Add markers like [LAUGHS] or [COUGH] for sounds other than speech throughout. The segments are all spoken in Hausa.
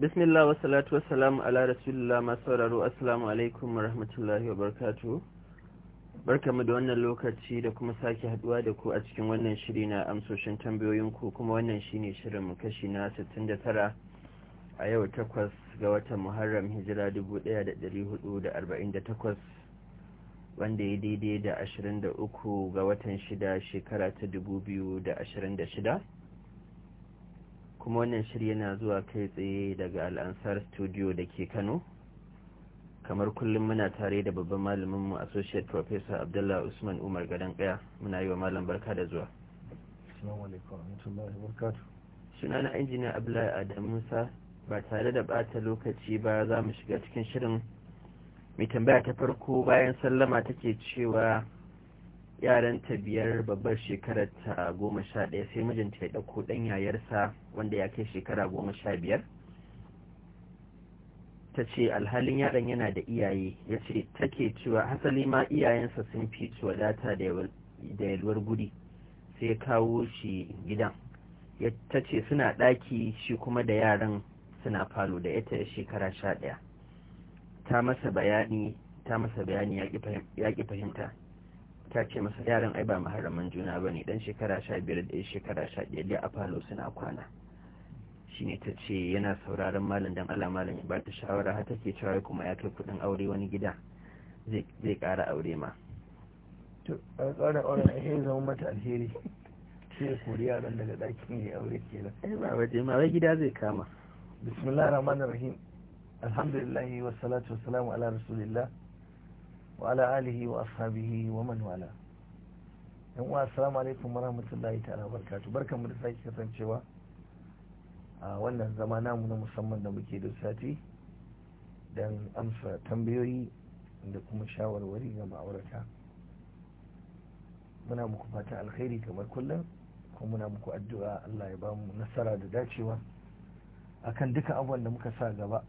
bismillah wa salatu wa ala rasulullah masu sauraro assalamu alaikum wa rahmatullahi wa barkatu barkamu da wannan lokaci da kuma sake haduwa da ku a cikin wannan shiri na amsoshin tambayoyin ku kuma wannan shine shirin mu kashi na 69 a yau 8 ga watan muharram hijira 1448 wanda ya daidai da 23 ga watan shida shekara ta 2026 kuma wannan shirya na zuwa kai tsaye daga al'ansar studio da ke kano kamar kullum muna tare da babban malaminmu associate professor abdullah usman umar gadon kaya muna yi wa malam barka da zuwa suna na injiniya abdullahi adamu musa ba tare da bata lokaci ba za mu shiga cikin shirin mai tambaya ta farko bayan sallama take cewa Yaran ta biyar babbar shekarar ta goma sha ɗaya sai mijinta ya ɗauko ɗan yayarsa wanda ya kai shekara goma sha biyar ta ce alhalin yaran yana da iyaye ya ce take cewa hasali ma iyayensa sun fi wadata da yalwar guri sai kawo shi gidan ta ce suna ɗaki shi kuma da yaran suna falo da ita shekara sha ɗaya ta masa bayani ta masa bayani ya ƙi fahimta ta ce masa yaran ai ba maharaman juna ba ne dan shekara sha biyar da shekara sha ɗaya da a falo suna kwana shi ne ta ce yana sauraron malam dan ala malam ba ta shawara hata take cewa kuma ya kai kuɗin aure wani gida zai ƙara aure ma to a ƙara aure a yi zama mata alheri sai kori yaran daga ɗakin ya aure kenan ai eh, ba waje ma wai gida zai kama bismillahir rahmanir rahim alhamdulillah wa salatu wa salamu ala rasulillah وعلى آله وأصحابه wala والاه yan uwa assalamu alaikum warahmatullahi ta'ala barkatu barkan mu da sake kasancewa a wannan zama namu na musamman da muke da sati don amsa tambayoyi da kuma shawarwari ga ma'aurata muna muku fata alkhairi kamar kullum kuma muna muku addu'a Allah ya bamu nasara da dacewa akan duka abuwan da muka sa gaba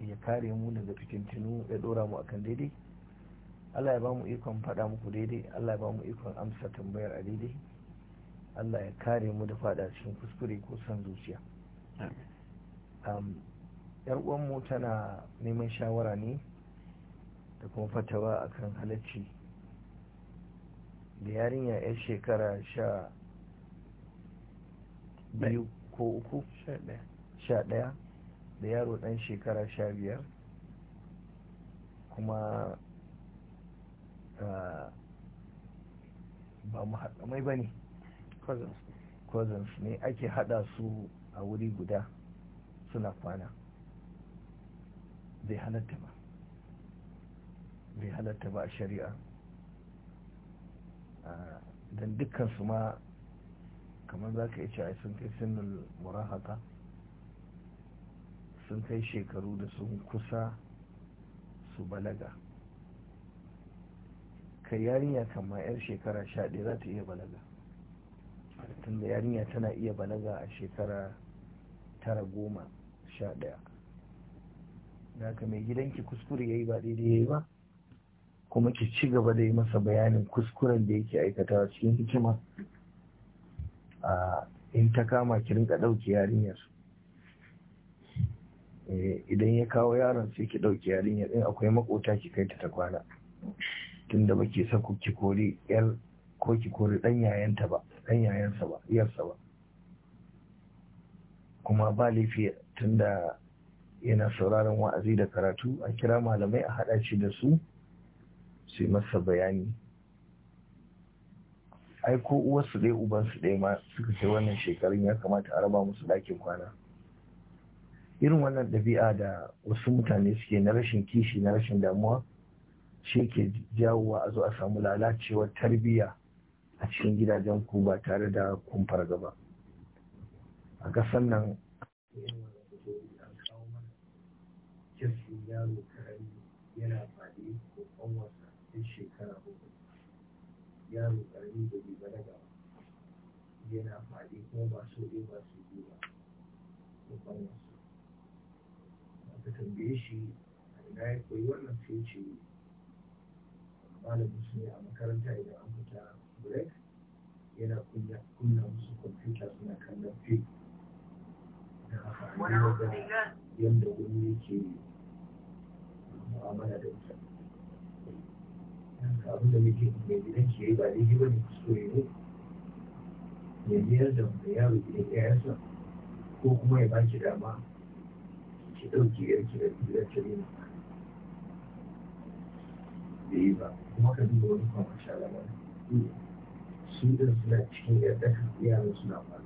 ya kare mu daga fitintinu ya dora mu akan daidai Allah ya ba mu ikon faɗa muku daidai Allah ya ba mu ikon amsa tambayar a daidai Allah ya kare mu da faɗa cikin kuskure ko son zuciya uwan mu tana neman shawara ne da kuma fatawa akan halacci da yarinya yar shekara sha biyu ko uku sha ɗaya da yaro ɗan shekara sha biyar kuma ba mu mai ba ne cousins ne ake haɗa su a wuri guda suna kwana zai halatta ba zai halatta ba a shari'a don su ma kamar za ka yi cewa sun kai sinin murahaka sun kai shekaru da sun kusa su balaga kai yarinya kama yar shekara sha ɗaya za ta iya balaga tunda yarinya tana iya balaga a shekara tara goma sha ɗaya da haka mai gidanki kuskure ya yi ba daidai ya yi ba kuma ki ci gaba da yi masa bayanin kuskuren da yake aikatawa cikin hikima a in ta kama ki rinka ɗauki yarinyar eh, idan ya kawo yaron sai ki ɗauki yarinyar in akwai makota ki kai ta ta kwana tunda baki sa ku ki kori yar ko ki kori dan yayanta ba dan yayansa ba iyarsa ba kuma ba laifi tunda yana sauraron wa'azi da karatu a kira malamai a haɗa shi da su su yi masa bayani ai ko uwarsu ɗaya ubansu ɗaya ma suka kai wannan shekarun ya kamata a raba musu ɗakin kwana irin wannan ɗabi'a da wasu mutane suke na rashin kishi na rashin damuwa shi ke jawowa a zo a samu lalacewar tarbiyya a cikin gidajen ku ba tare da kun gaba. a ƙasar nan yana faɗi ko ƙanwarsa ɗan shekara yaro ƙarami ba yana faɗi ba ba su ba tambaye shi a ina ya koyi wannan ce su ne a makaranta idan an fita break yana kunna musu kwamfuta suna kallon fim da haka an yi da yadda wani yake mu'amala da mutane Yanka abin da muke mai gidan ke yi ba daidai ba ne so ya ya biyar da mai yaro gidan ƴaƴansa ko kuma ya baki dama ki ɗauki yarki da biyar ta nuna da yi ba kuma ka duba wani kwamar shalamar su da suna cikin yadda yaran suna ko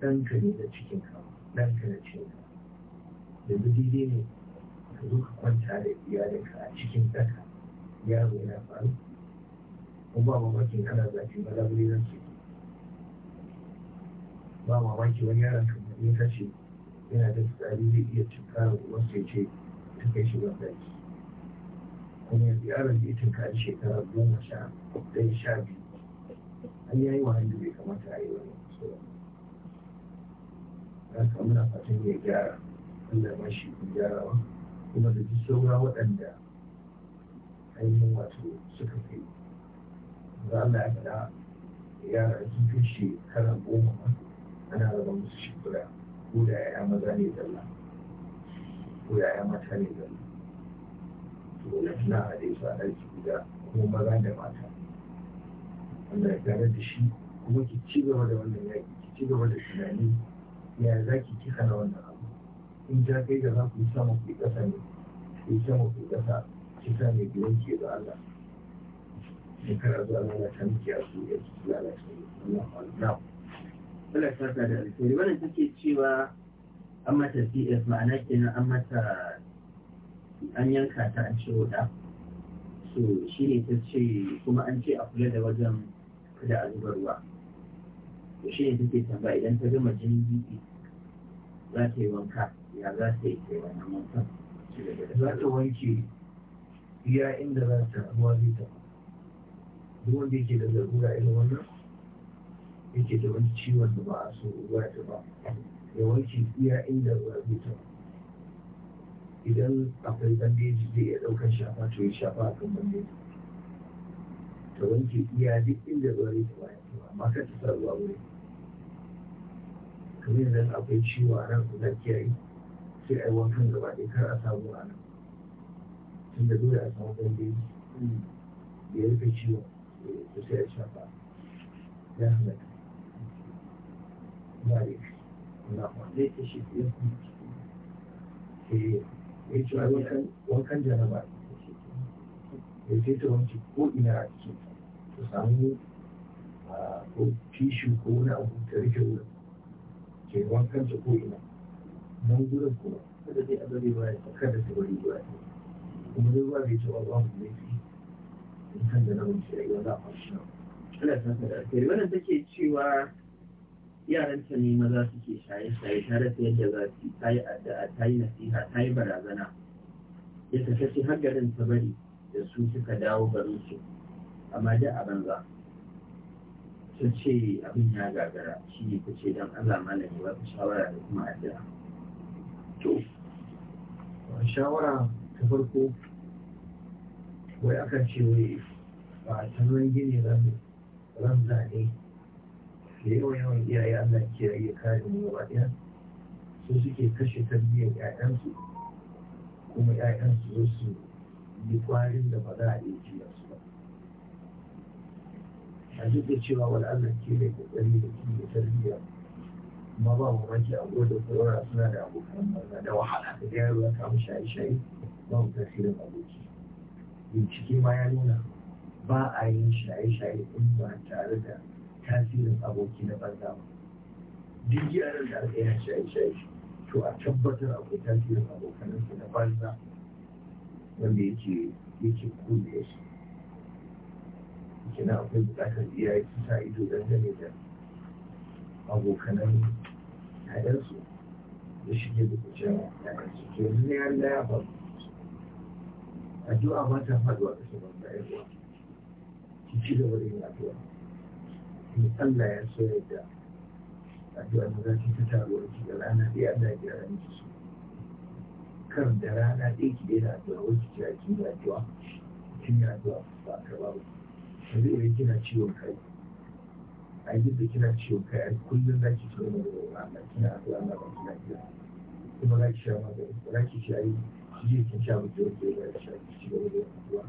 ɗanka ne da cikin ɗanka da cikin ka da ne ka zo ka kwanta da a cikin ɗaka yaro yana faru kuma ba mamakin kana zafi ba labari zan ce ba mamaki wani yaran kamar ne ka ce yana da tsari zai iya cika karin wasu ya ce ta kai shi ban daki kuma yaron da ya tunkari shekara goma sha ɗaya sha biyu an yi wa hannu bai kamata a yi wani so ya samu na fatan ya gyara Allah ma shi ku gyarawa kuma da duk saura waɗanda ainihin wato suka kai za a ya da yara sun fi shekara goma ana raba musu shekara ko da ya maza ne zalla ko da ya mata ne zalla dole a haɗe su a ɗaki guda kuma maza da mata Allah ya gane da shi kuma ki ci gaba da wannan yaƙi ki ci gaba da tunani ya za ki kisa na wannan abu in ta kai da za ku yi sama ku yi ƙasa ne ku yi sama ku yi ƙasa ki sa mai biyan ke ga Allah in kana zuwa lalata miki a su ya ki lalata Allah Allah Allah ya saka da alkhairi wannan take cewa an mata CS ma'ana kenan an mata an yanka ta an ce wuda so shi ne ta ce kuma an ce a kula da wajen kada a zuba ruwa to shi ne take tambaya idan ta gama jini bibi za ta yi wanka ya za ta yi ta yi wannan wanka za ta wanke iya inda za ta ruwa zai ta duk wanda yake da zarura irin wannan yake da wani ciwon da ba a so ruwa ta ba ya wanke iya inda ruwa zai ta ba idan akwai bandeji zai iya ɗaukar shafa to ya shafa a kan bandeji ta wanke iya duk inda zuwa ya taɓa ya kuma amma kan ta sa ruwa wuri kamar yanzu akwai ciwo a nan za kiyaye sai a yi wankan gaba ɗaya kar a samu a nan tun da dole a samu bandeji ya rufe ciwo to sai a shafa ya halatta ba ne na kwanne ta shi ya kuma ya ce ai wankan jaraba ya ce ta wanke ko ina a ciki ta samu ko tishu ko wani abu ta rike wurin ke wankan ta ko ina nan gurin kuma kada sai a bari baya kada ta bari baya kuma zai ba bai cewa ba mu laifi in kan jaraba ce ai wanda a fashe. Allah ta kada alheri wannan take cewa yaranta ne maza suke shaye-shaye ta rasa yadda za su ta yi addu'a ta yi nasiha ta yi barazana ya tafi har garin ta bari da su suka dawo garin su amma da a banza ta ce abin ya gagara shi ne ta ce don Allah malami ba ta shawara da kuma addu'a to shawara ta farko wai aka ce wai ba a tanon gini ba za zane da yawa yawan iyaye Allah ke ya kare mu gaba ɗaya su suke kashe tarbiyyar ƴaƴansu kuma ƴaƴansu zo su yi kwarin da ba za a iya ci su ba a duk da cewa wani Allah ke da kokari da ke da tarbiyya amma ba mamaki a da korona suna da abokan banza da wahala da yaro ya kamu shaye-shaye ba mu tasirin aboki bincike ma ya nuna ba a yin shaye-shaye in ba tare da tasirin aboki na banza ba duk yaran da aka yi shaye shaye to a tabbatar akwai tasirin abokanansa na banza wanda yake yake kulle shi kina akwai bukatar iyaye su sa ido dangane da abokanan yayansu da shige da kucin yayansu to yanzu ne an daya ba addu'a ba ta faduwa da sabon da yawa ki ci gaba da yin addu'a in Allah ya so ya da addu'a da za ki ta taro ki da rana ɗaya Allah ya gyara miki so? kar da rana ɗaya ki daina addu'a wasu kira ki yi addu'a kin yi addu'a ba a karɓa ba yanzu idan kina ciwon kai a da kina ciwon kai a kullum za ki ciwon da Allah kina addu'a na ba kina kira kuma za ki sha magani ba za ki sha yi ki je kin sha mutuwa ke ba ki sha ci gaba da addu'a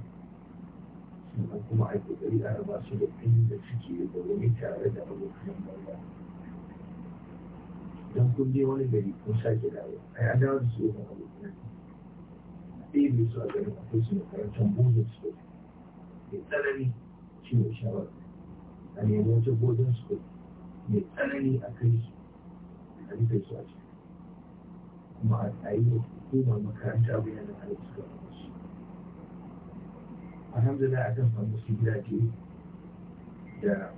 sannan kuma a kokari a raba su da inda suke da wani tare da abokan baya don kun je wani gari kun sake dawo ai an dawo da su yawan abokan ɗebe su a garin akwai su makarantar bozin su mai tsanani shi ne shawar a nemi wata bozin su mai tsanani a kai su a rufe su a ciki kuma a yi wa hukumar makaranta bayanin halittu alhamdulillah akan samu su gidaje da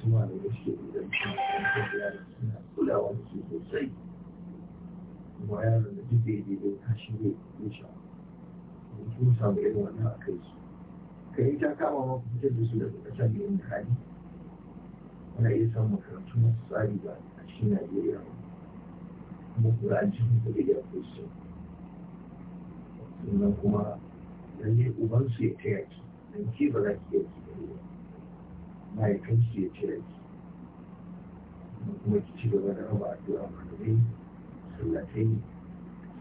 su ma da gaske da suna kulawa da su sosai kuma yaron da duk daidai da kashi ne insha Allah sun samu irin wannan a kai su ka yi ta kama maka fitar da su daga ƙasa da yin hali ana iya samun makarantu masu tsari ba a cikin Najeriya ba kuma kura an cikin kuɗi da akwai su sannan kuma lalle su ya taya ki don ki ba za ki iya ki gari ba mahaifinsu ya taya ki kuma ki ci gaba da raba addu'a malamai sallatai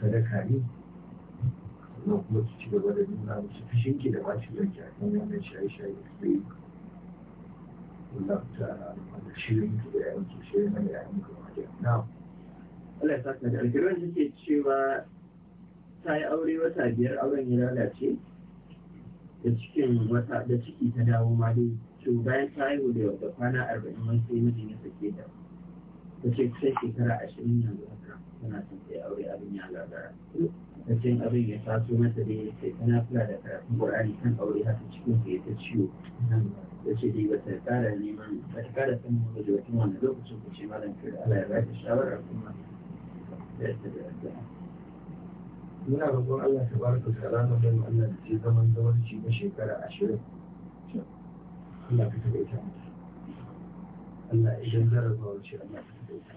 sadaka ne sannan kuma ki ci gaba da nuna musu fushinki da bacin ranki a kan wannan shaye-shaye da suke yi Allah ta shirin ki da yawan ki shirin da yawan ki da yawan ki. Allah ya saka da alƙirar da ke cewa ta yi aure wata biyar auren ya lalace da cikin wata da ciki ta dawo ma dai to bayan ta haihu da da kwana arba'in wani sai mijin ya sake ta ta ce kusan shekara ashirin yanzu haka tana son ta yi aure abin ya lalara ta ce abin ya taso mata dai sai tana kula da karatun qur'ani kan aure haka cikin ta ya ta ciwo ta ce dai bata kara neman bata kara san mu da wata wani lokacin ku ce malam kira ala ya ba ta shawara kuma da ta da muna roƙon Allah ta baraka ta rana da mu Allah ce zaman zawarci na shekara ashirin Allah ka taɓa ita Allah idan zara zawarci Allah ka taɓa ita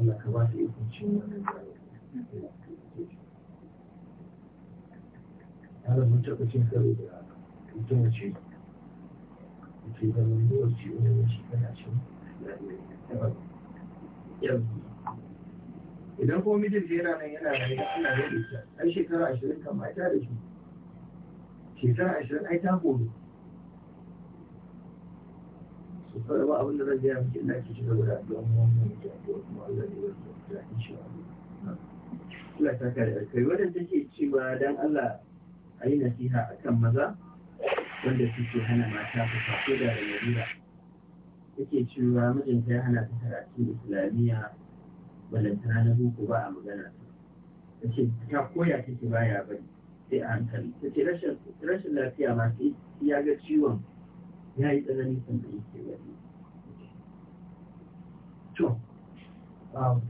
Allah ka ba ta ikon cin wannan Allah mun taɓa cin karo da ita mace ce zaman shekara idan kuma mijinta yana nan yana rayu ana rage ta ai shekara ashirin kan mata da shi shekara ashirin ai ta gobe su fara ba abin da zan gaya miki ina ki ci gaba da addu'a mu wannan da ko kuma Allah ne ya da shi Allah Allah ta kare kai wadanda take cewa dan Allah a yi nasiha akan maza wanda suke hana mata su fasu da rayuwa yake cewa mijinta ya hana ta karatu islamiyya Balanta na boko ba a magana ta ce ta koya take baya bari sai a hankali ta ce rashin lafiya ma sai ya ga ciwon ya yi tsanani sannan yake bari to um,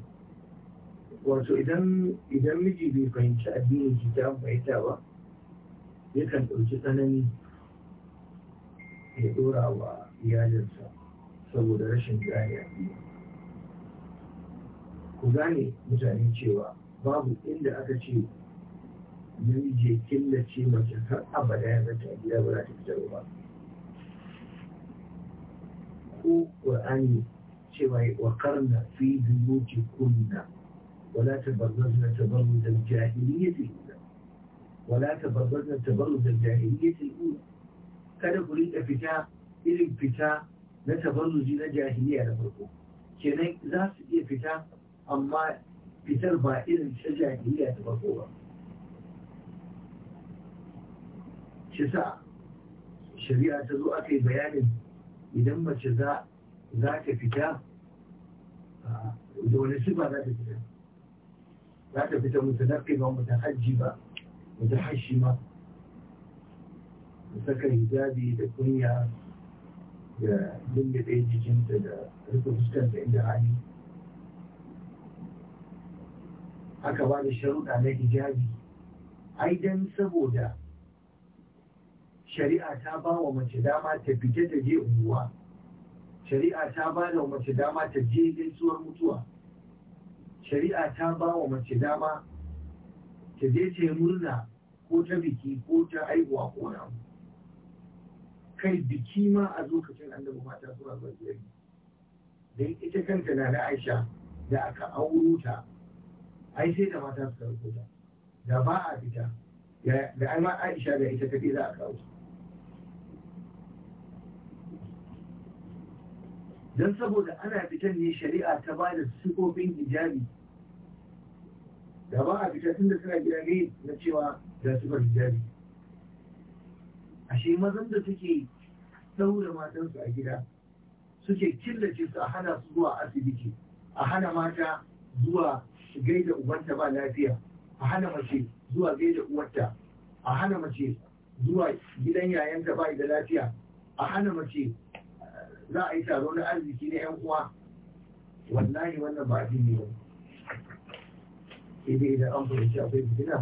wato idan idan miji bai fahimci addinin shi ta fahimta ba yakan ɗauki tsanani ya ɗora wa iyalinsa saboda rashin gane addini ku gane mutane cewa babu inda aka ce namiji ya killace mace har abada ya zata a gida ba za ta fitar ba ko ƙur'ani cewa ya na fi buyuti kunna wala tabarrazna tabarruz al-jahiliyyah al ba wala tabarrazna tabarruz al-jahiliyyah al-ula kada ku rika fita irin fita na tabarruzi na jahiliya na farko kenan za su iya fita amma fitar ba irin ta jahiliya ta farko ba shi sa shari'a ta zo aka yi bayanin idan mace za ta fita da wani sifa za ta fita za ta fita mutanarki ba hajji ba mutahashi ma da saka hijabi da kunya da dindade jikinta da rufe fuskanta inda hali aka ba da sharuɗa na hijabi ai dan saboda shari'a ta ba wa mace dama ta fita ta je unguwa shari'a ta ba da mace dama ta je gaisuwar mutuwa shari'a ta ba wa mace dama ta je ta yi murna ko ta biki ko ta aihuwa ko na kai biki ma a lokacin daba mata suna zuwa don ita kanta na na aisha da aka auro ta ai sai da mata su karɓo ta da ba a fita da ai ma aisha da ita kaɗai za a kawo don saboda ana fitan ne shari'a ta ba da sukofin hijabi da ba a fita tun da suna gida ne na cewa da sukar hijabi ashe mazan da suke saura matansu a gida suke killace su a hana su zuwa asibiti a hana mata zuwa gaida ubanta ba lafiya a hana mace zuwa gaida uwarta a hana mace zuwa gidan yayanta ba da lafiya a hana mace za a yi taro na arziki na yan uwa wallahi wannan ba abin addini ba sai dai idan an fahimci akwai fitina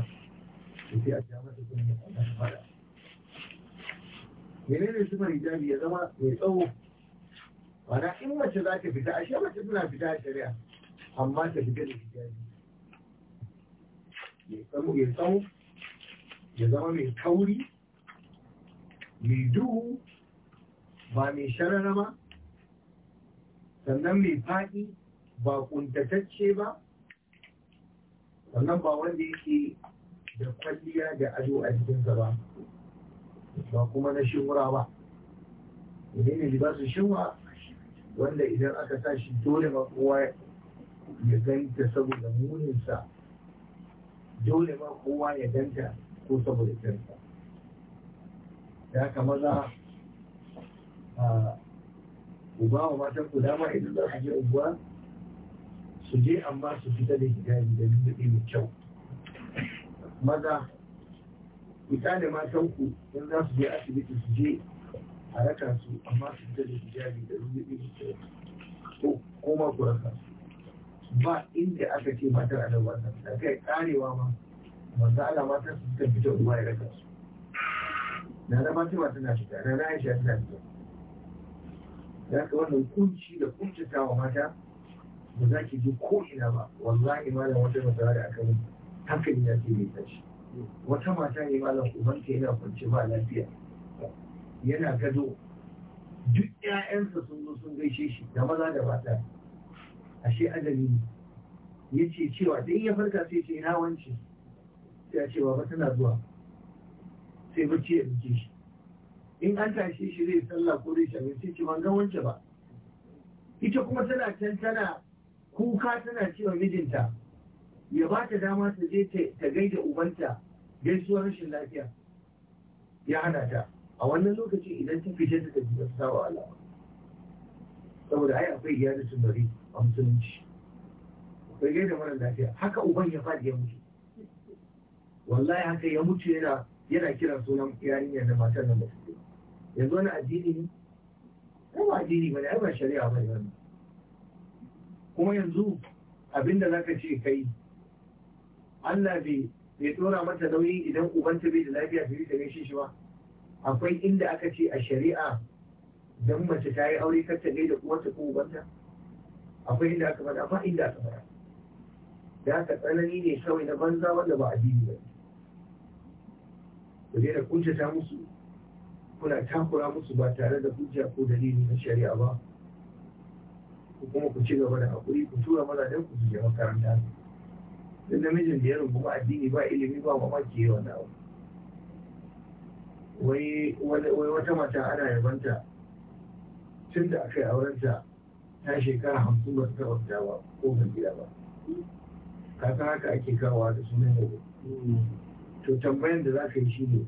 sai a ja da kuma ya fada menene sifar hijabi ya zama mai tsawo Wana in mace za ta fita ashe mace tana fita a shari'a amma ta fita da hijabi ya tsawo ya tsawo ya zama mai kauri mai duhu ba mai sharara ba sannan mai faɗi ba kuntatacce ba sannan ba wanda yake da kwalliya da ado a jikinsa ba ba kuma na shimura ba idan ne libasin shimura wanda idan aka sa shi dole ma kowa ya ganta saboda muninsa dole ma kowa ya ganta ko saboda kyansa ya kama za a uba wa matan ku dama idan za su je unguwa su je amma su fita da hijabi da lulluɓe mai kyau maza fita da matan ku in za su je asibiti su je a raka su amma su fita da hijabi da lulluɓe mai kyau ko kuma ku raka su ba inda aka ce matar nan, wannan da kai karewa ma wanda ala mata su suka fito uwa ya raka su na da ba tana fita na na Aisha tana fita da ka wannan kunci da ta wa mata ba za ki ji ko ina ba wallahi malam wata mata da aka yi ne ya ce mai tashi wata mata ne malam ubanta yana kwance ba lafiya yana gado duk 'ya'yansa sun zo sun gaishe shi da maza da mata ashe ajali ne ya ce cewa da iya farka sai ce ina wance sai a cewa ba tana zuwa sai bacci ya buke shi in an tashi shi zai sallah ko zai shafi sai ce ban ga wance ba ita kuma tana can tana kuka tana cewa mijinta ya ba ta dama ta je ta gaida ubanta gaisuwar rashin lafiya ya hana ta a wannan lokaci idan ta fita ta tafi da sawa alama saboda ai akwai iyalin bari a musulunci kai gaida mara lafiya haka uban ya faɗi ya mutu wallahi haka ya mutu yana yana kiran sunan yarinyar da matar nan da su yanzu wani addini ne ai ba addini bane ai ba shari'a bane wannan kuma yanzu abinda zaka ce kai Allah bai bai dora mata nauyi idan ubanta bai da lafiya ta ta gaishe shi ba akwai inda aka ce a shari'a dan mace ta yi aure kar ta gaida uwarta ko ubanta akwai inda aka faɗa ba inda aka faɗa da aka tsanani ne kawai na banza wanda ba addini ba ku da kuntata musu kuna takura musu ba tare da hujja ko dalili na shari'a ba ku kuma ku ci gaba da hakuri ku tura maza don ku su makaranta duk namijin da ya runguma addini ba ilimi ba mamaki yi na abu wai wata mata ana yabanta tun da aka yi aurenta ta shekara hamsin ba ta taɓa ba ko ta gida ba kaka haka ake kawo da sunan yau to tambayan da za ka yi shi ne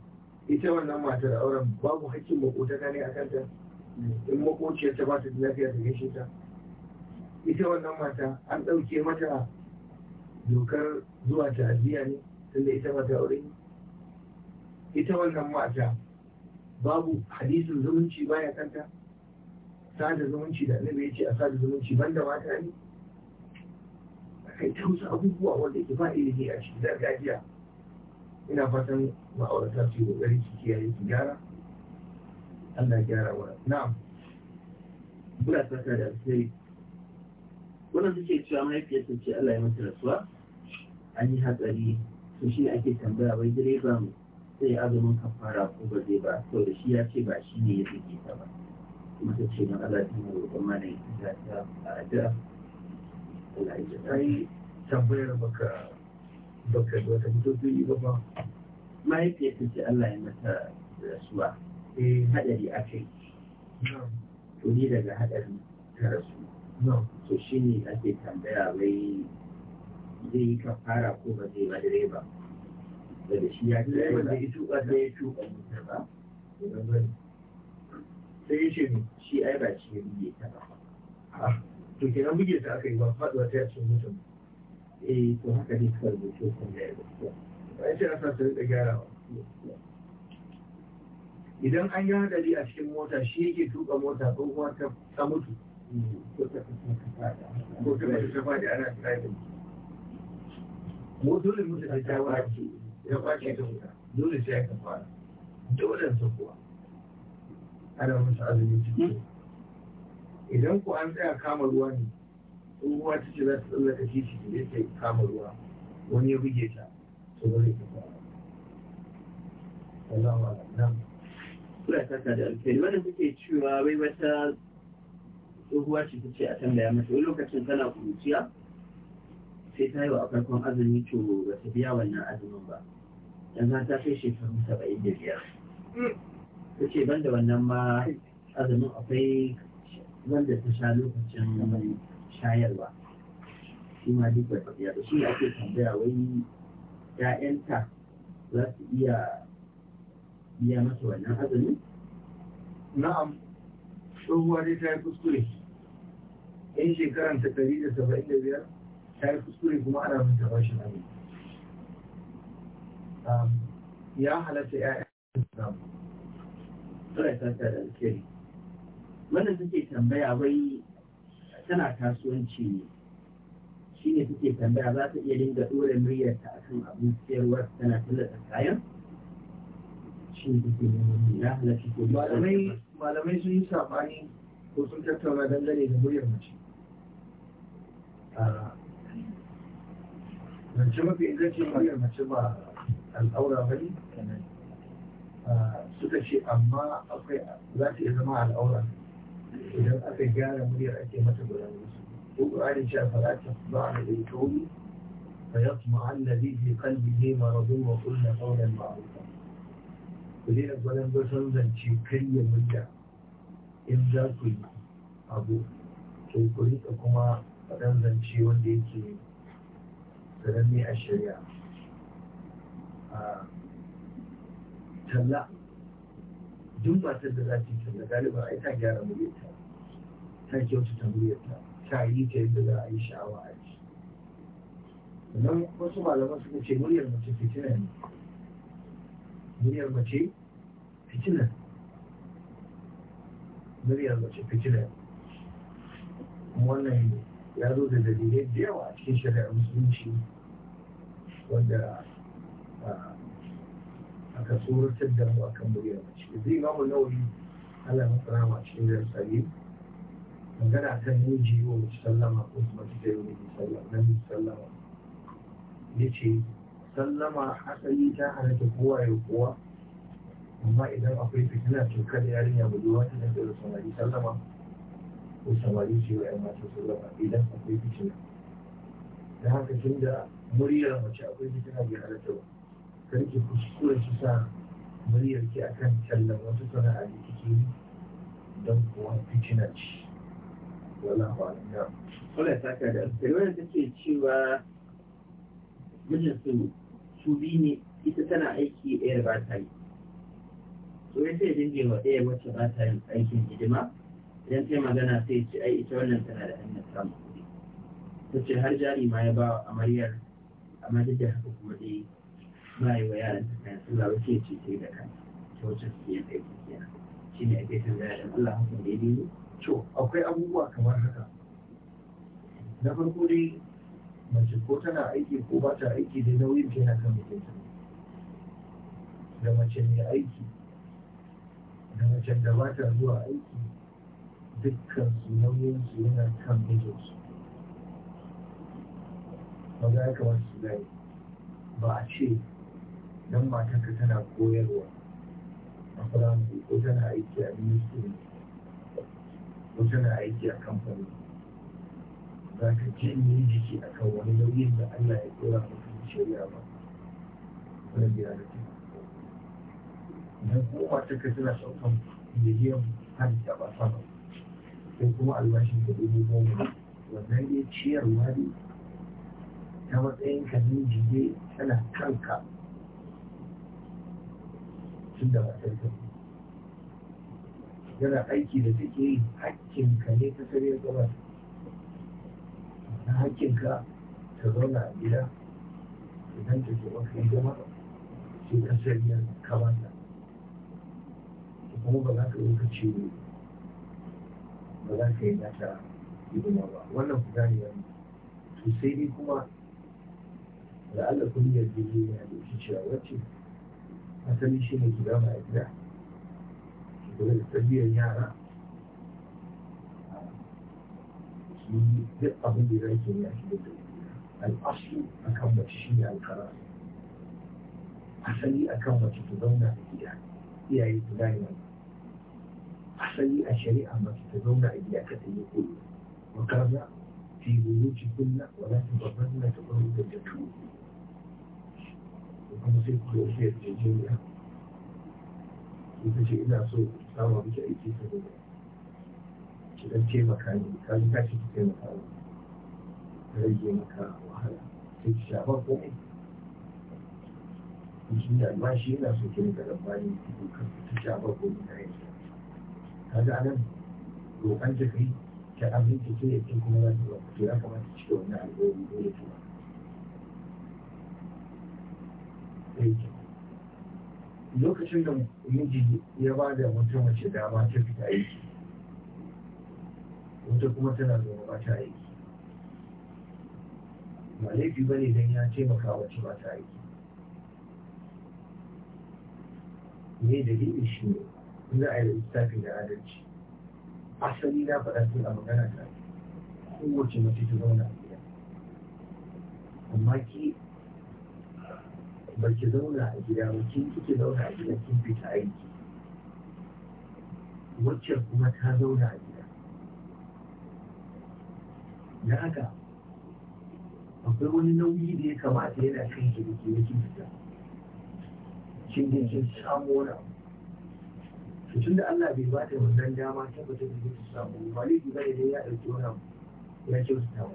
ita wannan matar auren babu hakkin makotaka ne a kanta in makociyar ta ba ta lafiya ta gaishe ta ita wannan mata an ɗauke mata dokar zuwa ta'aziyya ne tunda ita mata aure ne ita wannan mata babu hadisin zumunci baya kanta sada zumunci da annabi ya ce a sada zumunci banda mata ne kai ta wasu abubuwa wanda ke ba ilimi a cikin gargajiya ina fatan ma'aurata su yi kokari su kiyaye su gyara Allah gyara wa na'am muna saka da sai wannan suke cewa mahaifiyarsa ce Allah ya mata rasuwa an yi hatsari to shi ne ake tambaya wai direban sai azumin kafara ko ba zai ba to da shi ya ce ba shi ne ya rike ta ba ita ce na Allah ta mai roƙon mana ya ta ada Allah ya ta yi tambayar baka baka da wata mutobi ba ba mahaifiyar ta ce Allah ya mata rasuwa eh hadari aka yi to ni daga hadari ta rasu to shi ne ake tambaya wai zai yi kafara ko ba zai ba direba da shi ya ce da ya tuka da ya tuka mutar ba sai shi ai ba shi ya ba ah, to kenan ta aka yi ba faduwa ta yace eh to haka ne ya bayan na sa su rika ba. idan an yi hadari a cikin mota shi yake tuka mota kuma ta mutu ko ta fata ta fada ana mutu ta ta wace ya ta wuta dole sai fara dole ana masa azumin ciki hmm? idan ku an tsaya kama ruwa ne ruwa ta ce za ta tsallaka titi da yake kama ruwa wani ya buge ta to ba zai tafi Allahu akbar kula ta da alfai wannan kuke cewa wai wata tsohuwa ce ta ce a tambaya mata wani lokacin tana kuruciya sai ta yi wa farkon azumi to ba ta biya wannan azumin ba yanzu ta kai shekaru saba'in da biyar hmm. ta ce ban da wannan ma azumin akwai wanda ta sha lokacin shayarwa shi ma duk bai faɗiya ba shi ake tambaya wai ‘ya'yanta za su iya biya masa wannan azumin? na'am tsohuwa dai ta yi kuskure in shekaran ta ɗari da saba'in da biyar ta yi kuskure kuma ana mata bashin abu ya halatta ‘ya'yan samu wannan take tambaya wai tana kasuwanci ne shi ne take tambaya za ta iya dinga ɗora muryarta ta akan abin siyarwar tana tallata kayan shi ne take neman ya halarci ko malamai sun yi saɓani ko sun tattauna dangane da muryar mace mace mafi ingancin muryar mace ba al'aura ba ne Ah, suka ce amma akwai za ta iya zama al'aura idan aka gyara muryar ake mata guda musu ko ƙwarin cewa fa za ta ba da ilkomi fa ya kuma annabi fi qalbihi maradun wa qulna qawlan ma'rufa ku dai da gwanin gwasan zance karya murya in za ku yi abu to ku rika kuma faɗan zance wanda yake sananne a shari'a ah. talla duk matar da za ta yi talla galiba ai ta gyara muryarta ta kyautata muryarta ta yi ta yadda za a yi sha'awa a yi. sannan wasu malaman suka ce muryar mace fitina ne muryar mace fitina muryar mace fitina ne wannan ya zo da dalilai da yawa a cikin shari'ar musulunci wanda ah, aka tsoratar da mu akan muryar mace zai ma mu nawayi Allah ya fara ma cikin yin. sabi magana kan yin jiwo mu sallama ko kuma ta yi mu sallama nan sallama yace sallama asali ta halatta kowa ya kowa amma idan akwai fitina to kada yarinya ba zuwa ta da samari sallama ko samari ce wa 'yan mata sallama idan akwai fitina da haka tun da muryar mace akwai fitina bai halatta ba karki kuskure ki sa muryar ki akan tallan wata sana'a da kike yi don kuwa fitina ce wala ba na wala ta ka da alkai wanda take cewa mijin su su bi ne ita tana aiki ɗaya ba ta yi to ya sai dinge wa ɗaya wacce ba ta yin aikin hidima idan ta magana sai ce ai ita wannan tana da hanyar samun kuɗi ta ce har jari ma ya ba wa amaryar amma duk da haka kuma dai ba yi wa yaran da kan sallah ke ce sai da kan ta wacce su yi kai su kiyar shi ne ake tambaya da Allah hukun da ya to akwai abubuwa kamar haka na farko dai mace ko tana aiki ko ba ta aiki da nauyin ke na kan mutum da mace mai aiki da mace da ba ta zuwa aiki dukkan su nauyin su yana kan su. ba za ka wasu gani ba a ce don matanka tana koyarwa a firamare ko tana aiki a ministry ko tana aiki a kamfani za ka janye jiki a kan wani nauyin da Allah ya tsora maka shari'a ba wani biya da ke idan ko matanka tana saukan miliyan har da ba sama sai kuma albashin da dubu goma wannan ya ciyarwa ne ta matsayin ka ne jide tana kanka tun da matarsa yana aiki da take yi hakkinka ne ta ya zama na hakkinka ta zauna a gida idan ta ke maka yi zama sai ta sarari ta kuma ba za ka yi ka ce ba za ka yi nata hidima ba wannan ku ne wani to sai dai kuma da Allah kun yarda ne ya lokacin cewa wacce asali shi ne su dama a gida su kula da tarbiyyar yara su yi duk abin da zai ke ya shi da al'asu a kan mace shi ne alkara asali a kan mace ta zauna a gida iyaye su gane wannan asali a shari'a mace ta zauna a gida ka tsaye koyo wa kaza fi buyuti kunna wa la tubarranna tabarruj al-jahiliyyah kuma sai ku yi shayar da jiniya ita ce ina so samu miki aiki ta ne ki dan taimaka ne ka ji tashi ki taimaka ne ka rage maka wahala sai ki shafa komai shi da ma shi yana so ki rika rabbani ki shafa komai ka yi ka ga anan roƙon ta kai ta abin ta ce ya ce kuma za ta ba ku to ya kamata ci da wannan alƙawari dole ta lokacin da miji ya ba da mutum mace dama ta fita aiki wata kuma tana da ba ta aiki ba laifi ba ne don ya taimaka wace ba ta aiki ne dalilin shi ne za a yi littafin da adalci asali na faɗa a magana ta kowace mace ta zauna a gida amma ki ba zauna a gida ba kin kike zauna a gida kin fita aiki wacce kuma ta zauna a gida da haka akwai wani nauyi da ya kamata yana kan ki da ke yake fita shin da kin samu wani abu tun da Allah bai bata wannan dama ta mutum da yake samu ba laifi ba da ya ɗauki wani abu ya kyautatawa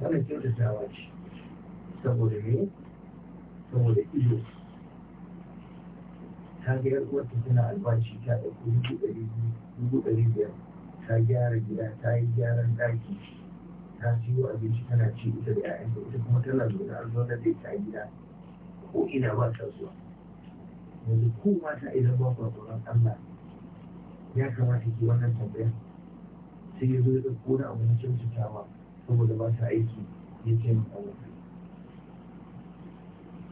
wannan kyautatawa ce saboda me saboda iyo ta ga yar uwarta tana albashi ta ɗauko dubu ɗari dubu ɗari biyar ta gyara gida ta yi gyaran ɗaki ta siyo abinci tana ci ita da 'ya'yanta ita kuma tana zaune an zaune da ita a gida ko ina ba ta zuwa yanzu ko mata idan ba ku tsoron Allah ya kamata ki wannan tambayar sai ya zo ya ɗauko na abu na kyautatawa saboda ba ta aiki ya taimaka mata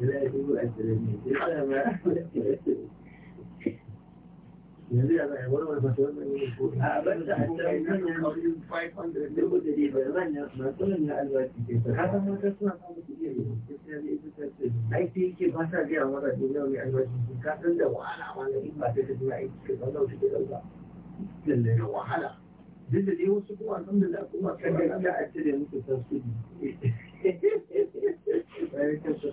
aiki ke ba sa gaya mara ne yau ne albashi ka san da wahala ma na in ba ta tafi aiki ka zauna ta gidan ba lalle da wahala duk da dai wasu kuma alhamdulillah kuma kan da a cire musu tasiri bayan kan su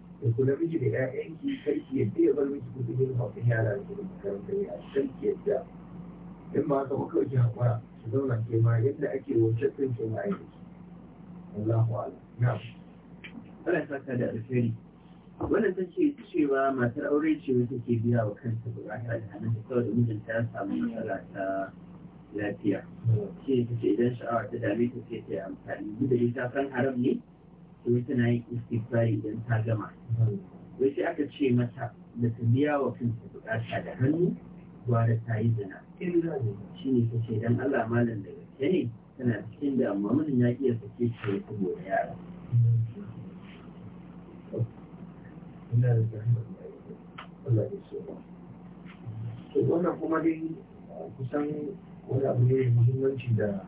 da kula miji da ƴaƴanki karki yadda ya bar miki kuɗi yin hauɗin yara da kuma karanta ya karki yadda in ma haka kuka ki haƙura ki zauna ke ma yadda ake wancan ɗin ke ma aiki Allahu Akbar na'am da alheri wannan ta ce cewa matar aure ce wata ke biya wa kanta bukata da hannun saboda mijinta ya samu matsala ta lafiya ce hmm. ta ce idan sha'awa ta dame ta ce ta yi amfani duk da ita san haram ne wai tana yin istifari idan ta gama wai sai aka ce mata da ta biya wa kanta bukata da hannu da ta yi zina shi ne ta ce dan Allah malam da gaske ne tana cikin da amma mun ya iya sake ce saboda yara wannan kuma dai ah, kusan wani abu ne muhimmanci da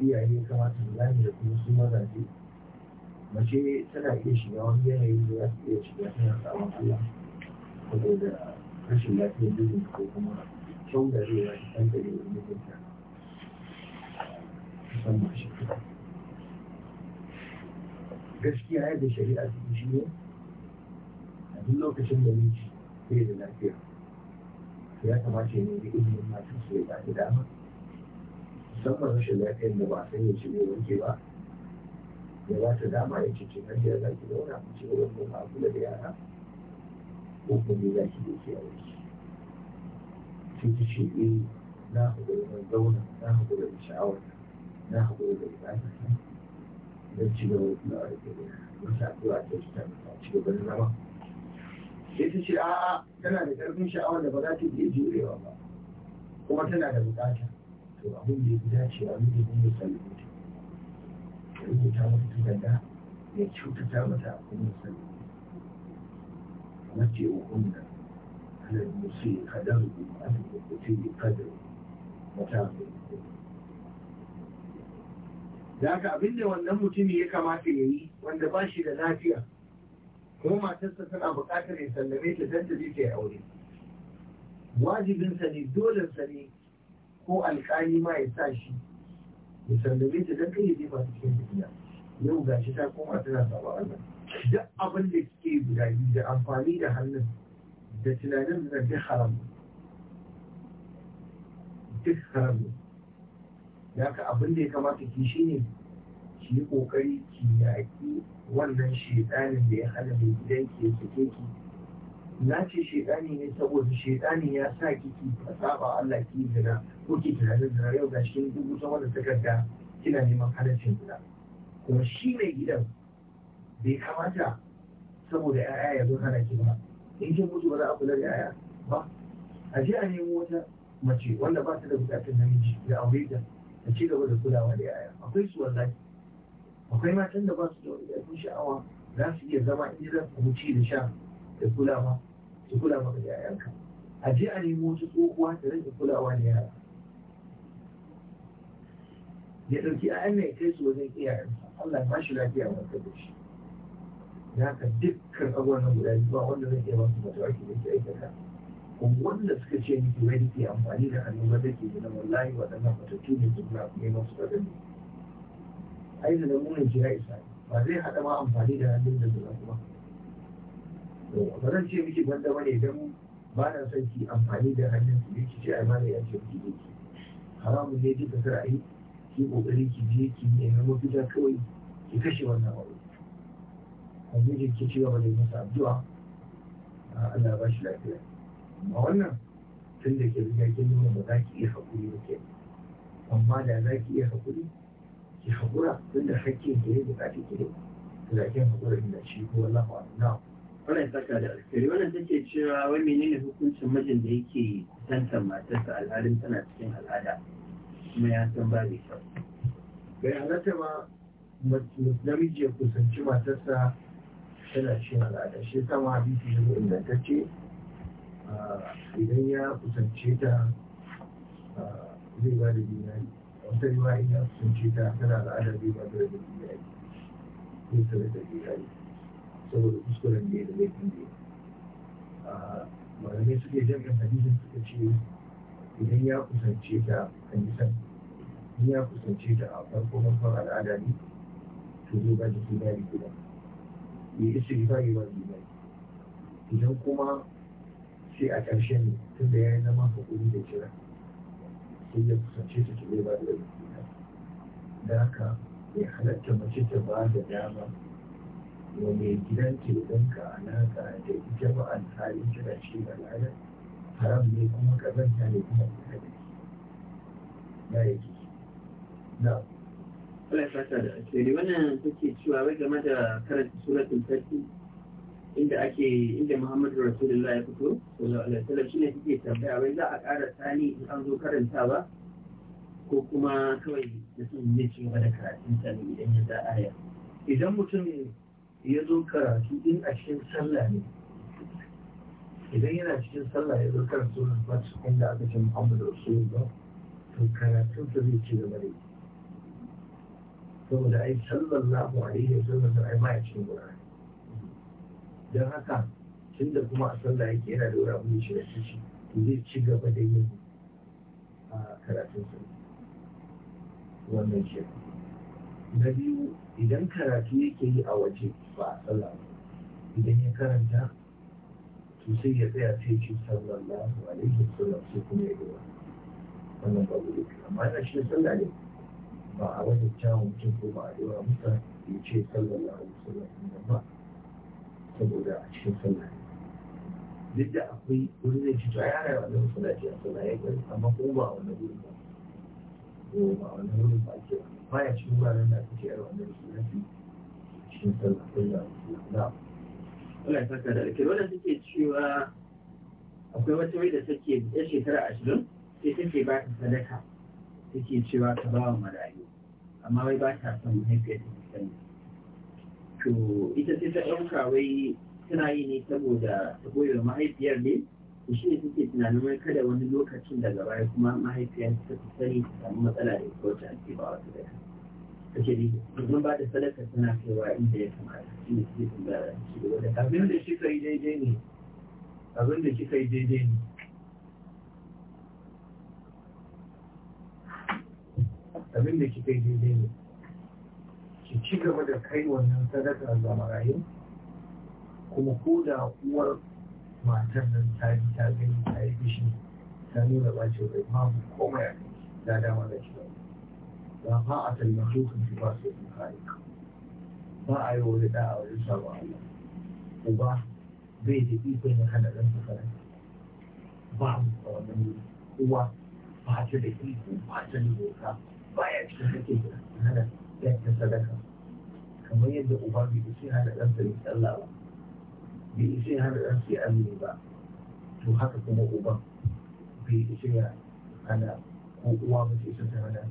iyaye kamata su gane da kuma su mazaje mace tana iya shiga wani yanayi da za ta iya shiga tana samun Allah saboda rashin lafiyar jini ko kuma kyau da zai ba ta da yawan mijinta musamman shi gaskiya yadda shari'a ta shi ne a duk lokacin da miji bai da lafiya ya kamata ya nemi ilimin masu su ya ba da dama musamman rashin lafiyar da ba a sanya shi ne wanke ba ya ba ta dama ya ce cin hajiya za ki zauna ku ci gaba kuma ma da yara ko kuma za ki da ke a wuce sai ta ce eh na haƙuri mai zauna na haƙuri da sha'awar na haƙuri da buƙatar Na ci gaba da kulawa da ke da yara wata addu'a ta ci ta ci gaba da zama sai ta ce a'a tana da ƙarfin sha'awar da ba za ta iya jurewa ba kuma tana da buƙata to abin da ya fi dacewa mijin ne ya ya ta mata takarda ya cutata mata ce, kuma sani wace hukunna ala musi kadaru an rubuta bi kadaru mata da haka abinda wannan mutumin ya kamata ya yi wanda ba shi da lafiya Kuma matarsa tana buƙatar ya sallame ta don ta je ta yi aure wajibinsa ne dolensa ne ko alƙali ma ya sa shi ku sallame ta dan kai ya jefa cikin duniya yau gashi ta koma tana saba Allah duk abin da kike guda biyu da amfani da hannun da tunanin da duk haram duk haram ne ya ka abin da ya kamata ki shi ne ki yi kokari ki yaƙi wannan shedanin da ya hana mai gidan ki ya sake ki na ce shedani ne saboda shedani ya sa ki ki saba Allah ki zina kuke tunanin da yau ga shi dubu sama da takarda kina neman halaccin gida kuma shi mai gidan bai kamata saboda ya'ya ya zo hana ki ba in kin mutu ba za a kula da ya'ya ba a ji a nemo wata mace wanda ba ta da bukatun namiji da aure ta a ci gaba da kulawa da ya'ya akwai su wanda akwai matan da ba su da wani ƙarfin sha'awa za su iya zama in gidan ku ci da sha da kulawa su kula maka da 'ya'yanka a je a nemo wata tsohuwa ta rage kulawa da yara ya ɗauki ayan ya kai su wajen iyayen Allah ba shi lafiya wa ta shi Ya ka dukkan abubuwan nan guda biyu ba wanda zai iya ba su mutuwa ki da ke aikata wanda suka ce miki wani ke amfani da ba zai ke gina wallahi waɗannan matattu ne duk na kuma masu da gani ai da namunan jira isa ba zai haɗa ma amfani da hannun da zuwa kuma ba zan ce miki banda ba ne don ba na son ki amfani da hannun ki ce ai ma ne ya ce ki ne haramun ne duka sara'ayi ki kokari ki je ki nemi mafita kawai ki kashe wannan abu kuma ki ke cewa wani masa a Allah ba shi lafiya amma wannan tun da ke riga kin nuna ba za ki iya haƙuri ba ke amma da za ki iya haƙuri ki hakura tun da hakkin ki ne bukata ki Da to da kin hakura inda shi ko wallahi wa'ala wannan saka da alkhairi wannan take cewa wani ne hukuncin mijin da yake kusantar matarsa al'adun tana cikin al'ada kuma ya ba mai kyau bai halatta ma namiji ya kusanci matarsa tana shi al'ada shi sama hadisi ne ce idan ya kusance ta zai ba da dinari wata riwa in ya kusance ta tana al'ada zai ba da dinari zai sanar da dinari saboda kuskuren da ya da laifin da ya malamai suke jami'an hadisin suka ce idan ya kusance ta kanisan, in ya kusance ta a farko farkon al'ada ne to zai ba da na gida ya yi su rifa yawan riba idan kuma sai a ƙarshe ne tun da ya yi zama hakuri da jira sai ya kusance ta to zai ba da gida. da haka ya halatta mace ta ba da dama wa mai gidan ke ɗanka naka da ita ba alhalin tana da al'adar haram ne kuma kazanta ne kuma kusa da shi ya yake na Allah ya fata da ake. ne wannan take cewa wai game da karanta suratul fatiha inda ake inda Muhammadu Rasulullah ya fito sallallahu alaihi wasallam shine suke tambaya wai za a ƙara tsani in an zo karantawa ko kuma kawai da sun yi ci gaba da karatun ta idan ya za aya idan mutum ya zo karatu in a cikin sallah ne idan yana cikin sallah ya zo karanta wannan fatiha inda aka ce Muhammadu Rasulullah to karatun sa zai ci gaba da yi saboda ai sallallahu alaihi wa sallam ai ma ya cikin ne. don haka tunda kuma a sallah yake yana da wura mun shi da shi zai ci gaba da yin karatun sa wannan shi na biyu idan karatu yake yi a waje ba a sallah idan ya karanta to sai ya tsaya sai ce sallallahu alaihi wasallam sai kuma ya gaba wannan babu da amma ina shi sallah ne ba a wajen kyawun mutum ko ba a yi wa musa ya ce sallallahu alaihi wasallam ba saboda a cikin sallah ne duk da akwai wani zai ce to ai ana yawa da masallaci a sallah ya gari amma ko ba a wani wuri ba ko ba a wani wurin ba ke ba ya cikin wuraren da ake yawa da masallaci cikin sallah sallah na Allah ya saka da alkhairi wannan take cewa akwai wata wai da take yar shekara ashirin sai take ba ta sadaka take cewa ta ba wa marayu amma wai ba ta son mahaifiyar ta sani to ita sai ta ɗauka wai tana yi ne saboda ta goyi mahaifiyar ne to shi ne take tunanin wai kada wani lokacin daga baya kuma mahaifiyar ta sani ta samu matsala da ita wacce ake ba wa sadaka take domin ba da sadaka suna kaiwa inda ya kamata shi ne suke tambaya shi da wanda abin da kika yi daidai ne abin da kika yi daidai ne abin da kika yi daidai ne ki ci gaba da kai wannan sadaka ga marayu kuma ko da uwar matar nan ta ji ta gani ta yi bishi ta nuna bacin rai babu komai a kai da dama da shi لا طاعة المخلوق في رأس الخالق طاعة ولداء وإنساء الله وبعض بيت بيتين خلق لنسى خلق بعض من هو بعض بيت وبعض الوفاء بعض الخطيئة هذا كانت صدقة كما يبدأ أبار بيسي هذا لنسى الله بيسي هذا لنسى أمني بقى تحقق مؤبا بيسي هذا وابس إسمه هذا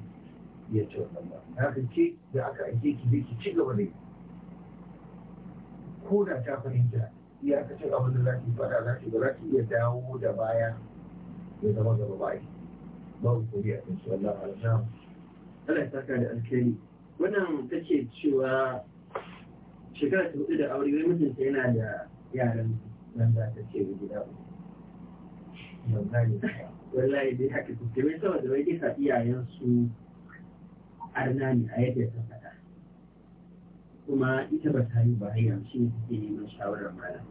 iya cin wannan na kanke da aka aike ki zai ki ci gaba da ko da ta fahimta iyakacin abin da za ki fada za ki ba za ki iya dawo da baya ya zama gaba bayi babu kuri a kan shi Allah alhamdu Allah ya saka da alkhairi wannan take cewa shekara ta hudu da aure wai mijinta yana da yaran nan za ta ce gida uku wallahi dai haka kuke wai saboda wai duka iyayensu arna ne a yadda ta faɗa kuma ita ba ta yi ba hanyar shi ne take neman shawarar malam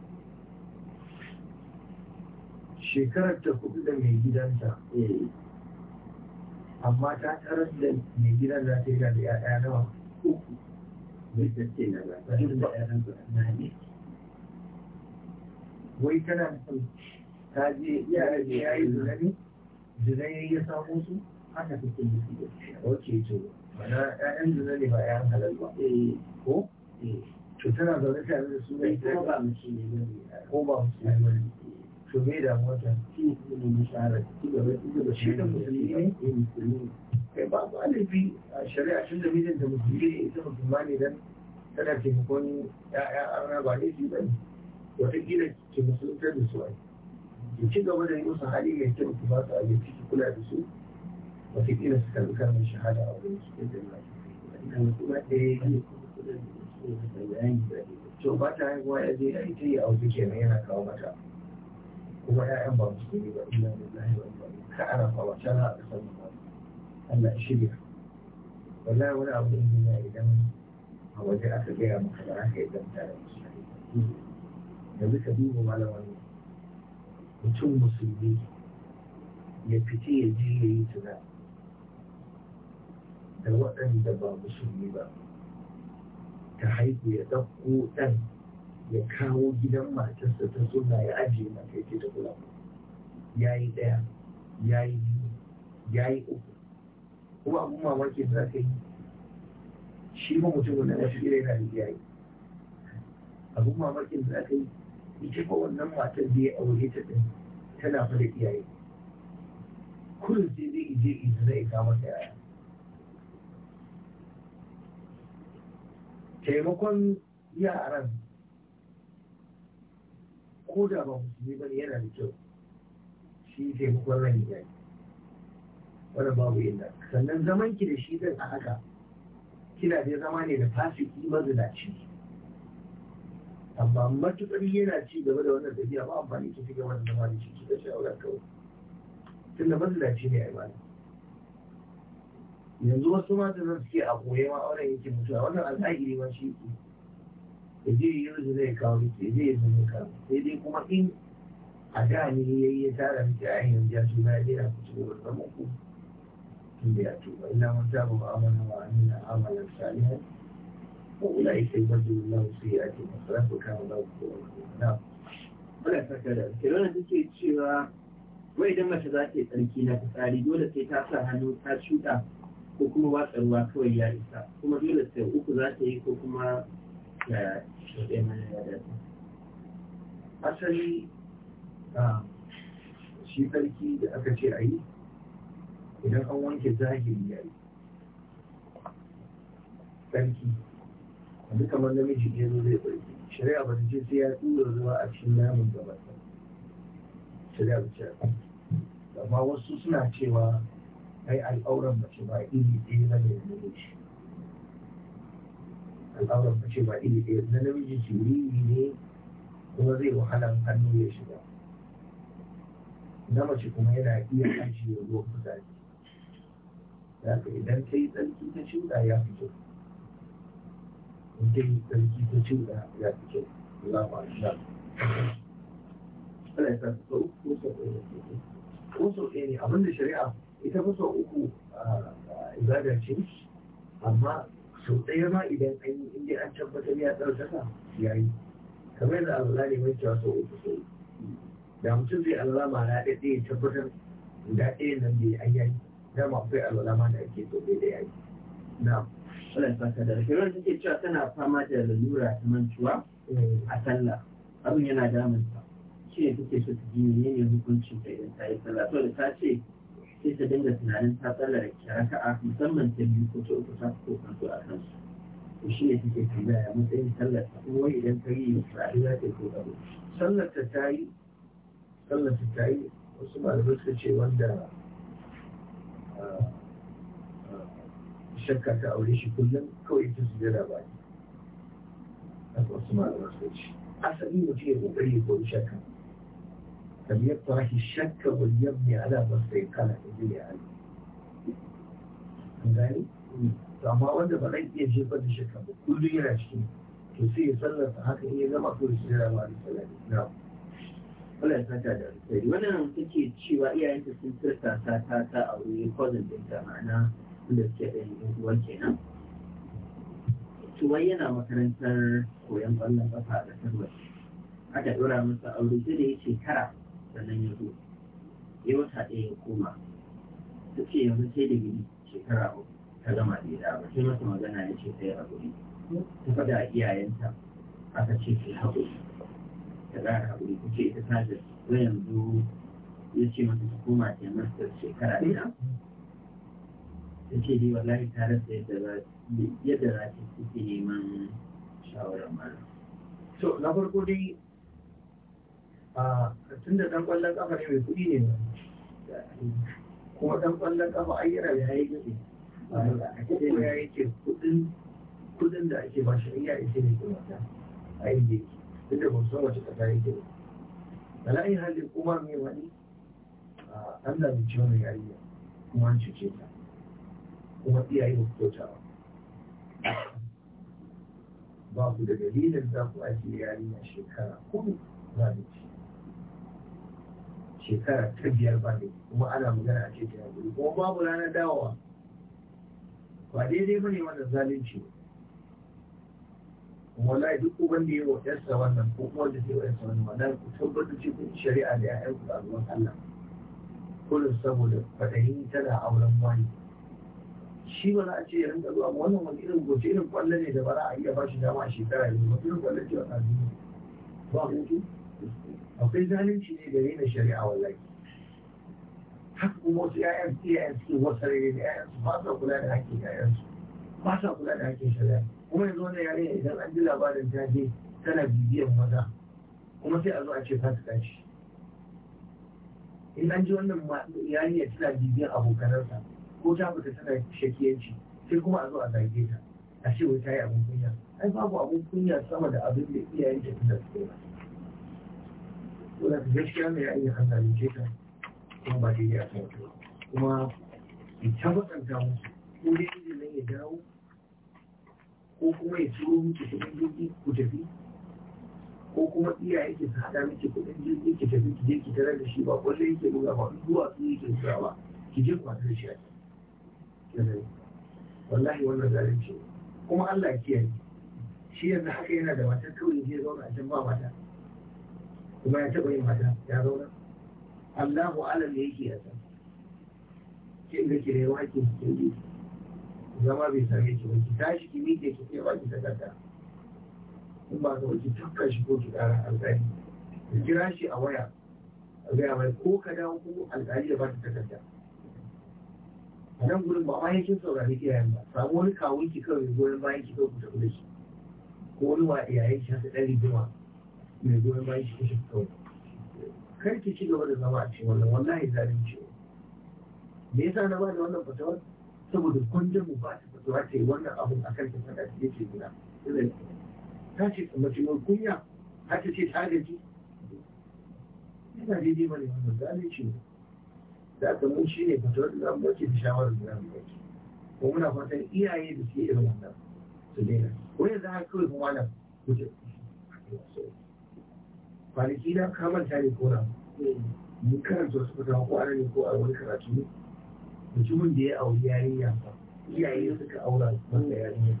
shekarar ta kudu da mai gidanta eh. amma ta tarar da mai gidan za ta yi da ɗaya nawa uku mai tattace na ba ta da ɗan ba na ne wai tana son ta je yara da yayi zunani zurani ya samu su haka take su da shi a wace to mana ƴaƴan da zane ba ya halal ba eh, ko eh. to tana zaune tare da su ne ko ba mutum ne ko ba mutum ne to me da mota ki ne misara ki da wani da shi da eh, musulmi ne kai ba ba laifi a shari'a tun da mijin da musulmi ne ita musulma ne dan tana taimakon ƴaƴan arna ba laifi ba ne wataƙila ki musulunta da su ai ki ci gaba da yi musu hali mai kyau ki ba su abinci ki kula da su وفي كده كان كان شهادة أو ولكن يجب ان يكون هناك ان يكون هناك افضل من اجل ان ان يكون هناك افضل من اجل ان يكون هناك افضل من هناك افضل من اجل ان ان يكون هناك افضل من اجل da waɗanda ba musulmi ba ta haihu ya ɗauko ɗan ya kawo gidan matarsa ta suna ya ajiye mata yake ce ta kula ya yi ɗaya ya yi biyu ya yi uku kuma abin mamaki za ka yi shi ma mutumin da wasu irin yana da yayi abin mamakin za ka yi ita ba wannan matar da ya aure ta ɗin tana fa iyaye kurin sai zai je izina ya kama ta yaya taimakon yaran ko da ba musulmi ba ne yana da kyau shi taimakon rai ne wannan babu illa sannan zaman ki da shi zai a haka kina da zama ne da fasiki ci. amma matukar yana ci gaba da wannan tafiya ba amfani ki fi gaba da zama da shi ki da shawara kawai tunda ci ne a yi yanzu wasu matan nan suke a koye ma auren yake mutuwa wannan al'ahiri ma shi ku ya je yi yanzu zai kawo miki ya je ya zama ka sai dai kuma in a da ne ya yi ya tara miki a yanzu ya suna ya daina ku cikin wata muku tun da ya tuba illa man taba ba amana wa amina amalan salihan wa ulaika yubaddilu Allahu sayyi'atihim hasanatan kana Allahu ghafurur rahim Allah saka da kai wannan take cewa wai idan mace za ta yi tsarki na fitsari dole sai ta sa hannu ta shuɗa ko kuma watsa ruwa kawai ya isa kuma dole sai uku za ta yi ko kuma ya shaɗe mana ya dace asali shi sarki da aka ce a yi idan an wanke zahiri ya yi sarki wani kamar namiji ne zo zai bari. shari'a ba ta ce sai ya tura ruwa a cikin namun gaba shari'a ba ce amma wasu suna cewa أي الأورام بشبائي إيه لا يدنوش الأورام بشبائي إيه لا يدنوش جوري إيه وذي وحلم قنو يشبا نما شكما يلا إيه حاجي يروح بذلك لكن إذا كيف أنت تشوف لا يفجر ممكن أنت تشوف لا يفجر لا ما شاء الله فلا يفجر وصل إيه وصل إيه أمن الشريعة ita kusa uku ah, ibada ce amma sau ɗaya ma idan an yi inda an tabbatar ya ɗaukaka ya yi kamar yadda Allah ne mai cewa sau uku sau da mutum zai Allah ma na ɗaya tabbatar da ɗaya nan bai an da ma akwai Allah ma da ake so ɗaya da yayi na wannan ka da rakirar ke cewa tana fama da lalura ta mantuwa a sallah abin yana damunta shi ne take so ta ji ne hukuncin ta idan ta yi sallah to da ta ce sai ta dinga tunanin ta tsallare raka'a musamman ta biyu ko ta uku ta ko su a kansu to shi ne take tambaya matsayin sallar ta kuma idan ta yi tsari za ta ko gaba sallar ta ta yi sallar ta ta yi wasu malamai suka ce wanda ah, ah, shakka ta aure shi kullum kawai ta jira ba ne wasu malamai suka ce asali mutum ya kokari ya kori shakka shi لم يطرح الشك وليبني على ما استيقن إليه عليه an gani to amma wanda ba zai iya jefa da shakka ba kullum yana ciki to sai ya sallarsa haka in ya gama ko ya shirya ma da sallari na wala ya sata da alkhairi wannan take cewa iyayenta sun sirta ta ta ta a wuri cousin din ta ma'ana inda suke da yan uwa kenan Tuwai yana makarantar koyon ƙwallon ƙafa a ƙasar tarwashi aka ɗora masa aure sai da ya kara. sannan ya zo ya wata ɗaya ya koma ta ce yanzu sai da gini shekara uku ta gama da ya ba sai masa magana ya ce sai a guri ta faɗa a iyayenta aka ce sai haƙuri ta ƙara haƙuri ta ce ta sake ko yanzu ya ce masa ta koma ta masa shekara ɗaya ta ce ni wallahi ta rasa yadda za ta fi neman shawarar mara. to na farko dai a tun dan kwallon kafa ne mai kuɗi ne kuma dan kwallon kafa ai yana da yayi gaɗe a cikin ya yake kuɗin kuɗin da ake ba shi in ya ishe ne kuma ta a yake tun da ban san wace kasa yake ba da la'ayi halin kuma mai wani an zalunci wani yariya kuma an cuce ta kuma iyaye ba kyautawa kyauta ba ku da dalilin za ku ajiye yarinya shekara kudu ce. shekara ta biyar ba ne kuma ana magana a ce ta yaƙuri kuma babu ranar dawowa ba daidai ba ne wannan zalunci kuma wallahi duk uban da ya wa ƴarsa wannan ko kuma da ta yi wa ƴarsa wannan wallahi ku tabbatar cikin shari'a da ƴaƴanku a zuwan Allah kullum saboda kwaɗayin tana auren wani shi ba za a ce ya rinka zuwa wannan wani irin goce irin kwallo ne da ba za a iya ba shi dama a shekara yanzu ba irin kwallo ce a ba hutu akwai zalunci ne da rena shari'a wallahi haka kuma wasu ƴaƴan iyayen suke wasa rere da ƴaƴan su ba sa kula da hakkin ƴaƴan su ba sa kula da hakkin shari'a kuma yanzu wani yare idan an ji labarin ta je tana bibiyan maza kuma sai a zo a ce ta ce in an ji wannan yarinya tana bibiyan abokanansa ko ta fita tana shakiyanci sai kuma a zo a zage ta a ce wai ta yi abin kunya ai babu abin kunya sama da abin da iyayenta suna suke masa suna da gaskiya mai ainihin an zalunce ta kuma ba daidai a kan kuma ita bakanta musu ko dai injin nan ya dawo ko kuma ya ciro miki kuɗin jirgi ku tafi ko kuma iyaye ke sa haɗa miki kuɗin jirgi ki tafi ki je ki tarar da shi ba kwallo yake buga ba zuwa su yake zuwa ba ki je kwatar shi a wallahi wannan zalunci kuma Allah ya kiyaye shi yanzu haka yana da matar kawai zai zauna a can ba mata kuma ya taɓa yin haka ya zauna Allahu alam ne yake yasa kin ga kire wa kin kin zama bai same ki ba ki tashi ki miƙe ki kai wa ki takarda in ba ka ki tukka shi ko ki ƙara alƙali ki kira shi a waya a gaya mai ko ka dawo ko alƙali da ba ta takarda a nan gudun ba ma kin saurari iyayen ba samu wani kawun ki kawai goyon bayan ki kawai ku tafi da shi ko wani wa iyayen ki haka ɗan rigima mai goyon bayan shi kashe kawai kar ki ci gaba da zama a cikin wannan wallahi ce me yasa na bada wannan fatawar saboda kundin mu ba ta fatawa ta yi wannan abun a kan fada da yake gina ta ce mace mai kunya ta ta ce ta gaji yana daidai bane wannan zalunci ce da aka mun shi ne fatawar da zamu mu ɗauke da shawarar da zamu mu ɗauke ko muna fatan iyaye da suke irin wannan su daina ko yanzu haka kawai kuma nan kuce so kwanaki na kamanta ne ko na mun karanta wasu fata ko ana ne ko a wani karatu ne mutumin da ya auri yarinya ba iyaye suka aura wanda yarinya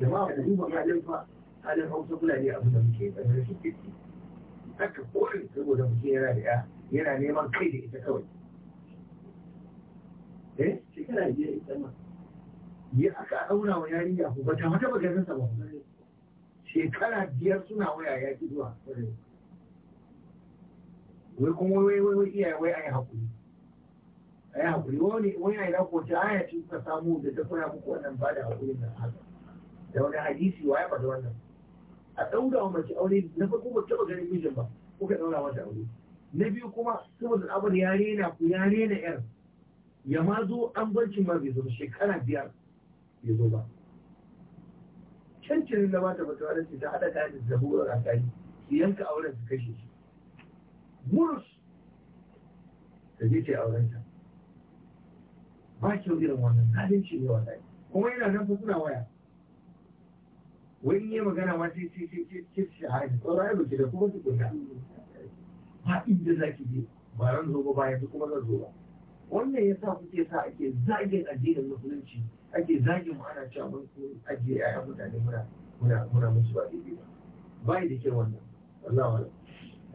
jama'a ku duba halin fa halin hausa fulani abin da muke da rashin kirki haka kowai saboda muke yana da ya yana neman kai da ita kawai eh shekara biyar ita ma ya aka aura wa yarinya ko ba ta wata ba ga san ba shekara biyar suna waya ya ki zuwa wai kuma wai wai wai iya wai ai hakuri ai hakuri wani wani ai da ko ta aya ce ka samu da ta fara muku wannan ba da hakuri na haka da wani hadisi wa ya faɗi wannan a ɗaura wa mace aure na farko ba taɓa ganin mijin ba kuka ɗaura mata aure na biyu kuma saboda abin ya rena ku ya rena yar ya ma zo an barci ma bai zo shekara biyar ya zo ba cancinin da ba ta wadda ta haɗa kayan da zaburar a kayi su yanka auren su kashe shi murus da zai ce aurenta ba kyau irin wannan zalunci ne wallahi kuma yana nan fa suna waya wani ne magana ma sai sai sai sai sai sai a tsoron yaro ke da kuma su kunna ba inda za ki ba ran zo bayan su kuma zan zo ba wannan ya sa kuke sa ake zagin addinin musulunci ake zagin mu ana cewa mun ajiye 'ya'yan mutane muna muna muna musu ba daidai ba bai da kyau wannan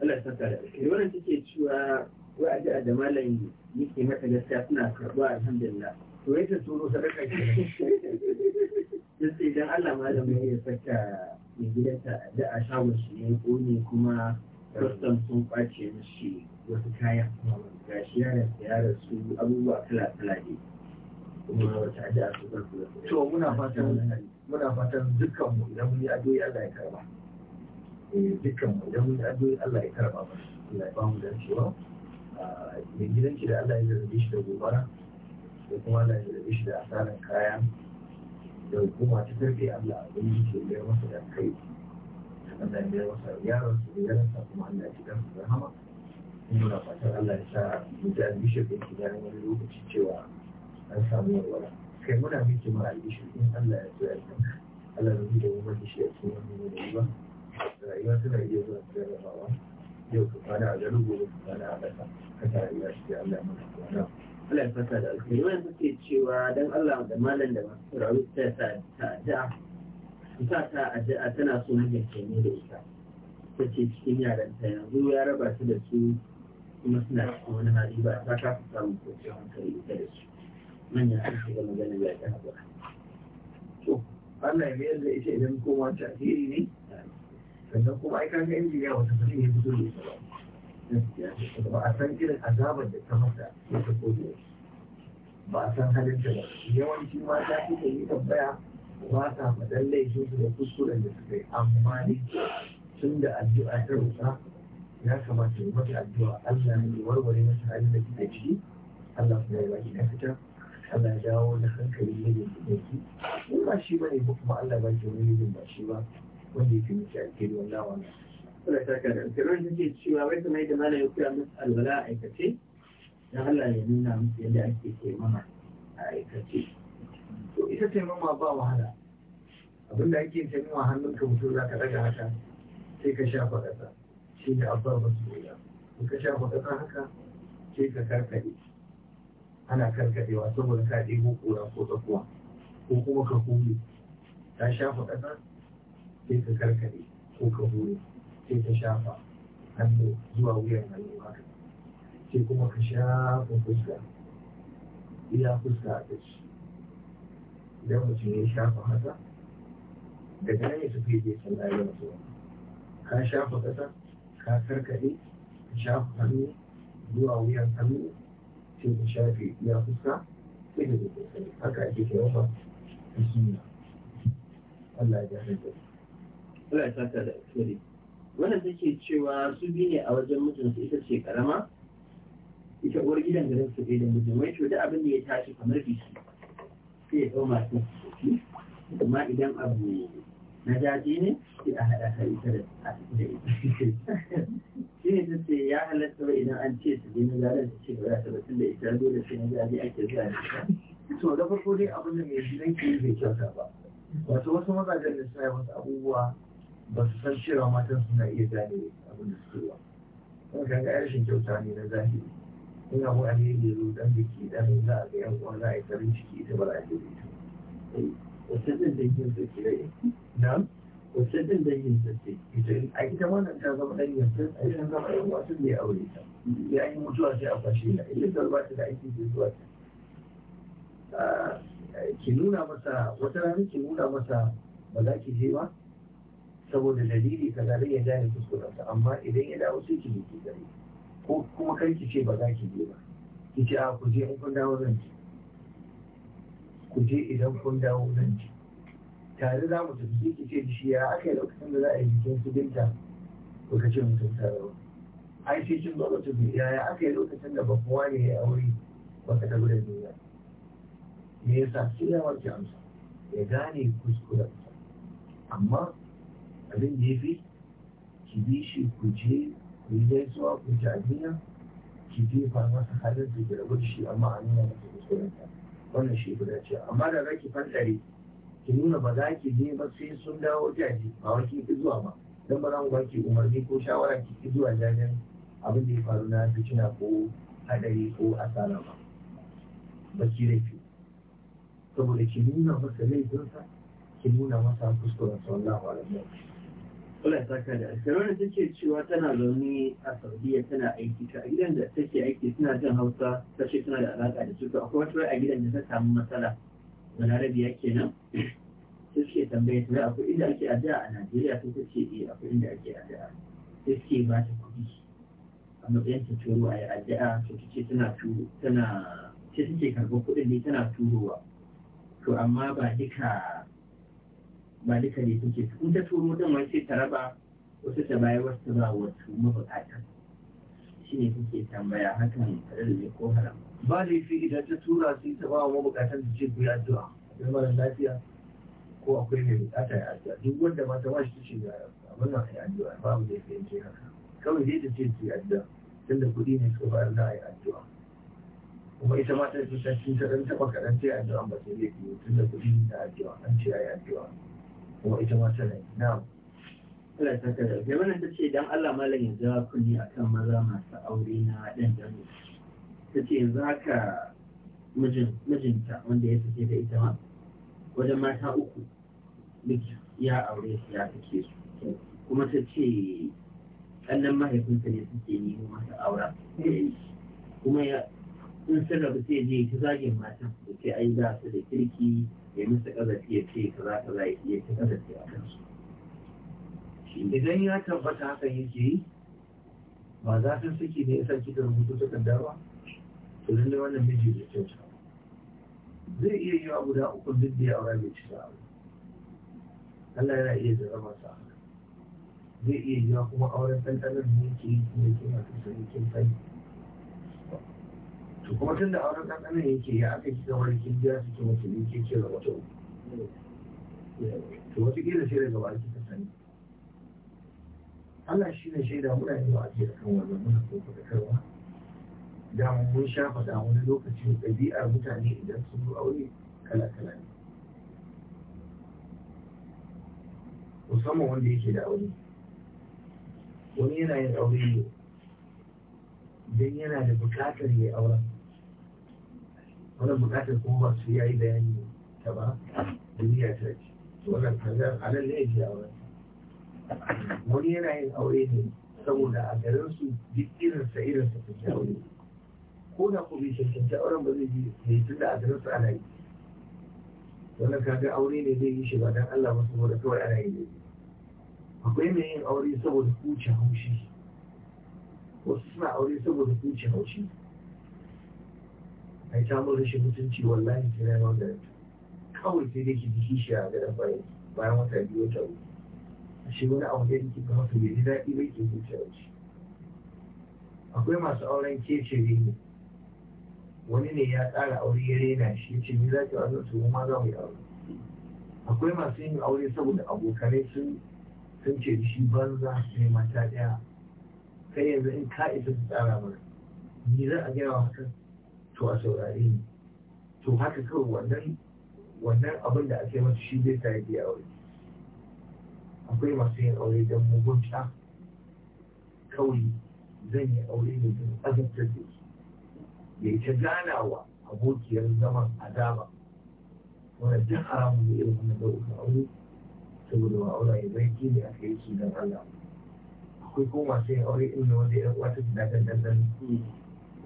Allah ya saka da kai wannan take cewa wai a da malam yake mata gaskiya suna karɓa alhamdulillah to yake turo sadaka ke sai idan Allah malam ya saka mai gidanta da a shagon shi ne ko ne kuma kwastam sun kwace mishi wasu kayan gashi shi yaran yaran su abubuwa kala kala ne kuma wata aji a su to muna fatan muna fatan dukkan mu idan mun yi addu'a Allah ya karba Eh, dukkan mu idan mun addu'o'i Allah ya karba mana Allah ya ba mu dacewa ah, mai gidanki da Allah ya zarge shi da gobara da kuma Allah ya zarge shi da asarar kaya da hukuma ta karfe Allah a wani ke biyar masa da kai Allah ya biyar masa yaron su da yaron sa kuma Allah ya ci dan su rahama muna fatan Allah ya sa mutu albishir ya ke gani wani lokaci cewa an samu warwara kai muna miki ma albishir in Allah ya so ya san Allah ya zuke da mace shi a cikin wani ne da ba rayuwa tana iya zuwa jarrabawa yau ka kwana a garin gobe ka kwana a ƙasa haka rayuwa shi da Allah mana kwana Allah ya fata da alkhairi wani suke cewa dan Allah da malam da masu rayu ta ta ta'ada su ta ta'ada tana so mijinta ne da ita ta ce cikin ta yanzu ya raba su da su kuma suna cikin wani hali ba ta kasa samun kwanciyar hankali ita da su manya sun shiga magana ya ta haɓura. To, Allah ya biyar da ita idan kowa ta ne sannan kuma ai kaga injiniya wata mutum ya fito ne ba ba a san irin azabar da ta mata, ya ta koyo ba a san halin ta ba yawanci mata suka yi tambaya ba sa faɗan laifin su da kuskuren da suka yi amma ne tun da addu'a ta roƙa ya kamata ya mata addu'a Allah ne ya warware masa halin da suka ciki Allah kuma ya baki na fita Allah ya dawo da hankali ne da suke ki in ba shi bane ba kuma Allah ba ki wani yin ba shi ba wanda ya fi alheri wallahu a'lam Allah ta kada kiran da ke cewa wai kuma da mana ya koya musu alwala a aikace dan Allah ya nuna musu yadda ake taimama a aikace to ita taimama ba wahala abinda ake taimama hannunka mutum za ka daga haka sai ka shafa ƙasa shi da abba ba su doya in ka shafa ƙasa haka sai ka karkaɗe ana karkaɗewa saboda ka ɗebo ƙura ko tsakuwa ko kuma ka kuli ka shafa ƙasa sai ka karkade ko ka hure sai ka shafa hannu zuwa wuyan hannu haka sai kuma ka shafa fuska iya fuska a tashi idan mutum ya shafa haka daga nan ya tafi je sun ayi mutu ka shafa ƙasa ka karkade ka shafa hannu zuwa wuyan hannu sai ka shafe iya fuska sai ka je haka ake kewa ba ta sunna Allah ya ji Allah ya saka da alheri wannan take cewa su bi ne a wajen su ita ce karama ita uwar gidan garin su da mijin wai to da abin da ya tashi kamar biki sai ya ɗau masu shi amma idan abu na daji ne sai a haɗa ta ita da ita shi ne ta ce ya halatta ba idan an ce su bi na zarar ta ce ba za ta batun da ita dole sai na daji ake zuwa da ita to da farko dai abin da mai gidan ke bai kyauta ba wato wasu mazajen da suna yi wasu abubuwa ba su san cewa matan suna iya gane abin da suke ba kuma kan ga rashin kyauta ne na zahiri in abu a ne gero dan biki dan za a ga yan uwa za a yi farin ciki ita ba za a yi ita eh, wasu ɗin dangin da ke rai na wasu ɗin dangin da ke ita a ita wannan ta zama dangin ta a ita zama yan uwa sun ne aure ta ya yi mutuwa sai a kwashe ta ita ta ba ta da aiki da zuwa ta ah, ki nuna masa wata rana ki nuna masa ba za ki je ba saboda dalili ka zai ya gane kuskurensa amma idan ya dawo sai ki je ki gare ko kuma kar ki ce ba za ki je ba ki ce a ku je in kun dawo zan ci ku je idan kun dawo zan ci tare za mu tafi ki ce shi ya aka yi lokacin da za a yi bikin su binta ko ka ce mutum tare ba ai sai kin gwamnati tafi ya aka yi lokacin da babuwa ne ya aure ba ka tabbata da duniya me yasa sai ya warke amsa ya gane kuskurensa amma abin da ya fi ki bi shi ku je ku yi gaisuwa ku ji abiya ki je ba masa halar da ki shi amma a nuna masa kuskurenta wannan shi guda ce amma da za ki fantare ki nuna ba za ki je ba sai sun dawo jaji ba wai ki zuwa ba don ba za mu ba ki umarni ko shawara ki ki zuwa jajen abin da ya faru na fitina ko hadari ko asala ba ba ki laifi saboda ki nuna masa laifinsa ki nuna masa kuskurensa wallahu a'lam Allah ta kada. Sharona ta ce cewa tana zaune a Saudiya tana aiki ta gidan da take aiki suna jin Hausa ta ce tana da alaka da cuta, akwai wata a gidan da ta samu matsala balarabiya kenan sai suke tambaye ta akwai inda ake addu'a a Najeriya sai ta ce eh akwai inda ake addu'a sai suke ba ta kuɗi a matsayin ta turo a yi addu'a to ta ce tana turo tana sai suke karɓar kuɗin ne tana turowa to amma ba duka ba duka ne suke in ta turo din wani sai ta raba wasu ta bayar wasu ta ba wasu mabukata shi ne suke tambaya hakan rarrabe ko haram ba fi idan ta tura su ta ba wa mabukatan su ce ku yi addu'a akwai mara lafiya ko akwai mai bukata ya addu'a duk wanda ba ta ba shi ce ga abin nan ya addu'a ba mu laifi in haka kawai zai ta ce su yi addu'a tunda kuɗi ne suka bayar na a yi addu'a kuma ita ma ta ce ta ɗan taɓa kaɗan ce addu'a ba sai laifi tunda kuɗi ne ta addu'a an ce ya yi wa ita wata ta rayu Allah ta kada rayu wannan ta ce dan Allah malam yanzu kunni akan maza masu aure na dan dan ta ce yanzu haka mijinta wanda ya fice da ita ma wajen mata uku duk ya aure su ya take su kuma ta ce kallon mahaifinsa ne suke nemo masa aura kuma ya in sun rabu sai je ta zagin matan da ke ai za su da kirki ya musu ƙazafi ya ce za kaza ya iya ci ƙazafi a kansu idan ya tabbata hakan yake yi ba za ta saki ne yasa kika rubutu ta kanda ba to lalle wannan miji da kyauta zai iya yi wa guda uku duk da ya mai ci abu. Allah yana iya jarraba sa zai iya yi kuma auren ɗanɗanon da yake yi kuma yake masu sarki kin sani to kuma tun da auren kankanin yake ya aka kika wani kin jiya su ke mace ne ke ce da wata uku to wata gina sai daga baki ta sani Allah shi ne shaida muna yin wa'azi da kan wanda muna koko da karwa da mun shafa da wani lokaci ɗabi'ar mutane idan sun zo aure kala kala ne musamman wanda yake da aure wani yana yin aure ne don yana da bukatar ya auren wannan bukatar kuma ba su yayi bayani ta ba duniya ta ce wannan kazar a nan ne a wani wani yana yin aure ne saboda a garin su duk irinsa irinsa ta aure ko da ko bai cancanci auren ba zai yi ne tun da a garin su ana yi wannan kaga aure ne zai yi shi ba dan Allah ba saboda kawai ana yi ne akwai mai yin aure saboda kuce haushi wasu suna aure saboda kuce haushi a yi ta mun rashin mutunci wallahi ki na wanda kawai sai dai ki ji kishi a gadon bayan bayan wata biyu wata uku a shi wani abu da yake ba su bai ji daɗi ba ke zuciya wuce akwai masu auren kece ne wani ne ya tsara aure ya rena shi ya ce ni za ki aure su ma za mu yi aure akwai masu yin aure saboda abokanai sun sun ce shi banza ne mata ɗaya kai yanzu in ka isa su tsara mana ni za a gina wa hakan to a saurare ni to haka kawai wannan wannan abin da ake masa shi zai ta yi aure akwai masu yin aure don mugunta kawai zan yi aure ne don azabtar da su ya yi ta ganawa abokiyar zaman adama? wanda duk haramun da irin wannan nau'ukan aure saboda ba aure ya zargi ne aka yi su don Allah akwai kuma masu yin aure inda wanda ya wata gidajen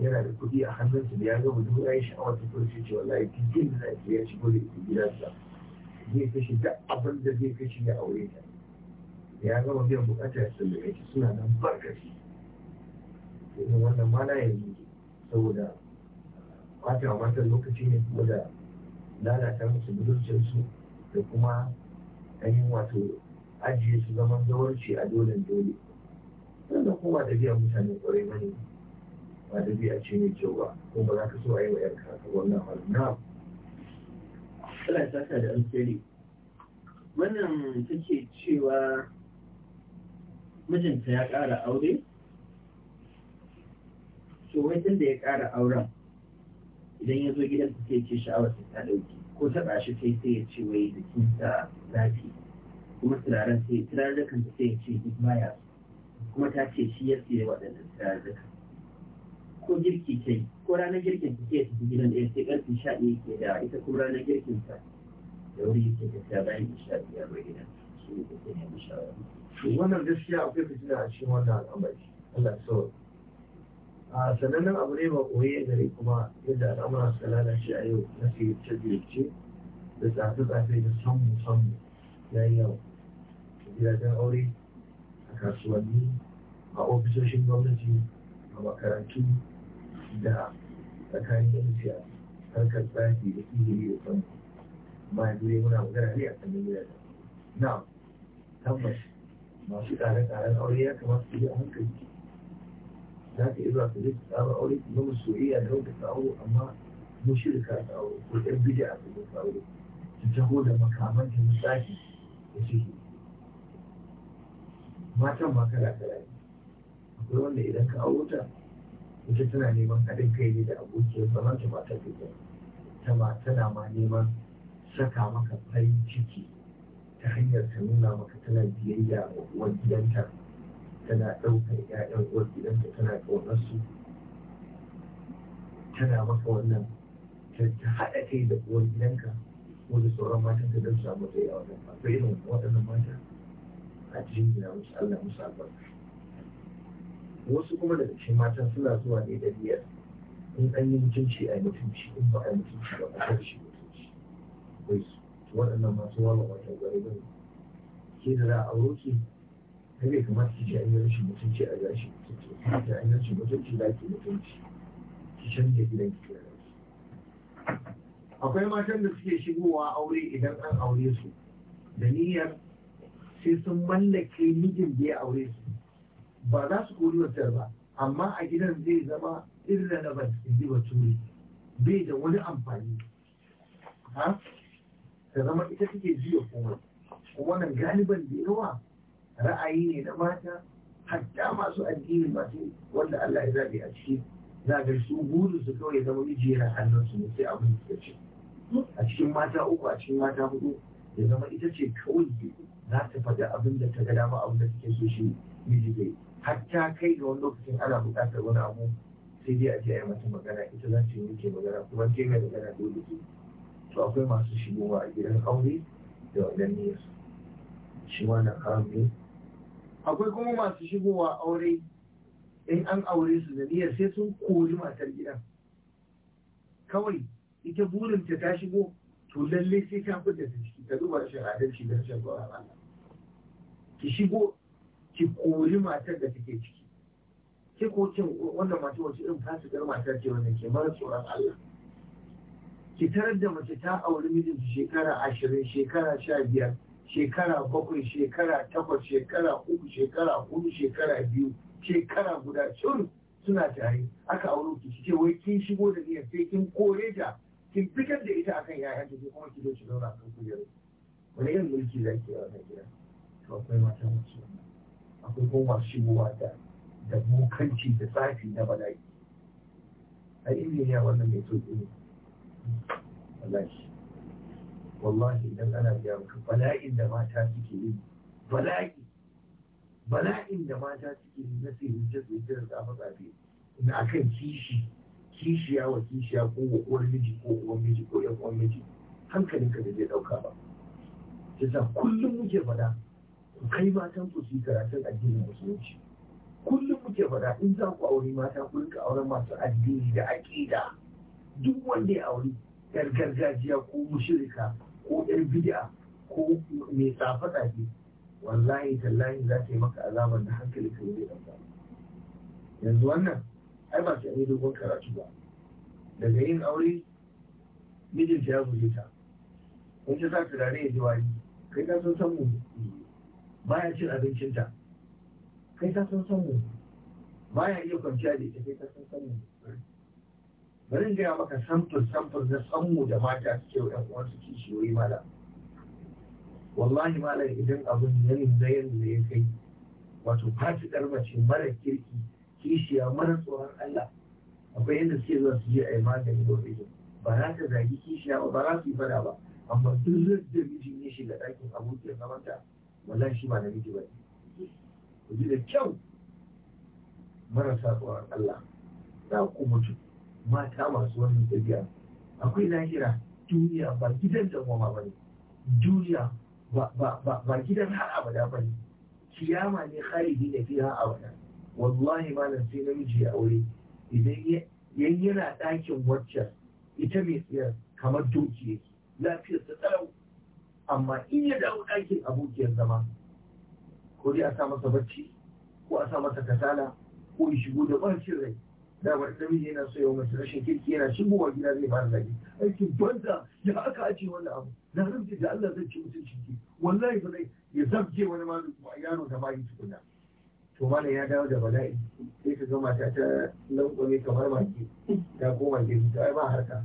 yana da kuɗi a hannunsa da ya ga budurwa ya sha'awar ta kurce ce wallahi tijin da zai ya shigo da ita gidansa zai kashe duk abin da zai kashe ya aure ta ya gama biyan bukata ya sallame suna nan barkashi irin wannan ma na yanzu saboda fata wa matan lokaci ne kuma da lalata musu budurcinsu da kuma ainihin wato ajiye su zaman zawarci a dole dole sannan kuma da biyan mutane ƙwarai mani. ne ba ɗabi'a ce mai ba ko ba za ka so a yi wa yanka a wannan halin na kala ta da alheri wannan take cewa mijinta ya ƙara aure to wai tun da ya ƙara auren idan ya zo gidan ta sai ce sha'awar ta ɗauki ko ta shi kai sai ya ce wai jikinsa zafi kuma turaren sai turaren da kanta sai ya ce duk baya kuma ta ce shi ya siya waɗannan turaren ko girki ta yi ko ranar girkin ta ke tafi gidan ɗaya sai ƙarfi sha ɗaya ke da ita ko ranar girkin ta da wuri yake tafiya bayan isha biyar ba gidan su ne ta nemi shawara. wannan gaskiya akwai fitina a cikin wannan al'amari Allah so a sanannen abu ne ba koyi gare kuma yadda al'amuran suka lalace a yau na ziyarce-ziyarce da tsafe-tsafe da sammu-sammu na yau a gidajen aure a kasuwanni a ofisoshin gwamnati a makarantu da tsakanin zuciya harkar tsafi da ilimi da son ba ya dole muna magana ne a kan gida da na tabbas masu tsare-tsaren aure ya kamata su yi a hankali za ka iya zuwa ka zai tsara aure su zama soyayya da wanda ta aure amma mushirka ta aure ko ɗan bida a kan ta aure su taho da makaman da misali da suke matan ma kala kala ne akwai wanda idan ka aure ta ita tana neman haɗin kai ne da abokiyar zaman ta mata fita ta tana ma neman saka maka farin ciki ta hanyar ta nuna maka tana biyayya wa gidanta tana ɗaukar 'ya'yan uwar gidanta tana ƙaunar su tana maka wannan ta haɗa kai da uwar gidanka ko da sauran matan ta don samu tsaye a wannan ba irin waɗannan mata a cikin gina musu Allah musu albarka wasu kuma daga cikin matan suna zuwa ne da biyar in an yi mutunci a mutunci in ba a yi mutunci ba a kan shi mutunci akwai su to waɗannan masu wawa wata gari ba ke da za a auro ki ta bai kamata ki ce an yi rashin mutunci a gashi mutunci ta an yi rashin mutunci da ake mutunci ki canza gidan ki da kira akwai matan da suke shigowa aure idan an aure su da niyyar sai sun mallake mijin da ya aure su ba za su kori wancan ba amma a gidan zai zama irrelevant in ba turi, bai da wani amfani ha ta zama ita take jiya komai kuma nan galiban da yawa ra'ayi ne na mata hatta masu addini masu wanda Allah ya zabe a ciki za ga su burin su kawai zama miji yana hannunsu ne sai abin da ce a cikin mata uku a cikin mata hudu ya zama ita ce kawai za ta faɗi abin da ta ga dama abin da take so shi miji zai hatta kai ga wani lokacin ana buƙatar wani abu sai dai a je a yi mata magana ita za ta yi magana kuma ke mai magana dole ke to akwai masu shigowa a gidan aure da wannan niyyar shi ma na haram ne akwai kuma masu shigowa aure in an aure su da niyyar sai sun kori matar gidan kawai ita burinta ta shigo to lalle sai ta fita ta ciki ta zuba rashin adalci da shan tsoron Allah ki shigo ki kori matar da take ciki ki ko kin wannan mace wace irin fasikar matar ce wannan ke mara tsoron Allah ki tarar da mace ta auri mijinta shekara ashirin shekara sha biyar shekara bakwai shekara takwas shekara uku shekara 4 shekara biyu shekara guda cin suna tare aka auro ki ce wai kin shigo da niyyar sai kin kore ta kin fitar da ita akan yayan ta kuma ki zo ki zauna kan kujeru wani irin mulki zaki a wannan gida to akwai mata mace akwai kuma masu shigowa da da bukanci da tsafi na bala'i a ya wannan mai sauƙi ne bala'i wallahi idan ana biya maka bala'in da mata suke yi bala'i bala'in da mata suke yi na sirince sirince da tsafa zafi na akan kishi kishiya wa kishiya ko wa uwar miji ko uwar miji ko yan uwar miji hankalinka da zai ɗauka ba. Yasa kullum muke faɗa ku kai matan ku su yi karatun addinin musulunci kullum muke faɗa in za ku aure mata ku rinka auren masu addini da aƙida duk wanda ya aure yar gargajiya ko mushirika ko yar bid'a ko mai tsafa tsafe wallahi tallahi za ta yi maka azabar da hankali ka yi da yanzu wannan ai ba su yi dogon karatu ba daga yin aure mijinta ya guje ta in ta sa turare ya ji wani kai ka san samun baya cin abincinta kai ta san san mu baya iya kwanciya da ita kai ta san san mu bari gaya maka samfur samfur na sanmu da mata suke wa ƴan uwansu kishiyoyi mala wallahi malam idan abin ya da yadda ya kai wato fasidar mace mara kirki kishiya mara tsoron Allah akwai yadda suke zuwa su je a yi magani lokacin ba za ta zagi kishiya ba ba za su yi fada ba amma duk da mijin ya shiga ɗakin abokin zamanta Wannan shi ba namiji ba ku ji da kyau marasa tsoron Allah za ku mutu mata masu wannan tafiya akwai lahira duniya ba gidan goma ba ne duniya ba gidan har abada ba ne kiyama ne khalidi ne fi har abada wallahi malam sai namiji ya aure idan yana ɗakin wacce ita mai tsiyar kamar doki yake amma in ya dawo ɗakin abokiyar zama ko dai a sa masa bacci ko a sa masa kasala ko ya shigo da bacin rai damar namiji yana so yau mace rashin kirki yana shigowa gida zai fara zagi aikin banza ya aka ajiye wannan abu na rubuta da Allah zai ci mutunci ki wallahi ba zai ya zabje wani ma yaro da bayi tukuna to mana ya dawo da bala'i sai ka ga mata ta lankwame kamar maki ta koma gidi ta ba harka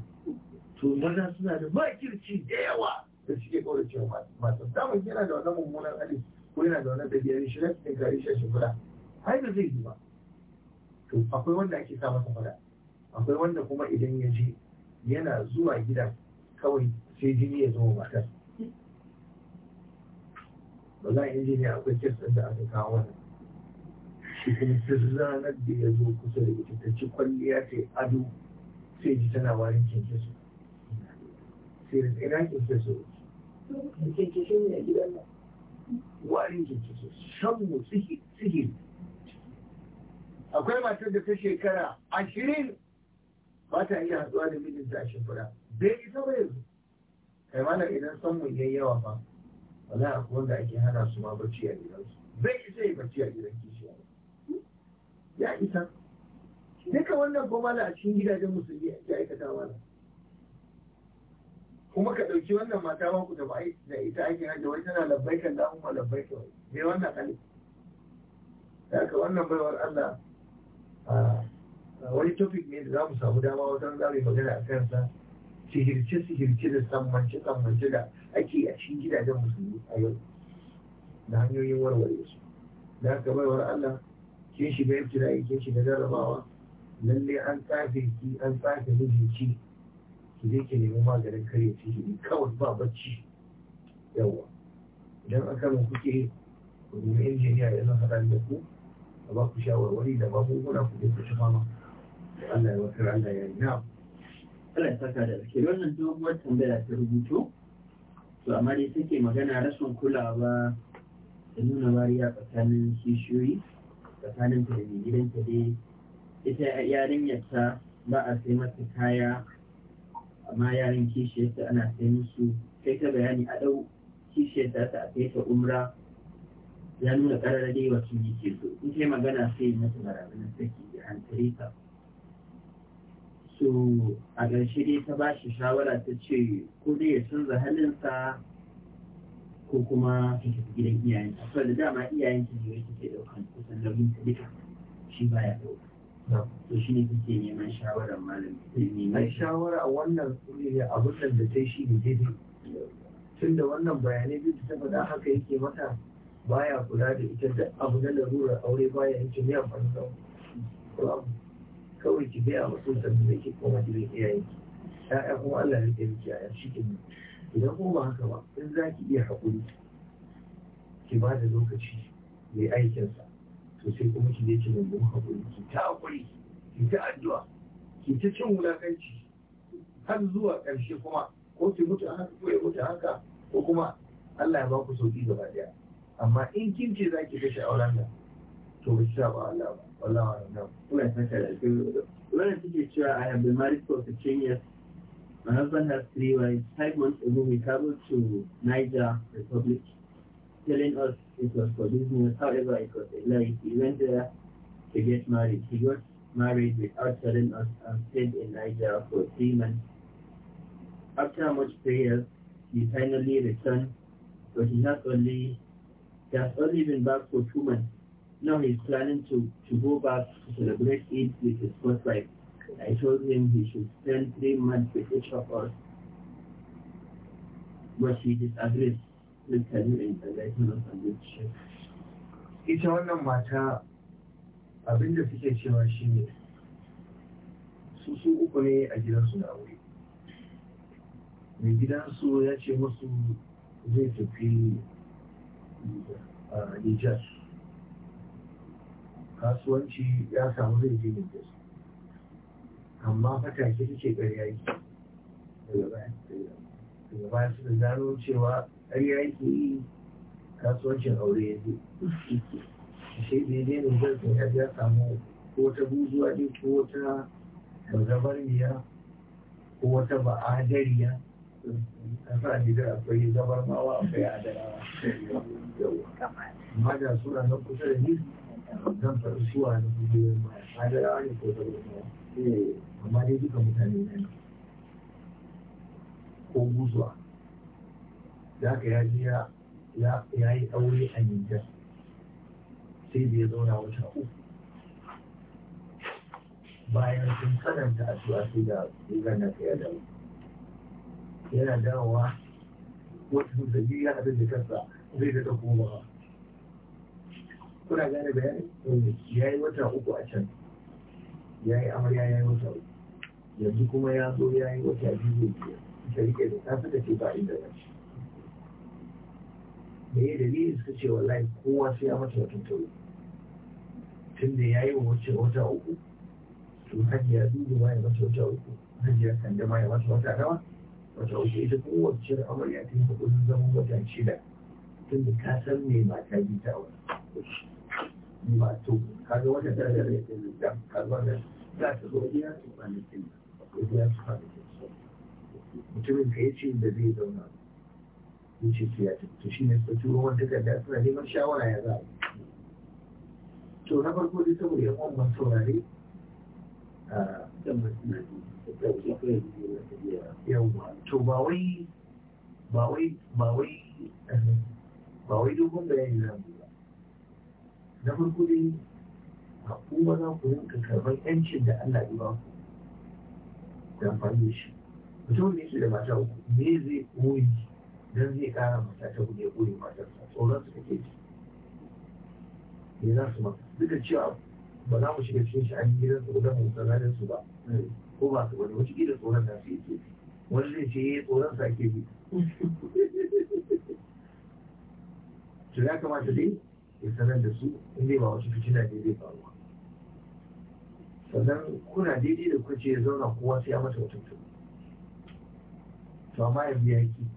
to maza suna da makirci da yawa da suke ke cewa wa samun yana da wannan mummunan hali ko yana da wannan ɗabi'ar shi na cikin gari shi a shimfiɗa har da zai yi ba to akwai wanda ake sa masa fada akwai wanda kuma idan ya je yana zuwa gida kawai sai jini ya zama matar ba za a yi jini akwai kirsan da aka kawo wannan shi kuma duk da ya zo kusa da ita ta ci kwalliya ta ado sai ji tana warin kinkisu sai da ina kinkisu a gidan nan akwai matar da ta shekara ashirin ba ta iya haɗuwa da mijinta a shimfiɗa bai isa ba yanzu kai mana idan son mu yayi yawa ba wala akwai wanda ake hana su ma bacci a gidansu bai isa ya bacci a gidan kishiya ya isa duka wannan kuma a cikin gidajen musulmi ake aikata mana kuma ka ɗauki wannan mata ba ku da ba da ita ake hajji wai tana kan da amma labbaika wai ne wannan hali da ka wannan baiwar Allah wani topic ne da za mu samu dama wajen za mu magana a kansa sihirce sihirce da sammance sammance da ake a cikin gidajen musulmi a yau da hanyoyin warware su da ka baiwar Allah kin shiga ibtila'i kin shiga jarrabawa lalle an tsafe ki an tsafe mijinki ki je ki nemi maganin karya ciki kawai ba bacci yawa idan aka kano kuke ku nemi injiniya ya zan haɗa da ku a ba ku shawarwari da magunguna ku je ku ci da Allah ya wakar Allah ya yi na Allah ya saka da alkhairi wannan doguwar tambaya ta rubuto to amma dai take magana rashin kulawa da nuna wariya tsakanin kishiyoyi tsakanin ta da gidanta dai ita yarinyar ta ba a sai mata kaya amma yaran kishiyarta ana sai musu kai ta bayani a ɗau kishiyarta ta sai ta umra ya nuna ƙarar dai wasu yake so in kai magana sai mata barazanar saki da hankali ka so a ƙarshe dai ta ba shi shawara ta ce ko dai ya canza halinsa ko kuma ta tafi gidan iyayen da dama iyayen ta ne wai ke ɗaukan kusan nauyin ta duka shi baya ɗauka to shi ne kuke neman shawarar malami ai shawara wannan abun nan da ta shi ne tun da wannan bayanai biyu ta faɗa haka yake mata baya kula da ita da abu na larurar aure baya yanke mai amfani da kawai ki gaya wa sultan da ke koma gidan iyayen ki ya'ya kuma Allah ya taimaki a shi cikin idan kuma ba haka ba in za ki iya haƙuri ki ba da lokaci mai aikinsa to sai kuma ki je ki nemi haƙuri ki ta haƙuri ki ta addu'a ki ta cin wulakanci har zuwa ƙarshe kuma ko ki mutu haka ko ya mutu haka ko kuma Allah ya ba ku sauki gaba ɗaya. amma in kin ce za ki ga sha'awar da to ba ki sa ba Allah ba wallahi wa nan kuna saka da ku wannan take cewa I have been married for 15 years My husband has three wives. Five months ago, we traveled to Niger Republic telling us it was for business. However, it was a lie. He went there to get married. He got married without telling us and stayed in Nigeria for three months. After much prayer, he finally returned, but he has only he has only been back for two months. Now he's planning to, to go back to celebrate Eid with his first wife. I told him he should spend three months with each of us, but he disagrees. ita wannan mata abinda suke cewa shi ne su su uku ne a gidansu da aure mai gidansu ya ce musu zai tafi Nijar kasuwanci ya samu zai je Nijar amma fatake suke ƙarya yi daga baya suka gano cewa ƙarya yake yi kasuwancin aure ya ce, shi ne ne ne zai sun ya ya samu ko ta buzuwa ne ko wata bazabarniya ko wata ba'adariya a sa ne da akwai zabarmawa akwai adarawa amma da suna nan kusa da ni zan faru suwa na bujiyoyin ma adarawa ne ko zabarmawa eh. amma dai duka mutane ne ko buzuwa da haka ya je ya yi aure a Nijar sai da ya zauna wata uku bayan sun karanta a cewa sai da rigar na ya dawo yana dawowa wasu da biyu ya haɗu da kasa, zai daga komawa kuna gane bayanin ya yi wata uku a can ya yi amarya ya yi wata uku yanzu kuma ya zo ya yi wata biyu zai ke ta rike da ta suka da ba inda ba da ya dalili suka ce wallahi kowa sai ya mata wata tauri tun da ya yi wa wacce wata uku to hajiya dubu ma ya mata wata uku hajiya kanda ma ya mata wata nawa wata uku ita kowace wacce amarya ta yi kudin zaman wata shida tun da ka san me ta bi ta wani wato kaga wata ta da rai da kaga wata za ta zo iya su kwanakin da ya su kwanakin mutumin ka ya ce da zai zauna sun ce su ya tafi to shi ne suka turo wani takarda suna neman shawara ya za to na farko dai saboda yan uwan masu saurare yawwa to ba wai ba wai ba wai ba wai dogon bayani za mu ba na farko dai a kuma za ku rinka karɓar yancin da Allah ya ba ku da amfani da shi mutum ne su da mata uku me zai koyi don zai kara mata ta buɗe buɗe matarsa tsoron su take ji me za su ma duk da cewa ba za mu shiga cikin sha'anin gidan su ba mu san su ba ko ba su wani wata gidan tsoron da su yake wani zai ce yayi eh, tsoron sa ke bi [LAUGHS] to ya kamata dai ya sanar da su in dai ba wasu fitina ne zai faru ba sannan kuna daidai da kuka ce zauna kowa sai ya mata wata to amma yanzu ya ki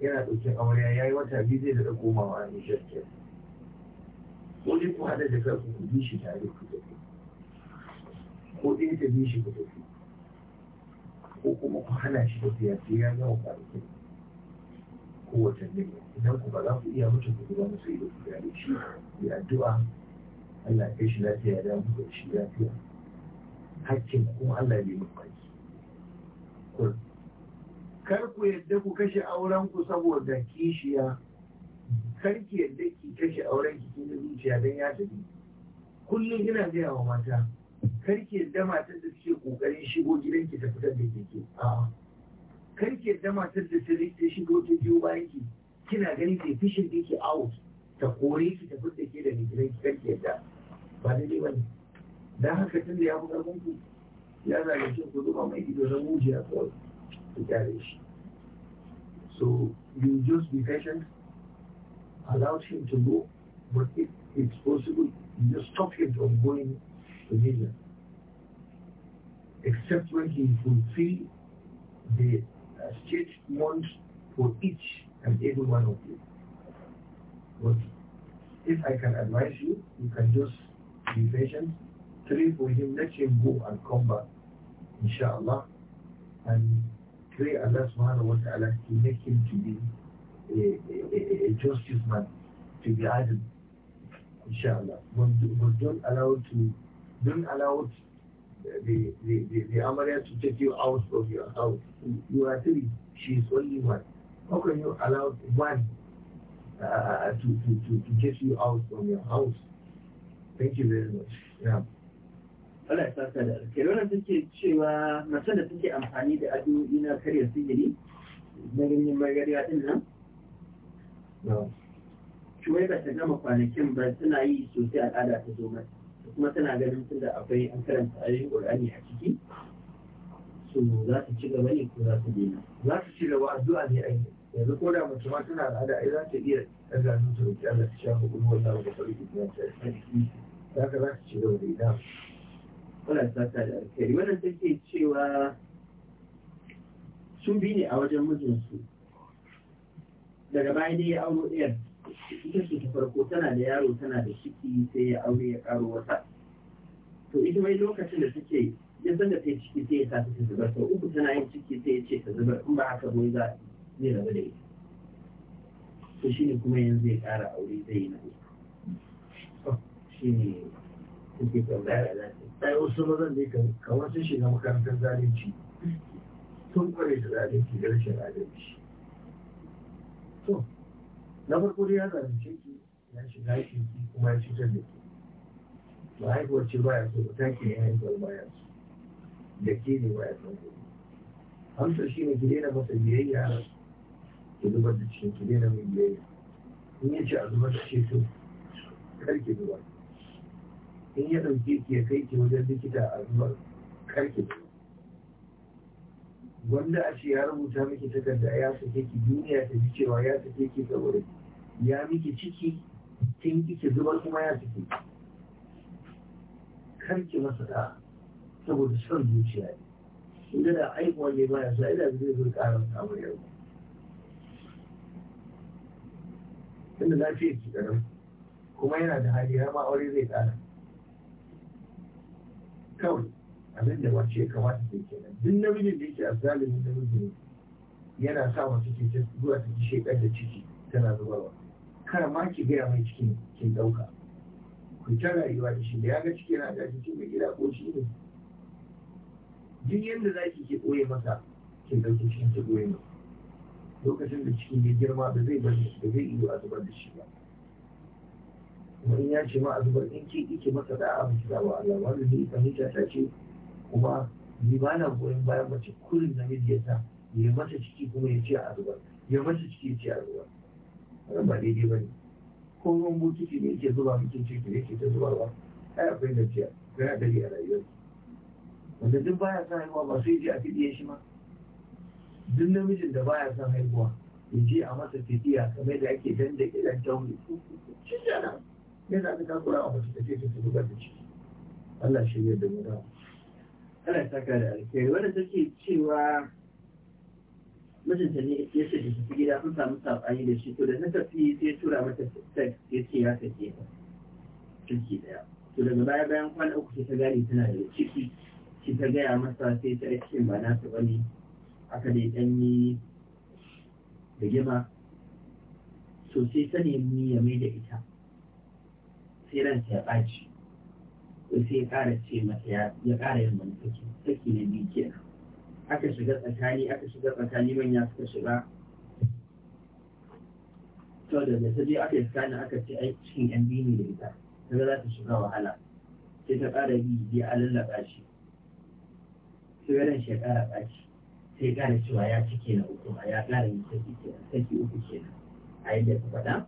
yana ɗauke amarya ya yi wata biyu zai daɗa komawa a nishar ke. Ko dai ku haɗa da kanku ku bi shi tare ku tafi. Ko ɗaya ta bi shi ku tafi. Ko kuma ku hana shi tafiya sai ya gama kwanakin ko watanni idan ku ba za ku iya mutum ku zuba musu da ku gane shi ya addu'a Allah ya shi lafiya da damu da shi lafiya. Hakkin kuma Allah ya yi mafaki. Kullum. kar ku yadda ku kashe auren ku saboda kishiya kar ki yadda ki kashe auren ki cikin zuciya don ya tafi kullum ina gaya wa mata kar ki yadda matar da suke kokarin shigo gidan ki ta fitar da keke a'a kar ki yadda matar da ta shigo ta biyo bayan ki kina ganin ke fishin da ke out ta kore ki ta fitar da ke da gidan ki kar ki yadda ba da ba ne dan haka tun da ya fi karfin ku ya zage ku zuba mai gidan zuciya mujiya kawai the garage. So you just be patient, allow him to go, but if it's possible, you just stop him from going to Mila. Except when he see the wants for each and every one of you. But if I can advise you, you can just be patient, pray for him, let him go and come back, inshallah. And pray Allah subhanahu wa ta'ala to make him to be a, a, a justice man, to be idle, inshallah. But, but don't allow to don't allow the the, the, the Amaria to take you out of your house. You are three, she is only one. How can you allow one uh, to, to, to, to get you out from your house? Thank you very much. Yeah. Allah ya saka da alkhairi cewa mace da take amfani da ado ina karya sigiri na ganin magariya din nan kuma ta gama kwanakin ba tana yi sosai al'ada ta zo mata kuma tana ganin da akwai an karanta ayoyin Qur'ani a ciki so za su ci gaba ne ko za su daina za su ci gaba addu'a ne a yi yanzu ko da mutum ma al'ada ai za ta iya ɗaga zuciya Allah ta shafa gurbin wannan da farko ta ta haka za ta ci gaba da ina Allah ya da alkhairi wannan take cewa sun bi ne a wajen mijinsu daga baya dai ya auro ɗayar ita ce ta farko tana da yaro tana da ciki sai ya aure ya karo wata to ita mai lokacin da take ya san da ta ciki sai ya sa ta zubar sau uku tana yin ciki sai ya ce ta zubar in ba haka bai za zai rabu da ita to shine kuma yanzu ya kara aure zai yi na uku shine take tambaya za ta ai wasu mazan ne kamar sun shiga makarantar zalunci sun kware da zalunci da rashin adalci to na farko dai ya zalunce ki ya shiga ki kuma ya cutar da ki to haihuwar ce baya so ba ta ke ya haihuwar baya so da ke ne baya son ku amsa shi ne ki daina masa biyayya ki zubar da cikin ki daina mai biyayya in ya ce a zubar da ce to kar ki zubar in ya ɗauke ki ya kai ki wajen likita a zuwa karki wanda a ce ya rubuta miki takarda ya sake ki duniya ta ji cewa ya sake ki saboda ya miki ciki kin ki zubar kuma ya sake ki karki masa da saboda son zuciya ne inda da aikuwa ne baya sa ina zai zo karan samun yau tunda lafiyar ki karam kuma yana da hali har ma aure zai kara kawai abin da wace ya kamata ta kenan duk namijin da yake a zalimin namiji ne yana sa mace ke ta zuwa ta ci shekar da ciki tana zubarwa kar ma ki gaya mai cikin kin ɗauka ku ta rayuwa da shi da ya ga ciki yana da cikin mai gida ko shi ne duk yadda za ki ke ɓoye masa kin ɗauki cikin ta ɓoye masa lokacin da cikin ya girma da zai bari da zai iya zubar da shi ba wani ya ce ma a zubar in ki ike masa da a da wa'ala wani da zai fahimta ta ce kuma ni ba na goyon bayan mace kurin namiji ya ya masa ciki kuma ya ce a zubar ya masa ciki ya ce a zubar wannan ba daidai ba ne ko ruwan bokiti ne yake zuba mutum ciki ne yake ta zubarwa ai akwai da ciya gana dari a rayuwar wanda duk baya son haihuwa ba sai je a fidiye shi ma duk namijin da baya son haihuwa ya je a masa fidiya kamar da ake danda ilan tauri cikin jana ya zaɓi takura a wasu take ta tuba da ciki Allah shi ne da mura Allah ya saka da alkhairi wanda take cewa mijinta ne ya ce da shi gida sun samu saɓani da shi to da na tafi sai tura mata text ya ce ya sake ta ciki daya to daga baya bayan kwana uku sai ta gane tana da ciki shi ta gaya masa sai ta cikin ba na su bane aka dai ɗanyi da gima to sai ta nemi ya mai da ita sai ranta ya ɓaci to sai ya ƙara ce mata ya ƙara yin wani saki na biyu kenan aka shiga tsakani aka shiga tsakani manya suka shiga to da da je aka yi tsakanin aka ce ai cikin yan biyu ne da ita kaga za ta shiga wahala sai ta ƙara bi a lallaɓa shi sai ran shi ya ƙara ɓaci sai ƙara cewa ya cike na uku ya ƙara yin saki kenan saki uku kenan a yadda ta faɗa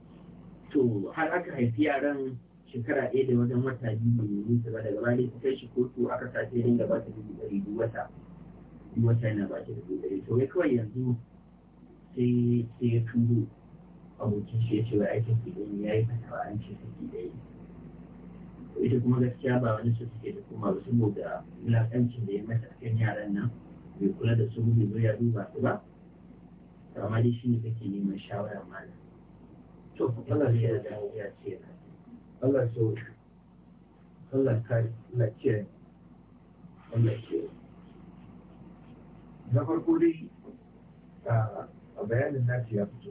to har aka haifi yaran shekara ɗaya da wajen wata biyu da yi ba daga baya ta kai shi kotu aka sace dinga ba ta dubu ɗari duk wata duk wata yana ba ta dubu ɗari to ya kawai yanzu sai sai ya turo abokin shi ya ce wai aikin ki ɗaya ya yi fatawa an ce saki ɗaya ita kuma gaskiya ba wani su suke da kuma ba saboda wulaƙancin da ya mata kan yaran nan bai kula da su bai zo ya duba su ba to amma dai shi ne kake neman shawara malam to Allah ya da ya ce Allah ya sauke Allah kai Allah kiyaye Allah kiyaye na farko dai a bayanin nasi ya fito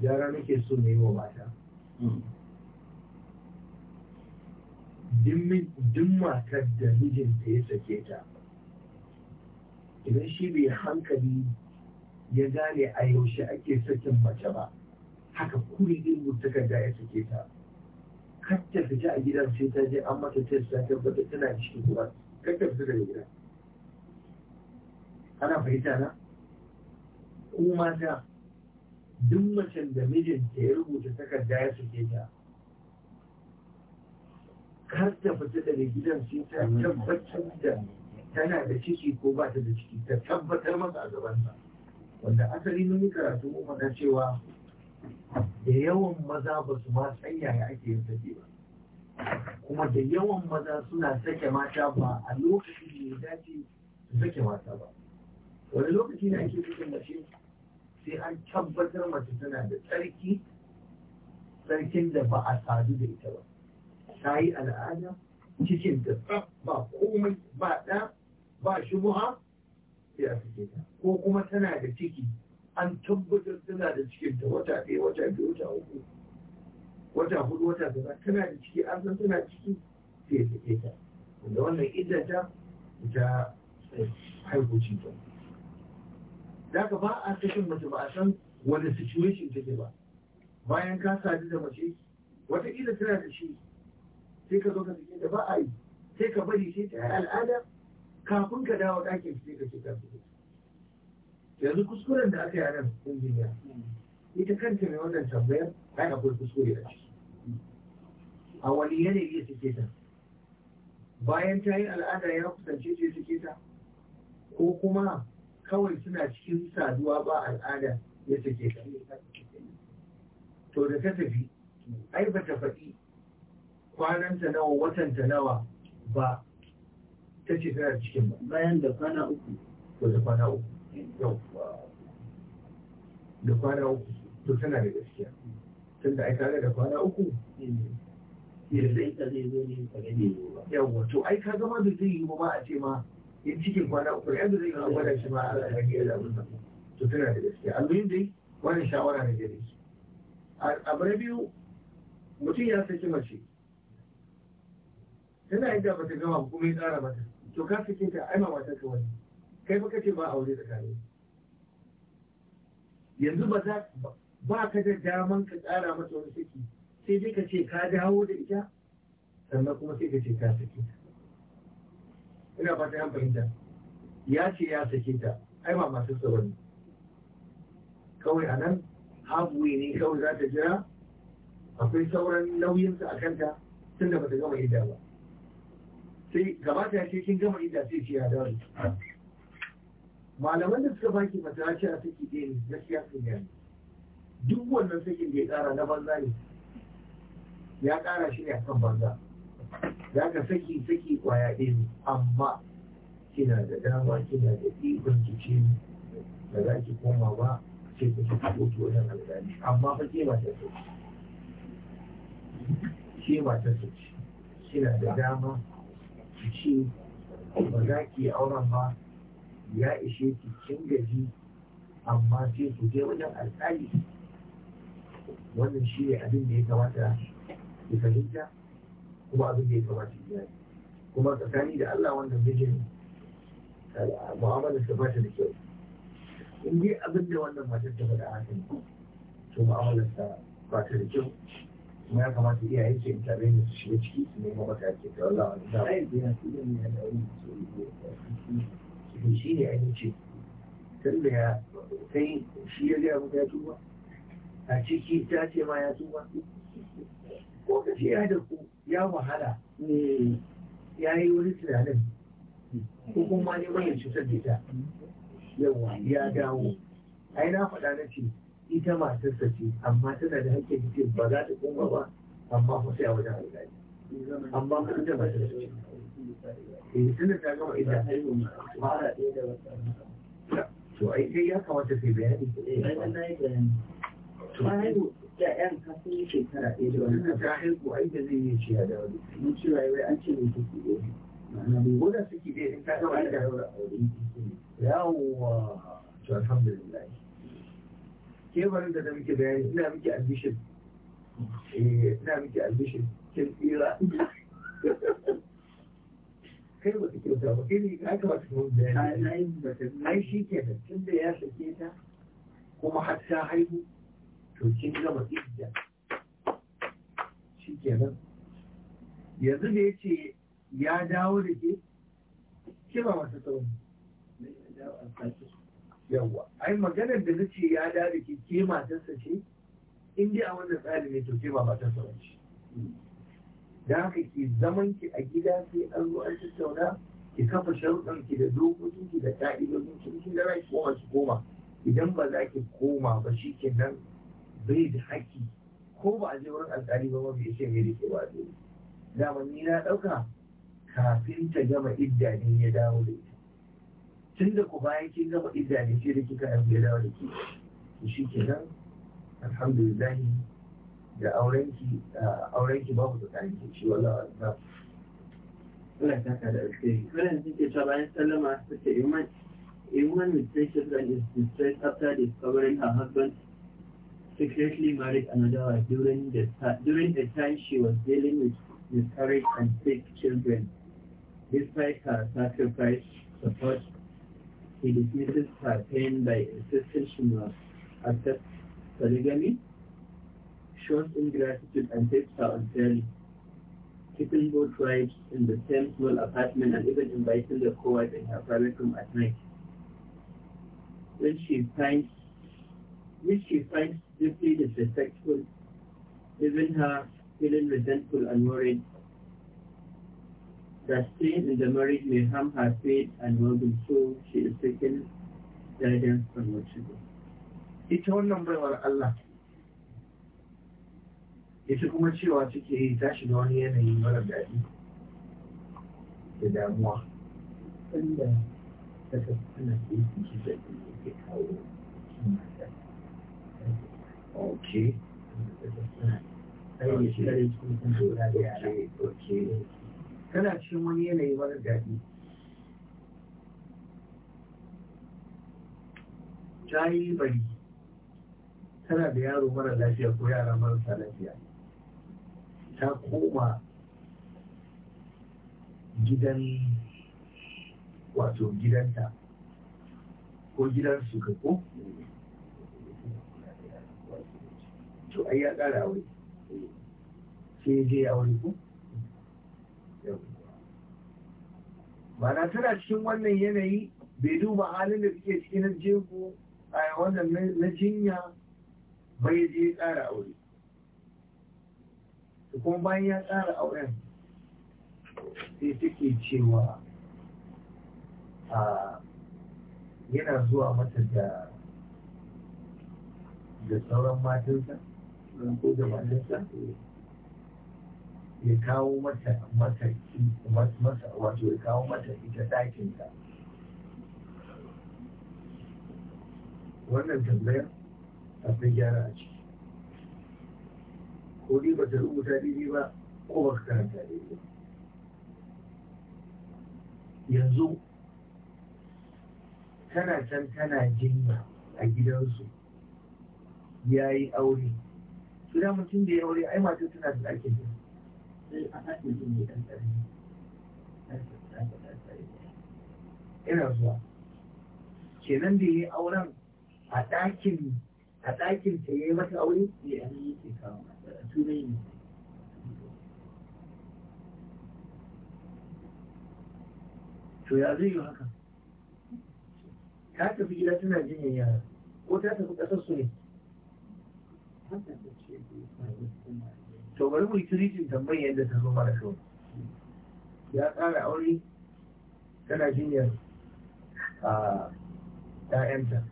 gyara nake so ne wa mata hmm. duk matar da mijinta ya sake ta idan shi bai hankali ya gane a yaushe ake sakin mace ba haka kuri ilmu kada ya sake ta kar ta fita a gidan sai ta je an mata test ta tabbata tana cikin ruwa kar ta fita daga gida ana fahimta na Kuma mata duk macen da mijinta ya rubuta takarda ya suke ta kar ta fita daga gidan sai ta tabbatar da tana da ciki ko ba ta da ciki ta tabbatar masa a gaban gabansa wanda asali mun yi karatu mu faɗa cewa da yawan maza ba su ma san yaya ake yin saki ba kuma da yawan maza suna sake mata ba a lokaci da ya dace su sake mata ba wani lokaci ne ake cikin mace sai an tabbatar mace tana da tsarki tsarkin da ba a sadu da ita ba ta yi al'ada cikin da tsaf ba komai ba ɗa ba shubuha sai a sake ta ko kuma tana da ciki an tabbatar tana da cikin ta wata ɗaya wata biyu wata uku wata hudu wata gaba tana da ciki an san tana ciki sai ta ke ta wanda wannan idan ta haihu ci ta da ka ba a cikin mace ba a san wani situation take ba bayan ka sadu da mace wata ila tana da shi sai ka zo ka cikin da ba a yi sai ka bari sai ta yi al'ada kafin ka dawo ɗakin sai ka ce ka fito yanzu kuskuren da aka yi a nan injiniya ita kanta mai wannan tambayar yi akwai kuskure a ciki a wani yanayi ya suke ta bayan ta yi al'ada ya kusance ce suke ta ko kuma kawai suna cikin saduwa ba al'ada ya suke ta to da ta tafi ai ba ta faɗi ta nawa watan ta nawa ba ta ce tana cikin bayan da kwana uku ko da kwana uku da kwana uku to tana da gaskiya tun da ai kaga da kwana uku mm. zai to ai ka gama da zai yi ba a ce ma in cikin kwana uku yanzu zai yi a gwada shi ma a rage da abin to tana da gaskiya alluyin dai wani shawara ne gare shi A na biyu mutum ya saki mace tana yadda ba ta gama kuma ya tsara mata to ka sake ta ai ma matar ka wani kai baka ce ba aure tsakanin yanzu ba za ba ka da daman ka tsara mata wani saki sai dai ka ce ka dawo da ita sannan kuma sai ka ce ka sake ta ina ba ta fahimta ya ce ya sake ta ai ba masu tsawon kawai a nan halfway ne kawai za ta jira akwai sauran nauyinsa a kanta tun da bata gama idda ba sai gabata ya ce kin gama idda sai ce ya dawo malaman da suka baki mace a suke ɗaya na gaskiya sun duk wannan sakin da ya tsara na banza ne ya tsara shi ne akan banza za ka saki saki kwaya ɗaya amma kina da dama kina da ikon ki ce da za ki koma ba ce ku ci kotu wajen alƙali amma fa ke mata su ke mata su kina da dama ki ce ba za ki auren ba ya ishe ki kin gaji amma sai su je wajen alƙali wannan shi ne abin da ya kamata ya fahimta kuma abin da ya kamata ya yi kuma tsakani da Allah wannan mijin mu'amalar ta da kyau in dai abin da wannan matar ta faɗa haka ne to mu'amalar ta bata da kyau kuma ya kamata iyaye su intervene su shiga ciki su nema ta ke nemi mataki da Allah wani yi. to shi ne aminci tunda ya kai shi ya gaya maka ya tuba a ciki ta ce ma ya tuba ko ka ce ya da ku ya wahala ya yi wani tunanin ko kuma ne mai cutar da ita yawa ya dawo ai na faɗa na ce ita matarsa ce amma tana da hakkin ce ba za ta koma ba amma fa sai a wajen alƙali amma kan da eh, ba ta ce in ta gama idan haihu ba a ɗaya da wata to ai kai ya kamata sai bayani eh, na yi bayani to haihu ƴaƴan ka sun yi shekara ɗaya da wata ta haihu ai da zai yi ciya da wani mun ci rayuwa an ce mai take ɗaya ma'ana mai goda suke ɗaya in da yawwa to alhamdulillah ke da da muke bayani ina admission eh, ina miki admission cikin kai ba kyauta ba kai ne ka aka wata kuma bayani na yi ba ta na shi ke da tun da ya sake ta kuma har ta haihu to kin gama idda shi ke nan yanzu da ya ce ya dawo da ke kira masu tsawon yawwa ai maganar da nace ya dawo da ke ke matarsa ce in dai a wannan tsarin ne to ke ba matarsa ba ce hmm. da haka ki zaman ki a gida sai an zo an tattauna ki kafa sharuɗan ki da dokokin ki da ka'idodin ki kin da ki koma ki koma idan ba za ki koma ba shi kenan bai da haƙƙi ko ba a je wurin alƙali ba mafi ce mai rike ba dole dama ni na ɗauka kafin ta gama idda ne ya dawo da ita tun da ku bayan kin gama idda ne da kika yi ya dawo da ki shi kenan alhamdulillah The orange, aurenki babu tsakanin ci wallahi ba Allah ta ka da alkhairi wannan with three children is distressed after discovering her husband secretly married another wife during the during the time she was dealing with miscarriage and sick children. Despite her sacrifice support, he dismisses her pain by insisting she must accept polygamy shows ingratitude and takes her unfairly. Keeping both wives in the same small apartment and even inviting the co-wife in her private room at night. When she finds, which she finds deeply disrespectful, even her feeling resentful and worried that staying in the marriage may harm her faith and well-being, so she is taking guidance from what she does. all number one Allah ita kuma cewa suke tashi ta wani mara daɗi da damuwa inda ta tafi ana da yake shi da yake kawo mata ok kana cikin wani yanayi mara daɗi ta yi bari tana da yaro mara lafiya ko yara marasa lafiya ta koma gidan wato gidanta ko gidan su ka ko to ai ya kara aure sai ya je aure ko mana tana cikin wannan yanayi bai duba halin da suke cikin jego a wannan na jinya bai je kara aure kuma bayan ya tsara auren sai take cewa yana zuwa mata da da sauran matansa ko da matansa ya kawo mata mata wato ya kawo mata ita ɗakinta wannan tambayar akwai gyara a ci. ko ni ba ta rubuta daidai ba ko ba ka karanta daidai yanzu tana can tana jinya a gidansu ya yi aure su da mutum da ya aure ai matar tana da ɗakin da sai eh, a ɗakin da ne ɗan ɗari ina zuwa kenan da ya yi auren a ɗakin a ɗakin ta ya yi mata aure ya eh, yi yake kawo turai to ya zai yi haka ta tafi gida tana jinyar yara ko ta tafi ƙasar su ne to bari mu yi tiritin yadda ta zo mara kawai ya tsara aure tana jinyar a ɗayanta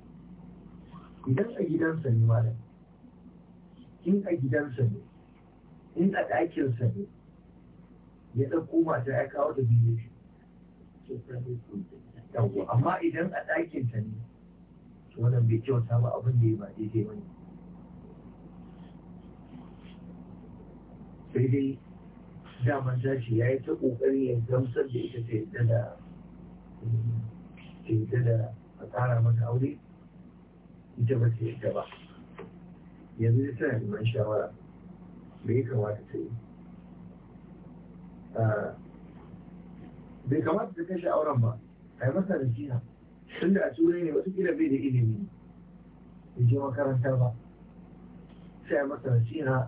idan a gidansa ne malam in a gidansa ne in a ɗakinsa ne ya ɗauko mata ya kawo da biyu shi amma idan a ɗakin ne to wannan bai kyauta ba abin da ya ba daidai ba ne sai dai daman ta ce ya yi ta ƙoƙari ya gamsar da ita ta yadda da ta yadda da a tsara mata aure ita ba ta yadda ba yanzu tana neman shawara me kamata ta yi ah, bai kamata ta kashe auren ba a yi masa nasiha tun da a turai ne wasu kila bai da ilimi bai je makaranta ba sai a yi masa nasiha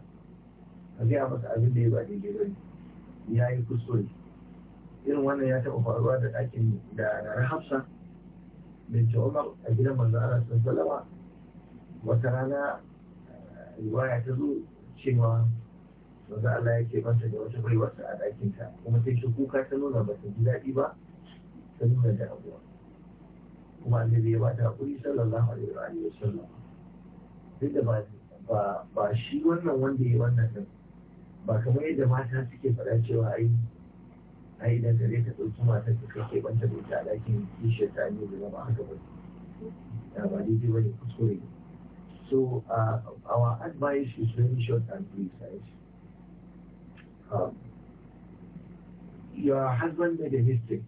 a gaya masa abin da ya ba daidai ba ya yi kuskure irin wannan ya taɓa faruwa da ɗakin da na hafsa bin umar a gidan manzo Allah sallallahu alaihi wata rana eh, riwaya ta zo cewa manzo Allah yake banta da wata baiwar sa a ɗakinta. kuma sai ke kuka ta nuna ba ta ji daɗi ba ta nuna da abuwa kuma annabi ba ta hakuri sallallahu alaihi wa alihi wasallam duk da ba ba shi wannan wanda ya wannan din ba kamar yadda mata suke faɗa cewa ai ai idan ka zai ka ɗauki matar kake banta da ita a ɗakin kishiyar ta ne da ba haka ba ya ba daidai ba ne kuskure so our advice is very short and precise Um, your husband made a mistake,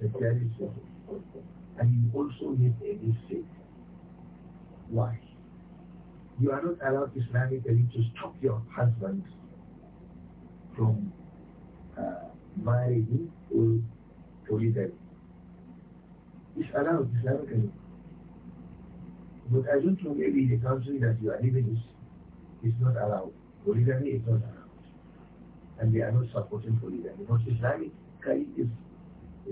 sincerely so, and you also made a mistake. Why? You are not allowed Islamically to stop your husband from uh, marrying or polygamy. It's allowed Islamically. But I don't know, maybe the country that you are living is, is not allowed. Polygamy is not allowed and they are not supporting polygamy And what Islamic Kai is,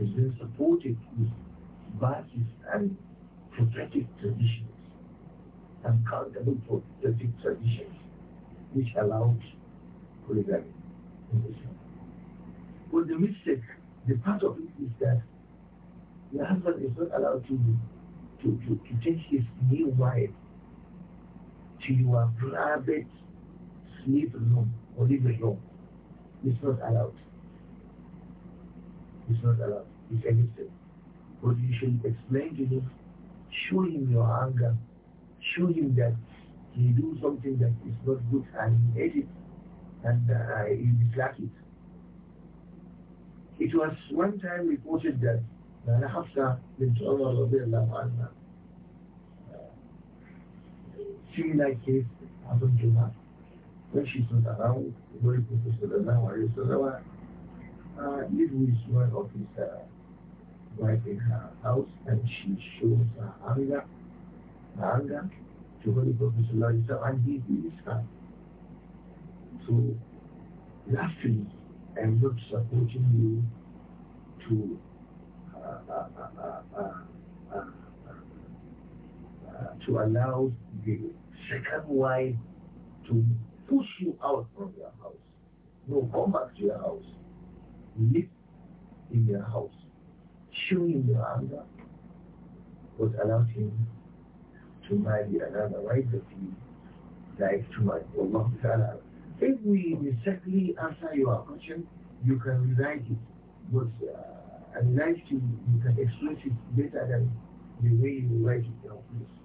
is being supported with basis and prophetic traditions and countable prophetic traditions which allows polygamy in Islam. Well, the mistake, the part of it is that the husband is not allowed to to, to, to take his new wife to your private sleep room or living room it's not allowed. It's not allowed. It's anything, But you should explain to him, show him your anger, show him that he do something that is not good and he it and uh, he dislike it. It was one time reported that Nana Hafsa bint Umar anha, similar case happened to her. Peršli smo kanalu, bili smo se da znamo i usadala, uh, usually it's one of his uh, wife in her house and she shows her anger, her anger to Holy Prophet and he believes her. So, laughing and not supporting you to uh uh, uh, uh, uh, to allow the second wife to push you out from your house. No, come back to your house. Live in your house. Show him your anger. But allow him to marry another wife of you like to my Allah Ta'ala. If we exactly answer your question, you can rewrite it. But uh, I'd like to, you can express it better than the way you write it now, please.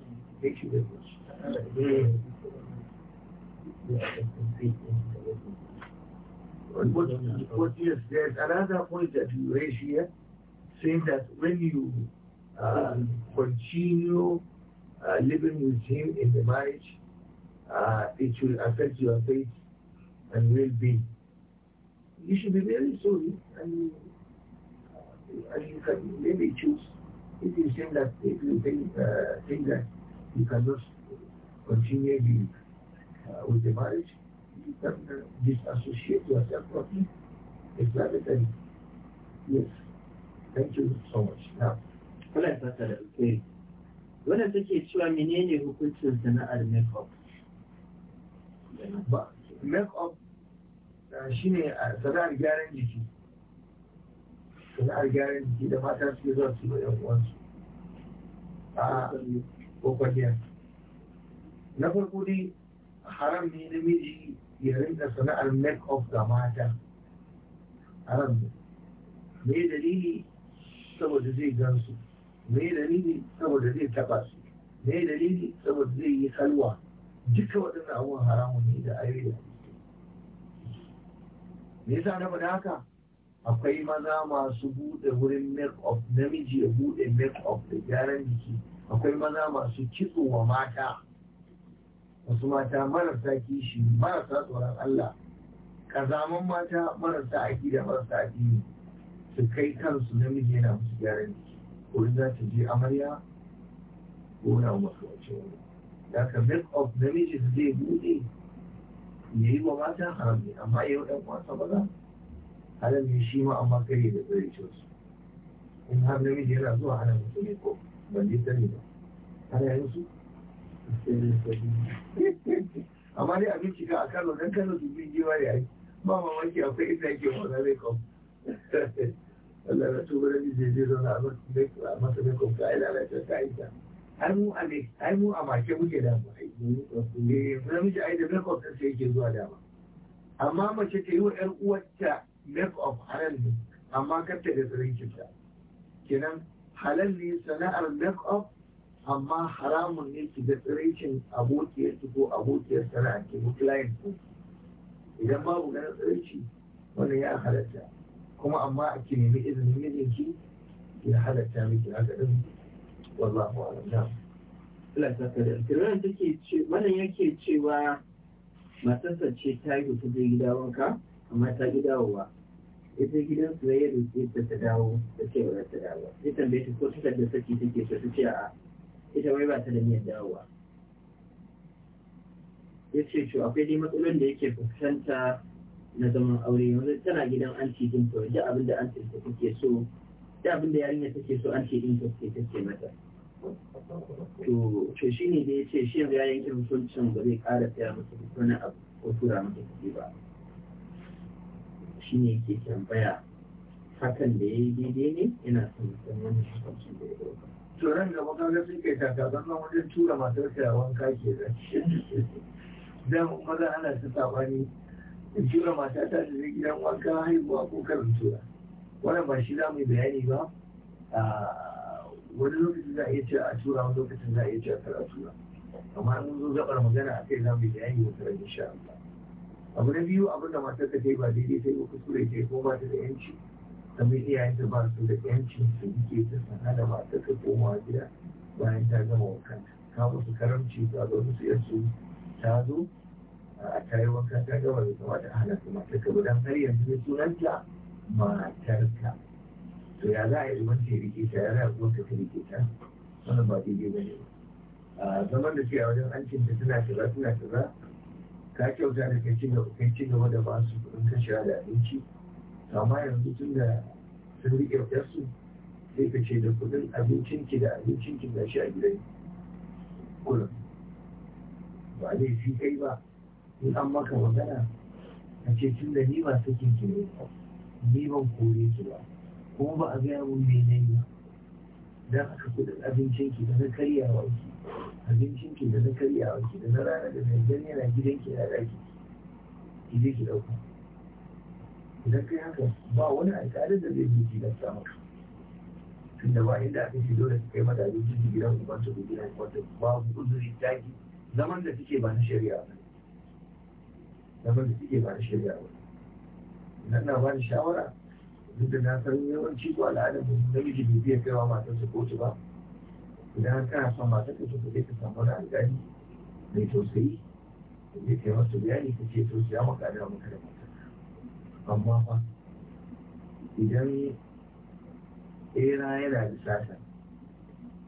Thank you very much. What is what, what, yes, there's another point that you raise here, saying that when you uh, continue uh, living with him in the marriage, uh, it will affect your faith and well-being. You should be very sorry, and, uh, and you can maybe choose. If you think that if you think, uh, think that you cannot continue, you os uh, demais uh, disassociate yourself properly. It's rather than, yes, thank you so much. Now, kuna fata da alkhairi. Wannan take cewa menene hukuncin sana'ar make-up? Make-up shi ne sana'ar gyaran jiki. Sana'ar gyaran jiki da mata suke zuwa su ga yan A kokwaliya. Na farko dai haram ne miji ya rinka sana'ar make of ga mata haram ne me dalili saboda zai gansu me dalili saboda zai taba su me dalili saboda zai yi kalwa duka waɗannan abubuwan haramun ne da ayoyi da me yasa na faɗa haka akwai maza masu buɗe wurin make of namiji ya buɗe make of da gyaran jiki akwai maza masu kitsowa mata wasu mata marasa kishi marasa tsoron Allah kazaman mata marasa da marasa ne. su kai kansu namiji yana musu gyaran jiki ko in za ta je amarya ko na masu wace wani da ka make up namiji zai buɗe? ya yi wa mata haram ne amma yau ɗan wasa maza halin ne shi ma amma kare da tsare su in har namiji yana zuwa ana musu ne ko ban je sani ba ana yin su [LAUGHS] amma dai a bincika a kano don kano su bin jiwa da yaki ba mamaki akwai inda yake wanda zai kawo Allah na tuba da zai zai zauna a masa mai kawo ka ila na ta yi ta har mu a ne har mu a make muke da mu ai eh, namiji ai da make up din sai yake zuwa dama amma mace ta yi wa ƴar uwarta make up halal ne amma kar ta da tsirin kita kenan halal ne sana'ar make up amma haramun ne ki da tsiraicin abokiyar ki ko abokiyar sana'a ki ko client ko idan babu ganin tsiraici wannan ya halatta kuma amma a ki nemi izinin mijinki ya halatta miki haka din wallahu a'lam Allah ta kare kiran take ce wannan yake cewa matarsa ce ta yi ta je gida wanka amma ta ki dawowa ita gidan su ya rufe da ta dawo da cewa ba ta dawo sai tambaye ta ko ta da saki take ta ce a'a ita wai ba ta da niyyar dawowa ya ce to akwai dai matsalolin da yake fuskanta na zaman aure yanzu tana gidan anti din to da abin da anti ta take so da abin da yarinya take so anti din ta take take mata to to shine da yace shi yanzu ya yanke hukuncin ba zai ƙara tsaya masa duk wani abu ko tura masa kuɗi ba shine yake tambaya hakan da ya yi daidai ne yana son musamman hukuncin da ya dauka to nan gaba kaga sai kai takasan nan wajen tura matar ka wanka ke da dan maza ana su sabani in tura mata ta da zai gidan wanka haihuwa ko karin tura wannan ba shi za mu yi bayani ba wani lokacin za a iya ce a tura wani lokacin za a iya ce a kara tura amma an zo gabar magana a kai za mu yi bayani wata ran insha Allah abu na biyu abin da matar ta yi ba daidai sai ko kuskure ta yi ko ba ta da yanci kamar yin da ba su da yancin su ke ta sana da mata ta koma gida bayan ta gama wankan ta musu karamci ta zo musu yansu ta zo a tayi wankan ta gama da kama da su mata ka gudan har yanzu ne sunanta matarka to ya za a yi wanda ya rike ta ya za a kuma ta rike ta wannan ba daidai ba ne ba zaman da suke a wajen ancin da tana shiga tana shiga ka kyauta da kai ci gaba da ba su kudin kashewa da abinci amma yanzu tun da sun riƙe yarsu sai ka ce da kuɗin abincinki da abincinki da shi a gidan kullum ba zai fi kai ba in an maka magana a ce da ni ba sakin ki ne ni ban kore ki ba kuma ba a gaya mun mene ne dan aka kuɗin abincinki da na karyawa ki da na karyawa ki da rana da na yana gidanki na ɗaki ki je ki ɗauka idan kai haka ba wani alƙalin da zai jiki da samu tun tunda ba inda aka ce dole su kai mata abinci gidan ubansu da gidan ubanta babu uzuri taki zaman da suke ba na shari'a ba zaman da suke ba na shari'a ba idan na ba da shawara duk da na san yawanci ko al'adar mu namiji bai biya kaiwa matarsa kotu ba idan kana son matar ka to ka samu wani alƙali mai tausayi zai kai masa bayani ka ce to siya maka da maka da maka amma fa idan ɓera yana da sata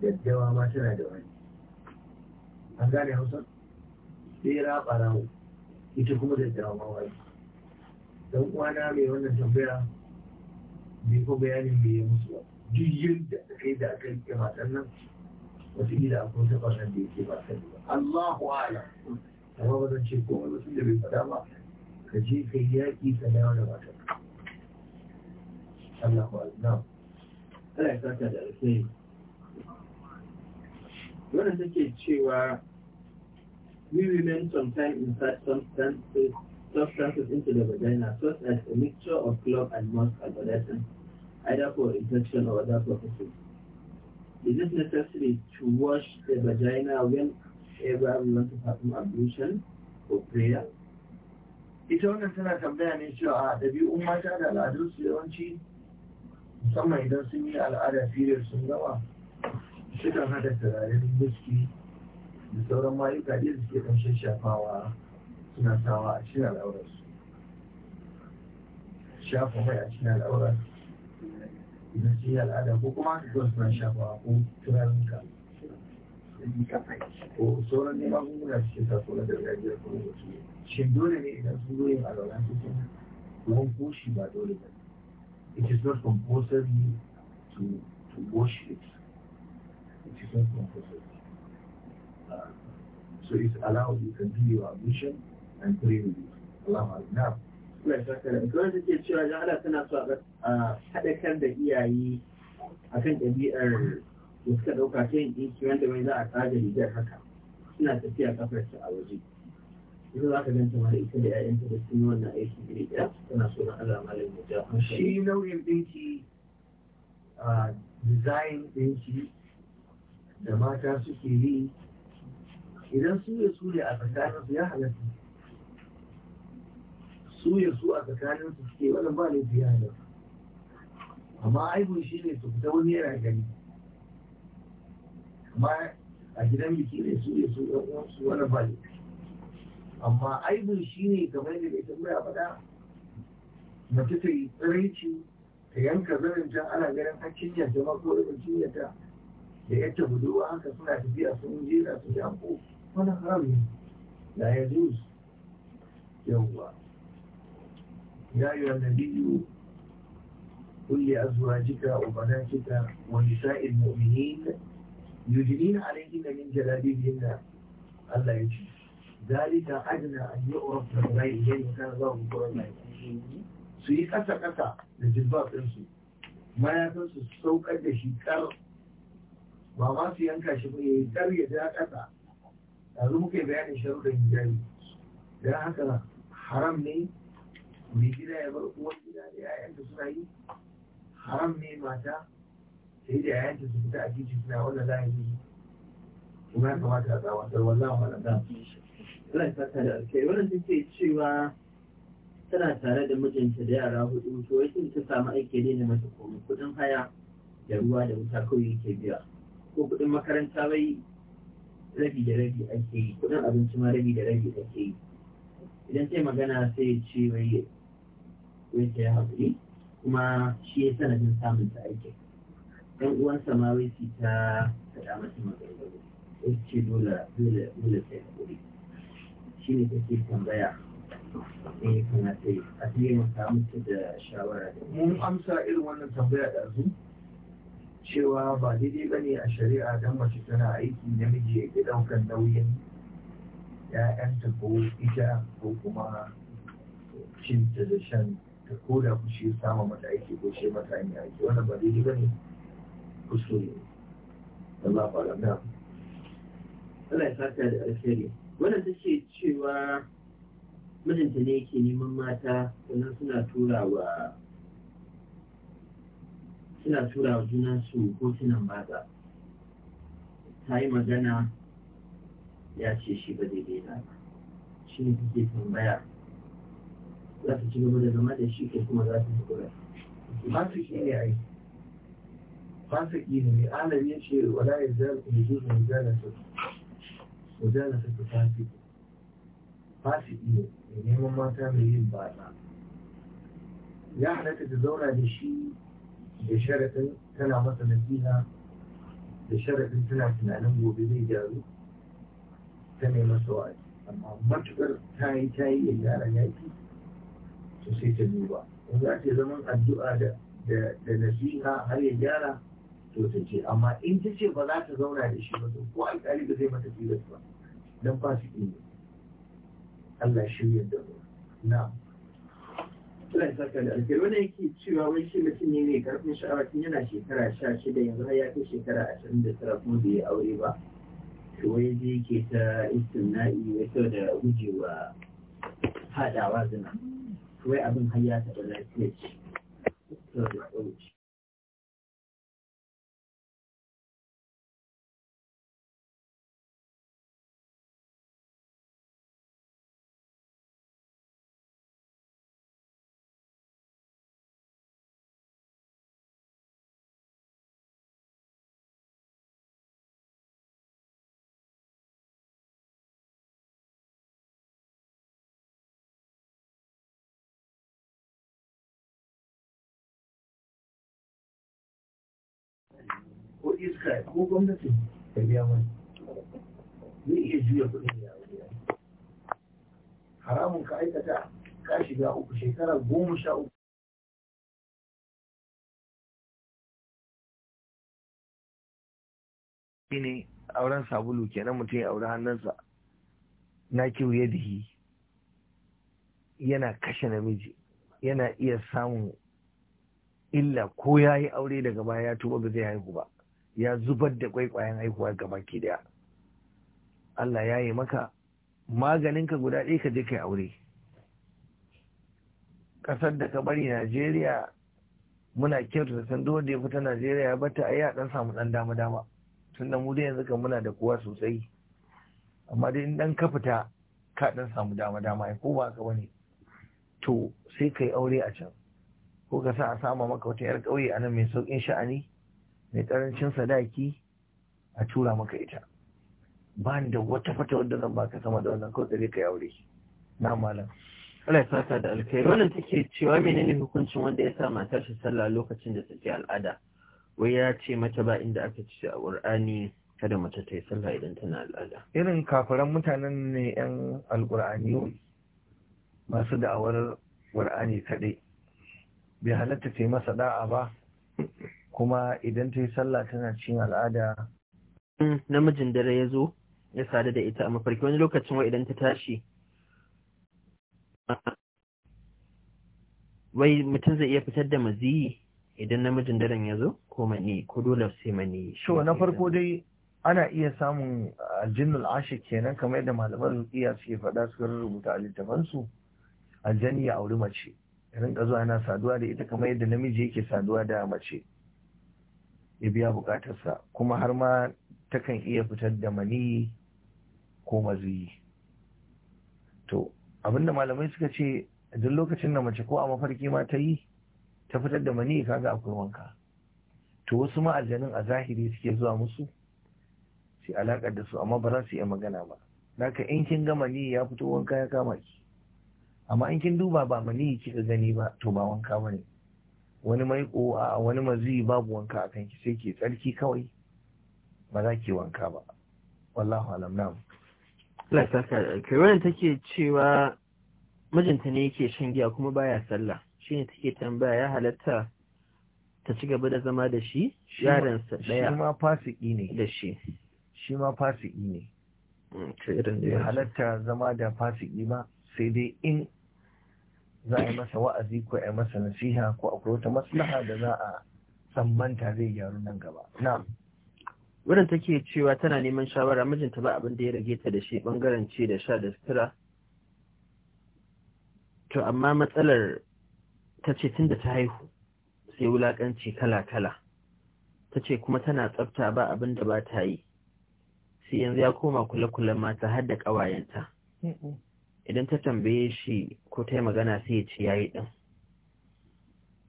daddawa ma tana da wani an gane hausa ɓera ɓarawo ita kuma daddawa ma wani dan uwana mai wannan tambaya bai ko bayanin me ya musu ba duk yadda kai da aka yi matan nan wataƙila akwai taɓa nan da yake ba sani ba Allahu ala amma ba zan ce komai ba da bai faɗa ba ka je ka yi yaƙi ka dawo da mata Allah I na Allah ya saka da alkhairi wannan take cewa we women sometimes insert substances substances into the vagina such as a mixture of clove and musk adolescent either for infection or other purposes. Is it necessary to wash the vagina whenever we want to perform ablution or prayer? ita wannan tana tambaya ne cewa a ɗabi'un mata da al'adun su yawanci musamman idan sun yi al'ada fiye sun gawa sukan hada turaren biski da sauran mayuka da suke ɗan shafawa suna sawa a cikin su shafa mai a cikin al'aurar idan sun yi al'ada ko kuma haka kawai suna shafawa ko turaren ka ko sauran neman magunguna suke tasowa da gajiyar kuma ne shin dole ne idan sun zo yin alwala su kenan ruwan ba dole ba it is not compulsory to to wash it it is not compulsory uh, so it's allowed you to continue your ablution and pray with it Allah now mai shakara kamar da ke cewa jahala tana so a haɗakar da iyaye akan ɗabi'ar da suka ɗauka ta yin ɗinki wanda mai za a tsaga rigar haka suna tafiya kafarsa a waje yanzu za ka gan mara ita da ƴaƴanta da sun yi wannan aiki iri ɗaya tana so na Allah malam ya ja hankali shi nau'in ɗinki design ɗinki da mata suke yi idan su ya su ne a tsakanin su ya halatta su ya su a tsakanin su suke wannan ba ne ya halatta amma aibun shi ne su fita wani yana gani amma a gidan biki ne su ya su ɗan uwansu wannan ba ne amma aibin shi ne kamar bai tambaya ba da mace ta yi tsiraici ta yanka zanenta ana ganin ta cinya jama ko da cinya ta da yadda budowa haka suna tafiya sun jera su ya ko wani harami da ya jus yawwa ya yi wannan bidiyo kulle azuwajika ubanatika wa nisa'il mu'minin yujinina alaihi na min jalabi biyu da Allah ya ci zalika adna an yu'raf bi ghayri ilmi kana za mu kura mai su yi kasa kasa da jilbab din su mayafin su saukar da shi kar ba ma su yanka shi ba yayi kar ya ja kasa yanzu muka yi bayanin sharuɗin hijabi don haka haram ne mai gida ya bar uwar gida da yayanta suna yi haram ne mata sai da yayanta su a titi suna wannan za a yi kuma ya Allah ya da alkai wannan take cewa tana tare da mijinta da yara hudu to yakin ta samu aiki ne mata komai kudin haya da ruwa da wuta kawai yake biya ko kudin makaranta bai rabi da rabi ake yi kudin abinci ma rabi da rabi ake yi idan sai magana sai ce wai wai ta yi kuma shi ya sanadin samun ta aiki dan uwansa ma wai ta faɗa masa magana ce dole dole dole sai shi ne kake tambaya in eh, ya kamata yi a taimaka da shawara da mun amsa irin wannan tambaya ɗazu cewa ba daidai ba ne a shari'a don mace tana aiki namiji ya ke ɗaukar nauyin ‘ya'yanta ko ita ko kuma cinta da shan ta ko da ku shi sama mata aiki ko shi mata hanyar aiki wannan ba daidai ba ne kuskure Allah ba Allah ya saka da alheri wannan ta ce cewa mijinta ne yake neman mata sannan suna tura wa suna tura wa ko hotunan maza ta yi magana ya ce shi ba zai daina ba shi ne take tambaya za ta ci gaba da zama da shi ko kuma za ta haƙura ba su ne ba su ne alami ya ce wala ya zai kuma zuwa zai zai wajen da fasiki fasiki ne neman mata mai yin batsa ya halatta ta zauna da shi da sharafin tana masa nasiha da sharaɗin tana tunanin gobe zai gyaru ta nema masa amma matuƙar ta yi ta yi ya gyara yaƙi to sai ta duba yanzu ake zaman addu'a da da nasiha har ya gyara ce amma in ta ce ba za ta zauna da shi ba ko alƙali ba zai mata tilas ba dan ba su ne Allah shirya da mu na Allah ya saka da alƙali wannan yake cewa wai shi mutum ne mai karfin sha'awa tun yana shekara sha shida yanzu har ya kai shekara ashirin da tara kuma bai yi aure ba to wai je ke ta istimna'i wai sau da gujewa haɗawa zina wai abin har ta taɓa lafiya ce. sau da iska ko gwamnati ya biya mai zai iya juya kudin ya wuya haramun ka aikata ka shiga uku shekara goma sha uku ne auren sabulu kenan mutum ya auri hannunsa na kiwuye da yana kashe namiji yana iya samun illa ko ya yi aure daga baya ya tuba ba zai haihu ba ya zubar da kwaikwayon haihuwa ga baki daya Allah ya yi maka maganinka guda ɗaya ka je kai aure ƙasar da ka bari Najeriya muna kyautata san dole da ya fita Najeriya ba ta ayi a ɗan samu ɗan dama dama tun da mu dai yanzu kan muna da kowa sosai amma dai in ɗan ka fita ka ɗan samu dama dama ko ba ka bane to sai kai aure a can ko ka sa a sama maka wata yar ƙauye a nan mai sauƙin sha'ani mai karancin sadaki a tura maka ita ba da wata fata wadda zan baka sama da wannan kawai tsare ka aure na malam Allah ya fata da alkai wannan take cewa menene hukuncin wanda ya sa matar shi sallah lokacin da take al'ada wai ya ce mata ba inda aka ci a Qur'ani kada mace ta yi sallah idan tana al'ada irin kafiran mutanen ne yan alqur'ani masu da'awar Qur'ani kadai bai halatta ta yi masa da'a ba kuma idan ta yi sallah tana cin al'ada mm, namijin dare ya zo ya sadu da ita a mafarki wani lokacin wa idan ta tashi wai mutum zai iya fitar da maziyi idan namijin daren ya zo ko mani ko dole sai mani shi na farko dai ana iya samun aljinnul ashik kenan kamar yadda malaman iya suke faɗa suka rubuta a littafansu aljani ya auri mace rinka zuwa yana saduwa da ita kamar yadda namiji yake saduwa da mace ya biya bukatarsa kuma har ma takan iya fitar da mani ko mazuyi to abinda malamai suka ce duk lokacin da mace ko a mafarki ma ta yi ta fitar da mani ga akwai wanka to wasu ma aljanin a zahiri suke zuwa musu sai alakar da su amma ba za su iya magana ba naka in kin ga mani ya fito wanka ya kama ki amma in kin duba ba mani kika gani ba to ba wanka bane wani mai a wani mazi babu wanka a kanki sai ke tsarki kawai ba za ki wanka ba wallahu alam nam take cewa mijinta ne yake shan giya kuma baya sallah ta take tambaya ya halatta ta ci gaba da zama da shi yaransa daya shi ma fasiki ne da shi shi ma fasiki ne mm, ya halatta zama da fasiki ba sai dai in za a yi masa wa'azi ko a masa nasiha ko akwai wata maslaha da za a sammanta zai gyaru nan gaba na'am wurin take cewa tana neman shawara mijinta ba abin da ya rage ta da shi bangaren ce da sha da sutura to amma matsalar ta ce tun da ta haihu sai wulakanci kala-kala ta ce kuma tana tsafta ba abin da ba ta yi sai yanzu ya koma kula-kulan mata har da ƙawayenta idan ta tambaye shi ko ta yi magana sai ya ce ɗin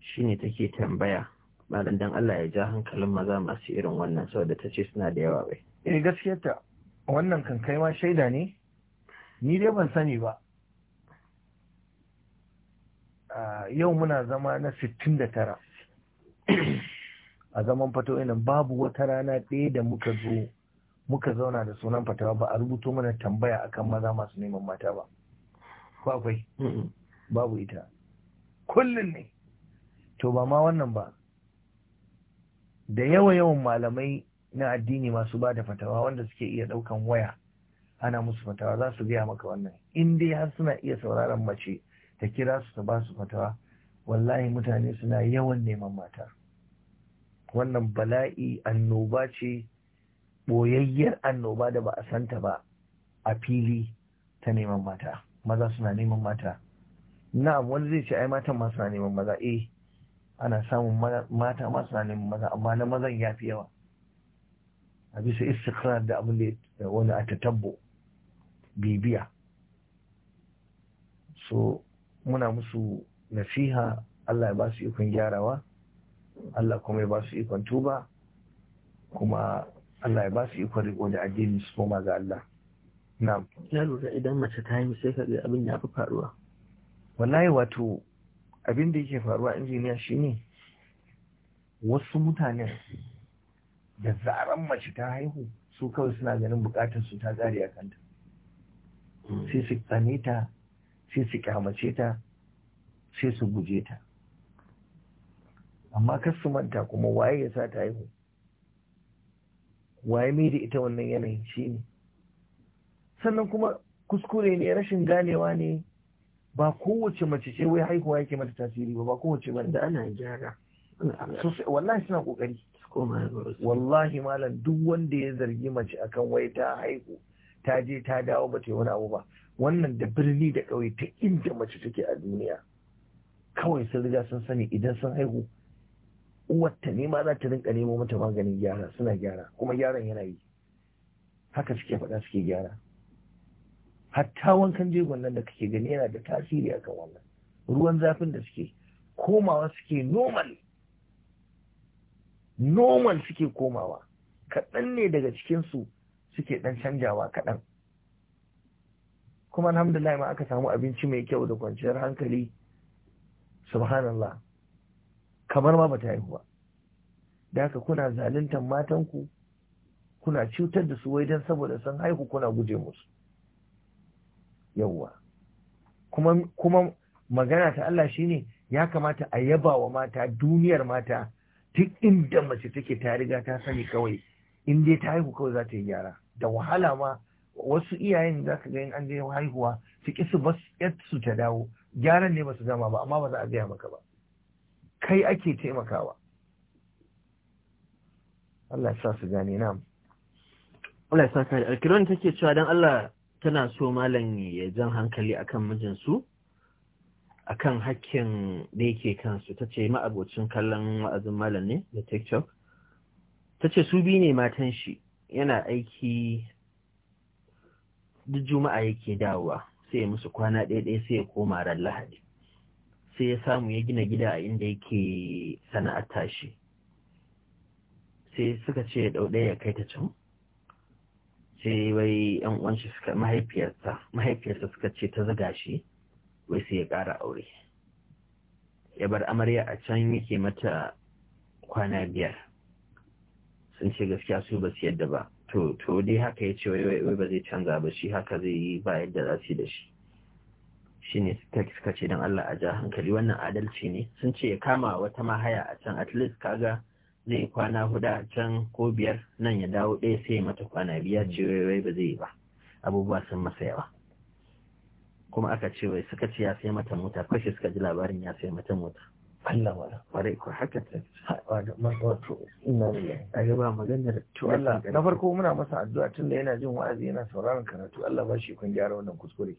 shi ne take tambaya malam dan Allah ya ja hankalin maza masu irin wannan saboda ta ce suna da yawa bai eh gaskiyarta wannan kan kai ma shaida ne ni dai ban sani ba yau muna zama na 69 a zaman fato nan babu wata rana ɗaya da muka zo muka zauna da sunan fatawa ba a rubuto mana tambaya akan maza masu neman mata ba akwai babu ita kullum ne to ba ma wannan ba da yawa yawan malamai na addini masu ba da fatawa wanda suke iya ɗaukan waya ana musu fatawa za su gaya maka wannan in dai har suna iya sauraron mace ta kira su ta ba su fatawa wallahi mutane suna yawan neman mata wannan bala'i annoba ce ɓoyayyar annoba da ba a santa ba a fili ta neman mata maza suna neman mata na'am wani zai ce ai matan masu suna neman maza eh ana samun mata masu neman maza amma na mazan ya fi yawa a bisa istikrar da abin da wani a tatabbo bibiya so muna musu nasiha Allah ya ba su ikon gyarawa Allah kuma ya ba su ikon tuba kuma Allah ya ba su ikon riko da addini su koma ga Allah Na lura idan mace ta yi sai ka abin ya fi faruwa wallahi wato abin da yake faruwa injiniya shine wasu mutane da zaran mace ta haihu su kawai suna ganin bukatar su ta tsari a kanta hmm. sai su tsane ta sai su kyamace ta sai su guje ta amma kar su manta kuma waye ya sa ta haihu waye mai da ita wannan yanayin shi ne sannan kuma kuskure ne rashin ganewa ne ba kowace mace ce wai haihuwa yake mata tasiri ba ba kowace ba da ana gyara wallahi suna kokari wallahi malam duk wanda ya zargi mace akan wai ta haihu ta je ta dawo ba ta yi wani abu ba wannan da birni da ƙauye ta inda mace take a duniya kawai sun riga sun sani idan sun haihu uwarta ne ma za ta rinka nemo mata maganin gyara suna gyara kuma gyaran yana yi haka suke faɗa suke gyara hatta wankan jegon nan da kake gani yana da tasiri akan wannan ruwan zafin da suke komawa suke normal normal suke komawa kaɗan ne daga cikinsu suke ɗan canjawa kaɗan kuma alhamdulillah ma aka samu abinci mai kyau da kwanciyar hankali subhanallah kamar ma bata haihu ba da haka kuna zaluntar matanku kuna cutar da su wai don saboda sun haihu kuna guje musu yawwa kuma kuma magana ta Allah shine ya kamata a yaba wa mata duniyar mata duk inda mace take ta riga ta sani kawai in dai ta haihu kawai za ta yi gyara da wahala ma wasu iyayen za ka ga in an je haihuwa su ki su bas su ta dawo gyaran ne ba su gama ba amma ba za a gaya maka ba kai ake taimakawa Allah ya sa su gane na Allah ya sa ka alkiran take cewa dan Allah tana so malam ya jan hankali akan mijinsu akan hakkin da yake kansu ta ce ma'abocin kallon wa'azin malam ne da tiktok ta ce su bi ne matan shi yana aiki duk juma'a yake dawowa sai ya musu kwana ɗaya sai ya koma ran lahadi sai ya samu ya gina gida a inda yake sana'ar tashi sai suka ce ya ɗau ɗaya ya kai ta can sai wai yan uwanshi suka mahaifiyarsa mahaifiyarsa suka ce ta zaga shi wai sai ya ƙara aure ya bar amarya a can yake mata kwana biyar sun ce gaskiya su ba su yadda ba to to dai haka ya ce wai ba zai canza ba shi haka zai yi ba yadda za su yi da shi shi ne suka ce don Allah a ja hankali wannan adalci ne sun ce ya kama wata mahaya a can at least kaga zai kwana hudu a can ko biyar nan ya dawo ɗaya sai ya mata kwana biyar ce wai ba zai yi ba abubuwa sun masa yawa kuma aka ce wai suka ce ya sai mata mota kwashe suka ji labarin ya sai mata mota Allah wa ware ko haka ta wato ina a ga ba maganar to Allah na farko muna masa addu'a tunda yana jin wa'azi yana sauraron karatu Allah ba shi kun gyara wannan kuskure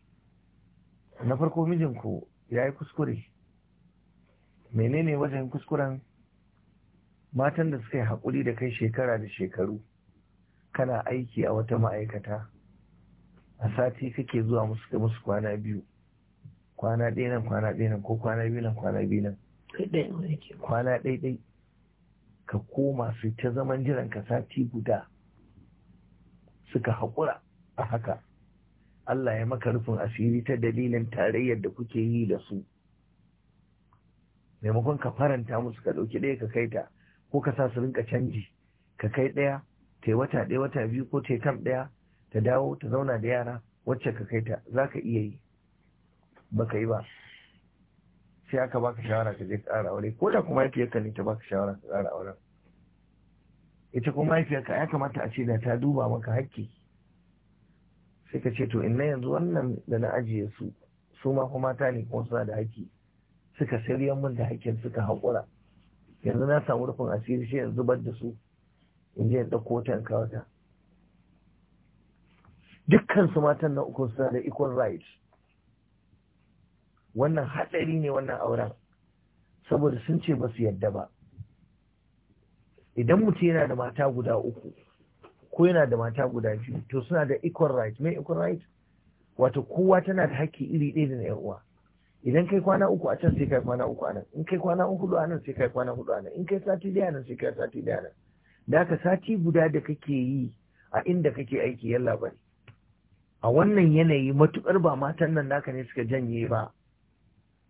na farko mijinku ya yi kuskure menene wajen kuskuren matan da suka yi haƙuri da kai shekara da shekaru kana aiki a wata ma'aikata a sati kake zuwa musu musu kwana biyu kwana ɗaya nan kwana ɗaya nan ko kwana biyu nan kwana biyu nan kwana ɗaya ka koma su ta zaman jiran ka sati guda suka haƙura a haka Allah ya maka rufin asiri ta dalilin tarayyar da kuke yi da su maimakon ka faranta musu ka ɗauki ɗaya ka kai ta ko ka sa su rinka canji ka kai ɗaya ta wata ɗaya wata biyu ko ta kam ɗaya ta dawo ta zauna da yara wacce ka kai ta za ka iya yi ba ka yi ba sai aka baka shawara ka je ka ƙara aure ko da kuma mahaifiyarka yakan ta baka shawara ka ƙara auren ita kuma mahaifiyarka ya kamata a ce da ta duba maka hakki sai ka ce to inna yanzu wannan da na ajiye su su ma kuma mata ne kuma suna da hakki. suka sayar min da hakkin suka haƙura yanzu na samu rufin asiri shi yanzu zubar da su in je ɗauko ta in kawo ta dukkan su matan na uku suna da equal rights wannan hatsari ne wannan auren saboda sun ce ba su yadda ba idan mutum yana da mata guda uku ko yana da mata guda biyu to suna da equal right mai equal right wato kowa tana da haƙƙi iri ɗaya da na uwa idan kai kwana uku a can sai kai kwana uku a nan in kai kwana hudu a nan sai kai kwana hudu a nan in kai sati daya nan sai kai sati daya nan da ka sati guda da kake yi a inda kake aiki yalla bari a wannan yanayi matukar ba matan nan naka ne suka janye ba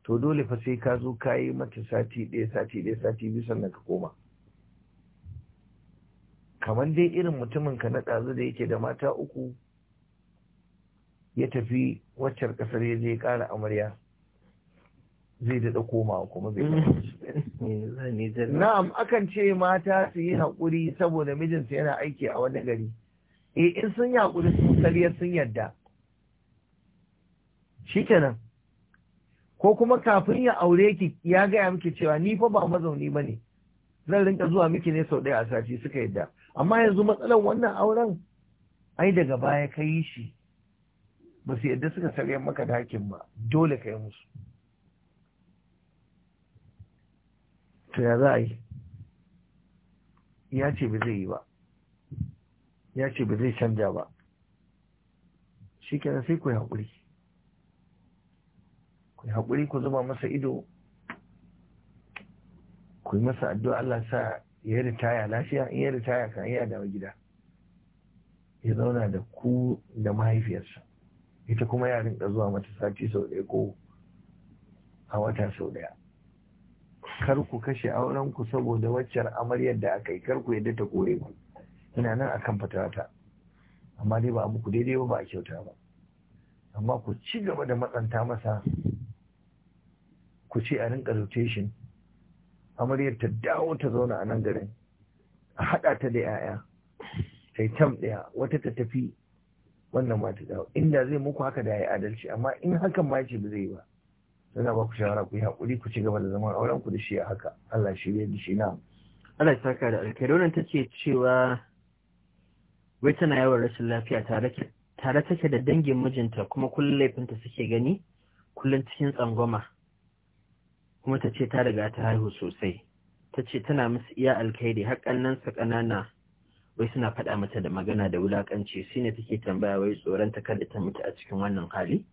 to dole fa sai ka zo ka yi mata sati ɗaya sati ɗaya sati biyu sannan ka koma kamar dai irin mutumin ka na ɗazu da yake da mata uku ya tafi waccar ƙasar ya je ƙara amarya zai daɗa komawa kuma bai mm. eh, na'am akan ce mata su yi haƙuri saboda mijinsu yana aiki a wani gari eh in sun yi haƙuri sun sariya sun yarda ko kuma kafin ya aure ki ya gaya miki cewa ni fa ba mazauni ba ne zan rinka zuwa miki ne sau ɗaya a sati suka yarda amma yanzu matsalar wannan auren ai daga baya ka yi shi ba su yarda suka sarya maka dakin ba dole ka yi musu to ya za a yi ya ce ba zai yi ba ya ce ba zai canja ba shi kenan sai ku yi haƙuri ku yi haƙuri ku zuba masa ido ku yi masa addu'a Allah sa ya ritaya lafiya in ya ritaya kan iya dawo gida ya zauna da ku da mahaifiyarsa ita kuma ya rinka zuwa mata sati sau ɗaya ko a wata sau ɗaya kar ku kashe auren ku saboda waccan amaryar da aka yi kar ku yadda ta kore ku ina nan akan fatata amma dai ba muku daidai ba ba a kyauta ba amma ku ci gaba da matsanta masa ku ce a rinka rotation amaryar ta dawo ta zauna a nan garin a haɗa ta da 'ya'ya ta yi tam ɗaya wata ta tafi wannan ma ta dawo inda zai muku haka da ya yi adalci amma in hakan ma ce ba zai yi ba za ba ku shawara ku yi haƙuri ku ci gaba da zaman auren ku da shi a haka Allah shi da shi na Allah ya saka da alkhairi wannan tace cewa wai tana yawan rashin lafiya tare tare take da dangin mijinta kuma kullum laifinta suke gani kullum cikin tsangwama kuma ta ce ta riga ta haihu sosai ta ce tana musu iya alkhairi haƙannan sa ƙanana wai suna faɗa mata da magana da wulaƙanci shine take tambaya wai tsoron ta kada ta mutu a cikin wannan hali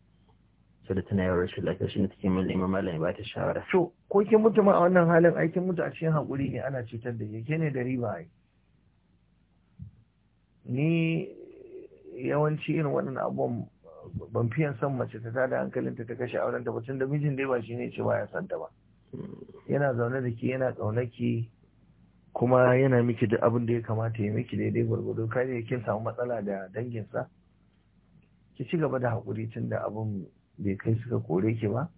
so da tana rashin lafiya shi ne take mil neman malami ba ta shawara to ko kin mutu ma a wannan halin aikin mutu a cikin haƙuri ne ana cutar da ke ne da riba ai ni yawanci irin waɗannan abubuwan ban fiye son mace ta tada hankalinta ta kashe auren ta tun da mijin dai ba shi ne ce ba ya san ta ba yana zaune da ke yana ƙauna ki kuma yana miki duk abin da ya kamata ya miki daidai gwargwado kare kin samu matsala da danginsa ki ci gaba da haƙuri tun da abin bai kai suka kore ki ba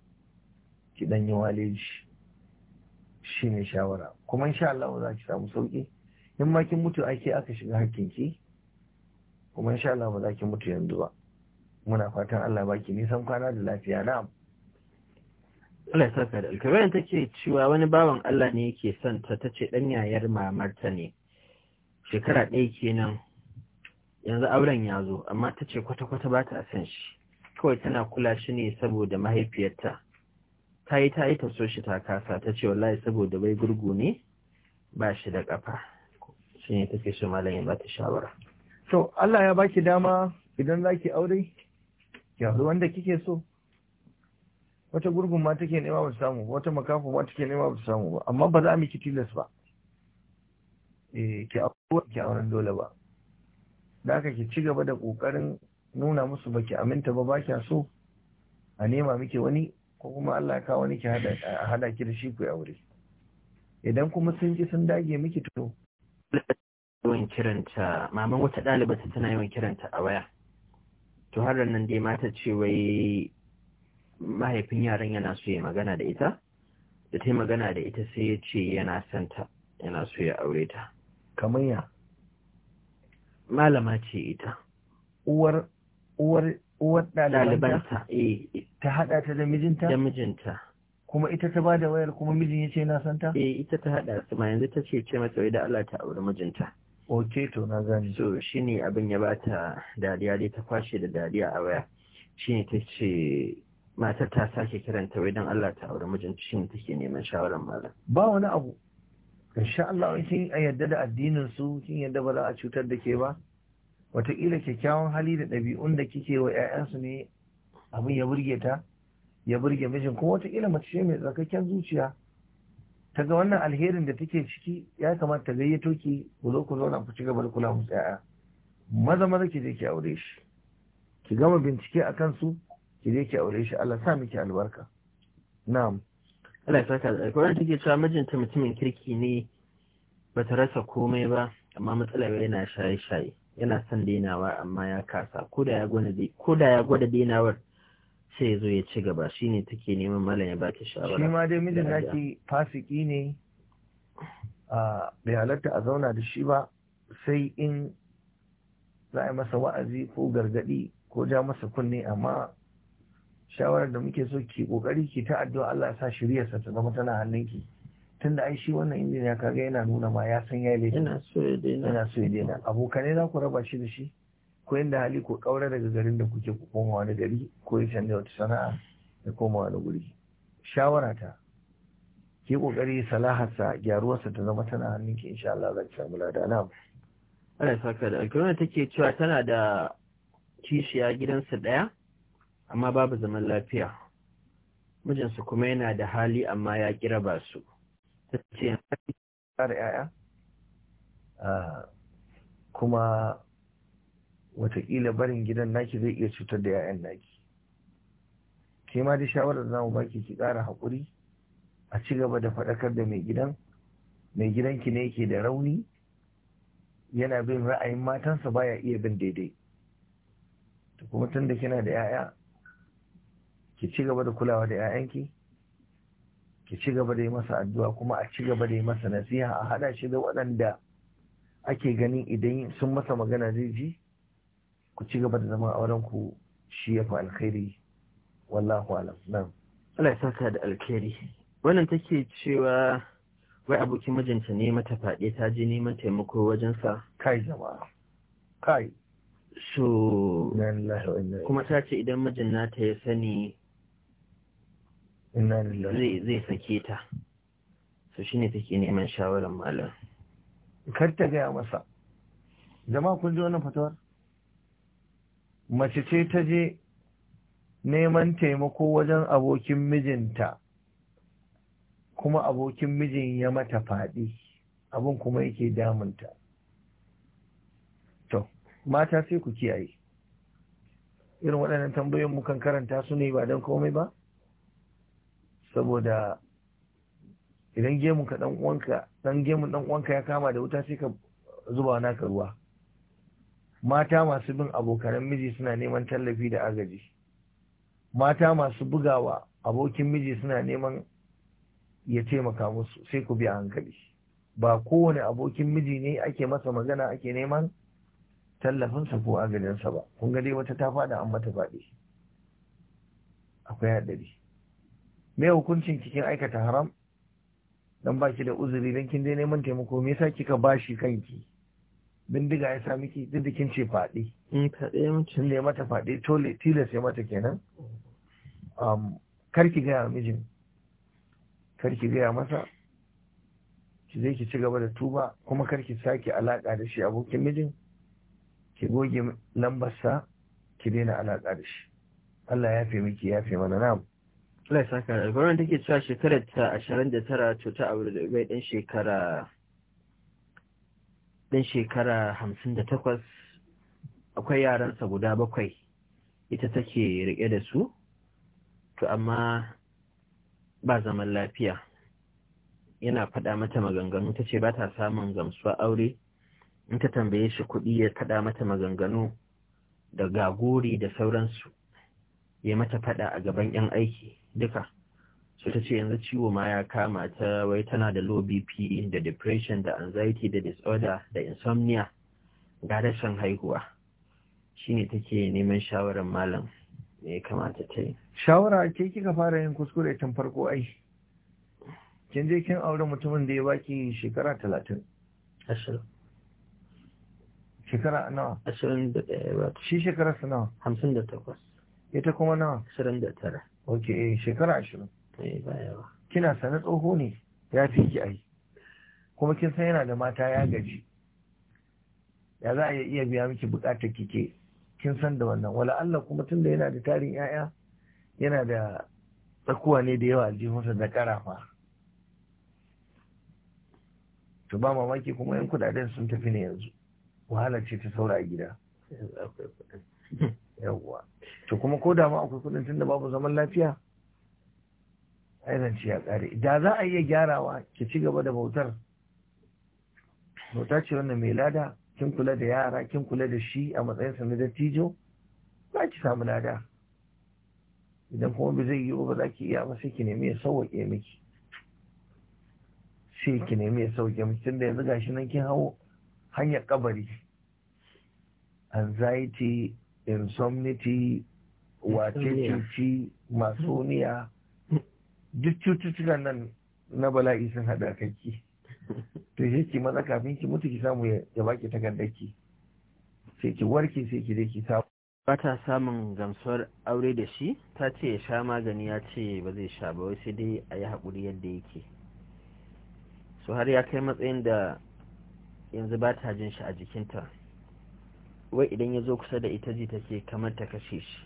ki dan yi wale shi ne shawara kuma insha Allah za ki samu sauki in ma kin mutu ake aka shiga hakkinki kuma insha Allah ba za ki mutu yanzu ba muna fatan Allah ba ki nisan kwana da lafiya na? Allah ya saka da alkabarin take cewa wani baban Allah ne yake son ta tace dan yayar mamarta ne shekara ɗaya kenan yanzu auren ya zo amma ta ce kwata-kwata ba ta son shi kawai tana kula shi ne saboda mahaifiyarta ta yi ta yi ta so shi ta kasa ta ce wallahi saboda bai gurgu ne ba shi da kafa shi ne take shi malam ya bata shawara to Allah ya baki dama idan zaki aure ya wanda kike so wata gurgun ma take nema ba samu wata makafu ma take nema ba samu ba amma ba za mu ki tilas ba eh ki aure ki auren dole ba da ka ki ci gaba da kokarin nuna musu baki aminta ba baki so a nema muke wani ko kuma Allah ya kawo wani ki hada ki da shi ku aure idan kuma sun ji sun dage miki to yawan kiranta maman wata ɗaliba tana yawan kiranta a waya to har nan dai mata ce wai mahaifin yaran yana so ya magana da ita da ta magana da ita sai ya ce yana ta yana so ya aure ta kamar ya malama ce ita uwar uwar uwar ɗalibanta eh, eh. ta haɗa ta da mijinta? Da mijinta. Kuma ita ta ba wayar kuma mijin ya ce na santa? Eh ita ta haɗa su ma yanzu ta ce ce mata wai da Allah ta aure mijinta. Ok to na gani. So shi abin ya ba ta dariya dai ta kwashe da dariya a waya. Shi ta ce matar ta sake kiranta wai don Allah ta auri mijinta shi ne take neman shawarar malam. Ba wani abu. Insha Allah in kin yarda da addinin su kin yarda ba za a cutar da ke ba. wataƙila kyakkyawan hali da ɗabi'un da kike wa 'ya'yansu ne abin ya burge ta ya burge mijin kuma wataƙila mace ce mai tsakakken zuciya ta ga wannan alherin da take ciki ya kamata ta gayyato ki ku zo ku zauna ku ci gaba da kula musu 'ya'ya maza maza ki je ki aure shi ki gama bincike a kansu ki je ki aure shi Allah sa miki albarka na'am Allah ya saka da alƙur'ani take cewa mijinta mutumin kirki ne bata rasa komai ba amma matsala yana shaye-shaye yana son dainawa amma ya kasa ko da ya gwada dainawar sai zo ya ci gaba shi ne take neman malam ya baki shawara shi ma dai mijin naki fasiki ne a bai halatta a zauna da shi ba sai in za a masa wa'azi ko gargadi ko ja masa kunne amma shawarar da muke so ki kokari ki ta addu'a Allah ya sa shiriyarsa ta zama tana hannunki tunda ai shi wannan ya kaga yana nuna ma ya san ya laifi yana so ya daina yana ya abokanai za ku raba shi da shi ko da hali ko kaura daga garin da kuke ku koma wani gari ko ya canza wata sana'a ya koma wani guri shawara ta ke kokari salaharsa gyaruwarsa ta zama tana hannun ki insha Allah za ki samu lada na ya saka da alƙawarin take cewa tana da kishiya gidansa daya amma babu zaman lafiya mijinsa kuma yana da hali amma ya kira ba su Ah, kuma watakila barin gidan naki zai iya cutar da ‘ya'yan naki ke ma da shawarar za mu baki ki kara haƙuri a ci gaba da faɗakar da mai gidan mai gidanki ne yake da rauni yana bin ra'ayin matansa baya iya bin daidai kuma tun da kina da ‘ya'ya ki ci gaba da kulawa da ‘ya'yanki ki ci gaba da yi masa addu'a kuma a ci gaba da yi masa nasiha a haɗa shi da waɗanda ake ganin idan sun masa magana zai ji ku ci gaba da zama a wurin ku shi ya fi alkhairi wallahu alam nan Allah ya saka da alkhairi wannan take cewa wai abokin mijinta ne mata faɗe ta je neman taimako wajensa kai jama'a kai so kuma ta ce idan mijin nata ya sani zai sake ta su shi ne take neman shawarar malam kar ta gaya masa zama kun ji wannan fatawar mace ce ta je neman taimako wajen abokin mijinta kuma abokin mijin ya mata faɗi abin kuma yake damunta to mata sai ku kiyaye irin waɗannan tambayoyin mukan karanta su ne ba don komai ba saboda idan gemun ka dan uwanka dan gemun dan uwanka ya kama da wuta sai ka zuba naka ruwa mata masu bin abokanan miji suna neman tallafi da agaji mata masu bugawa abokin miji suna neman ya taimaka musu sai ku a hankali ba kowane abokin miji ne ake masa magana ake neman tallafinsa ko agajinsa ba kun ga dai wata ta faɗa an mata faɗi akwai haɗari me hukuncin kikin aikata haram dan ba ki da uzuri dan kin dai neman taimako me yasa kika ba shi kanki bindiga ya sa miki kin ce faɗi in faɗe ne mata faɗi tole tilas ya mata kenan um ki gaya mijin Kar ki gaya masa ki zai ki ci gaba da tuba kuma kar karki sake alaka da shi abokin mijin ki goge lambarsa ki daina alaka da shi Allah ya fi miki ya fi mana na'am Allah ya saka da take cewa shekarar ta ashirin cuta a wurin da ɗan shekara dan shekara hamsin da takwas akwai yaransa guda bakwai ita take riƙe da su to amma ba zaman lafiya yana faɗa mata maganganu ta ce ba ta samun gamsuwa aure in ta tambaye shi kuɗi ya faɗa mata maganganu da gagori da sauransu ya mata faɗa a gaban 'yan aiki duka sai ta ce yanzu ciwo ma ya kama ta wai tana da low bp da depression da anxiety da disorder da insomnia ga rashin haihuwa shine take neman shawarar malam me ya kamata ta yi shawara ke kika fara yin kuskure tun farko ai kin je kin aure mutumin da ya baki shekara talatin ashirin shekara nawa ashirin da ɗaya ba shi shekarar su nawa hamsin da takwas ita kuma nawa ashirin da tara ok eh, shekara ashirin eh, kina sane tsoho ne ya fi ki ai kuma kin san yana da mata ya gaji ya za a iya biya miki bukatar kike kin san da wannan wala Allah kuma tunda yana da tarin yaya yana da tsakuwa ne da yawa aljihunsa da karafa to ba mamaki kuma yan kudaden sun tafi ne yanzu wahala ce ta saura a gida yawwa to kuma ko da ma akwai kudin tunda babu zaman lafiya aizanci ya kare da za a iya gyarawa ki ci gaba da bautar bauta ce wannan mai lada kin kula da yara kin kula da shi a matsayin sa na dattijo za ki samu lada idan kuma ba zai yi ba za ki iya ba sai ki nemi ya sauwaƙe miki sai ki nemi ya sauke miki tunda yanzu gashi nan kin hawo hanyar kabari anxiety insomnity wace cuci, masoniya duk cututtukan nan na bala'i sun haɗa kaki to shi ki maza kafin ki mutu ki samu ya baki ki? sai ki warke sai ki je ki samu Bata samun gamsuwar aure da shi ta ce ya sha magani ya ce ba zai sha ba wai sai dai a yi haƙuri yadda yake so har ya kai matsayin da yanzu ba ta jin shi a jikinta wai idan ya zo kusa da ita ji take kamar ta kashe shi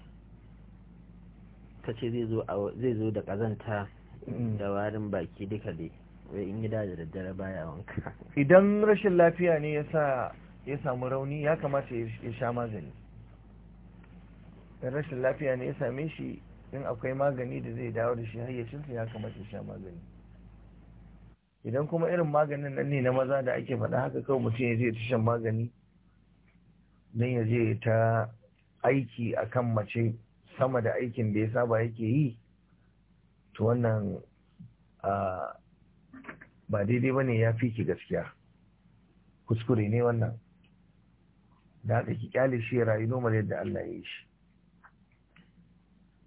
ta ce zai zo da kazanta mm. da warin baki duka dai wai in gida da daddare baya wanka [LAUGHS] idan rashin lafiya ne ya samu rauni ya kamata ya sha magani idan rashin lafiya ne ya same shi in akwai magani da zai dawo da shi hayyacinsa ya kamata ya sha magani idan kuma irin maganin nan ne na maza da ake faɗa haka kawai mutum ya je ta shan magani don ya je ta aiki a kan mace sama da aikin da ya saba yake yi to wannan ba daidai ba ne ya fi ki gaskiya kuskure ne wannan da haka ki kyale shi ya rayu nomar yadda Allah ya yi shi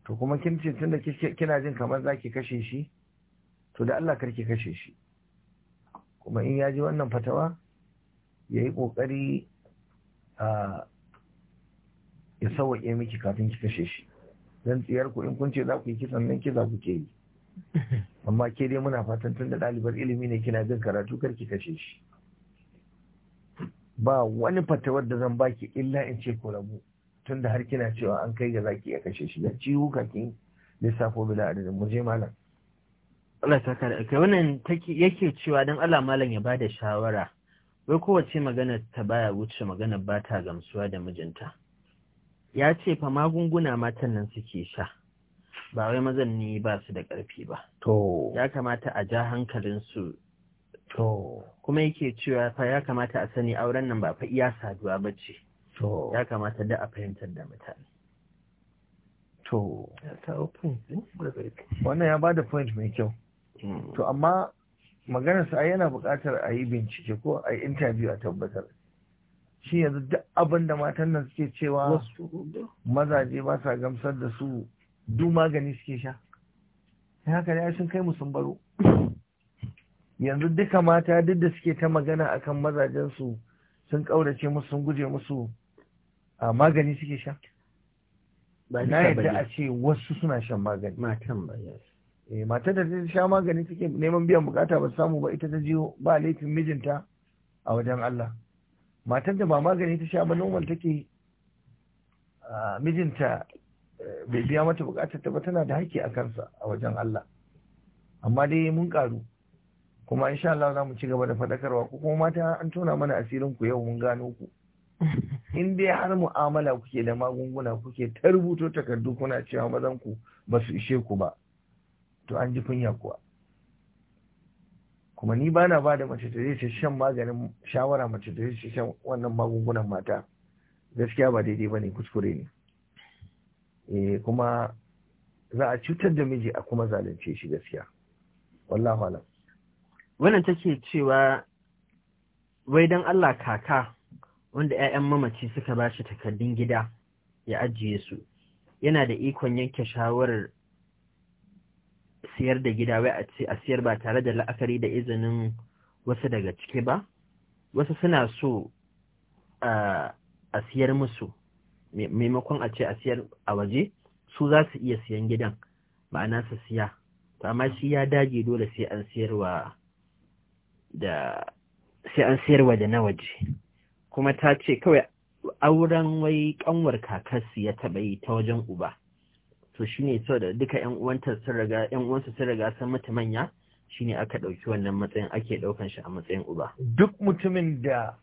to kuma kin ce tunda kina jin kamar za ki kashe shi to da Allah karki kashe shi kuma in ya ji wannan fatawa ya yi ƙoƙari ya sauwaƙe miki kafin ki kashe shi don tsiyar ku in kun ce za ku yi kisan nan kiza ku ke yi [LAUGHS] amma ke dai muna fatan tun da ɗalibar ilimi ne kina bin karatu kar ki kashe shi ba wani fatawar da zan baki illa in ce ku rabu tun da har kina cewa an kai ga ki ya kashe shi da ciwo kakin lissafo bila adadin mu je malam Allah ta kare kai wannan yake cewa dan Allah malam ya bada shawara wai kowace magana ta baya wuce magana ba ta gamsuwa da mijinta ya ce fa magunguna matan nan suke sha ba wai mazan ni ba su da ƙarfi ba to ya kamata a ja hankalin su to kuma yake cewa fa ya kamata a sani auren nan ba fa iya saduwa ba ce to ya kamata da a fahimtar da mutane to wannan ya ba da point mai kyau hmm. to amma Maganar ai yana buƙatar a yi bincike ko a yi interview a tabbatar shi yanzu duk abin da matan nan suke cewa mazaje ba sa gamsar da su duk magani suke sha haka ne sun kai sun baro yanzu duka mata duk da suke ta magana akan mazajen su sun ƙaurace musu sun guje musu a magani suke sha na yadda a ce wasu suna shan magani matan ba Eh, matar da ta sha magani take neman biyan bukata ba samu ba ita ta jiyo ba laifin mijinta a wajen Allah matar da ba magani ta sha ba normal take mijinta eh, bai biya mata bukatar ta ba tana da haƙƙi a kansa a wajen Allah amma dai mun karu kuma insha Allah za mu ci gaba da faɗakarwa ku kuma mata an tona mana asirin ku yau mun gano ku [LAUGHS] in dai har mu'amala kuke da magunguna kuke ta rubuto takardu kuna cewa mazan ku ba su ishe ku ba to an ji kunya kuwa kuma ni ba na ba da mace ta zai shan maganin shawara mace ta zai shan wannan magungunan mata gaskiya ba daidai ba ne kuskure ne eh, kuma za a cutar da miji a kuma zalunce shi gaskiya wallahu alam wannan take cewa wai dan Allah kaka wanda 'ya'yan mamaci suka ba shi takardun gida ya ajiye su yana da ikon yanke shawarar siyar da gida wai a siyar ba tare da la'akari da izinin wasu daga ciki ba wasu suna so a siyar musu maimakon a ce a siyar a waje su za su iya siyan gidan ma'ana su siya to amma shi ya dage dole sai an siyarwa da sai an siyarwa da na waje kuma ta ce kawai auren wai kanwar kakarsu ya taɓa yi ta wajen uba to ne so da duka yan uwanta sun riga yan uwansa sun riga sun mata manya shine aka ɗauki wannan matsayin ake ɗaukan shi a matsayin uba duk mutumin da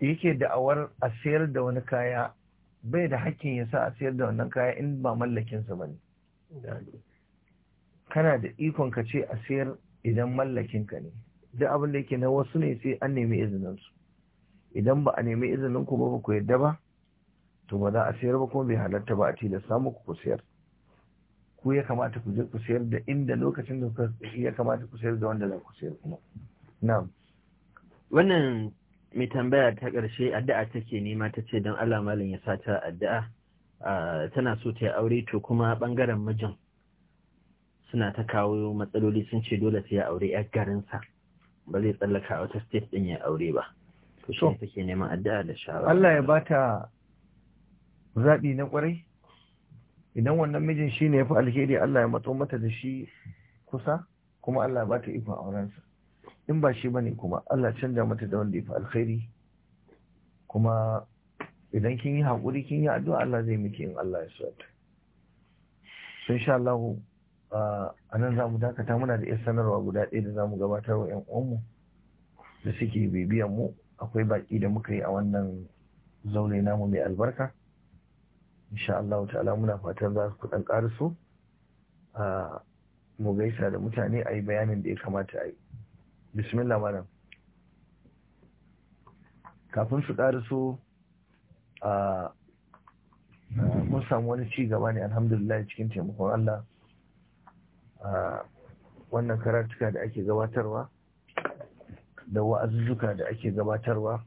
yake da'awar a sayar da wani kaya bai da hakkin ya sa a sayar da wannan kaya in ba mallakinsa ba ne kana da ikon ka ce a sayar idan mallakinka ne duk abin da yake na wasu ne sai an nemi izinin su idan ba a nemi izinin ku ba ku yadda ba to ba za a sayar ba kuma bai halarta ba a tilasta muku ku sayar ku ya kamata ku je ku sayar da inda lokacin da ya kamata ku sayar da wanda za ku sayar kuma na'am wannan mai tambaya ta ƙarshe addu'a take nema ta ce don Allah malam ya sata addu'a tana so ta yi aure to kuma ɓangaren mijin suna ta kawo matsaloli sun ce dole sai ya aure yar garinsa ba zai tsallaka a wata state din ya aure ba to shi take neman addu'a da shawara Allah ya bata zaɓi na ƙwarai idan wannan mijin shi ne ya fi alheri Allah ya matso mata da shi kusa kuma Allah ba ta ikon aurensa in ba shi ba ne, kuma Allah canja mata da wanda ya fi alheri kuma idan kin yi haƙuri kin yi addu'a Allah zai miki in Allah ya so ta sun sha Allah a nan za mu dakata muna da yan sanarwa guda ɗaya da za mu gabatar wa 'yan uwanmu da suke bibiyan mu akwai baƙi da muka yi a wannan zaune namu mai albarka insha Allah ta'ala muna fatan za su kudan karaso a mu gaisa da mutane a yi bayanin da ya kamata a yi bismillah malam kafin su karaso a mun samu wani ci gaba ne alhamdulillah cikin taimakon Allah a wannan karatuka da ake gabatarwa da wa'azuzzuka da ake gabatarwa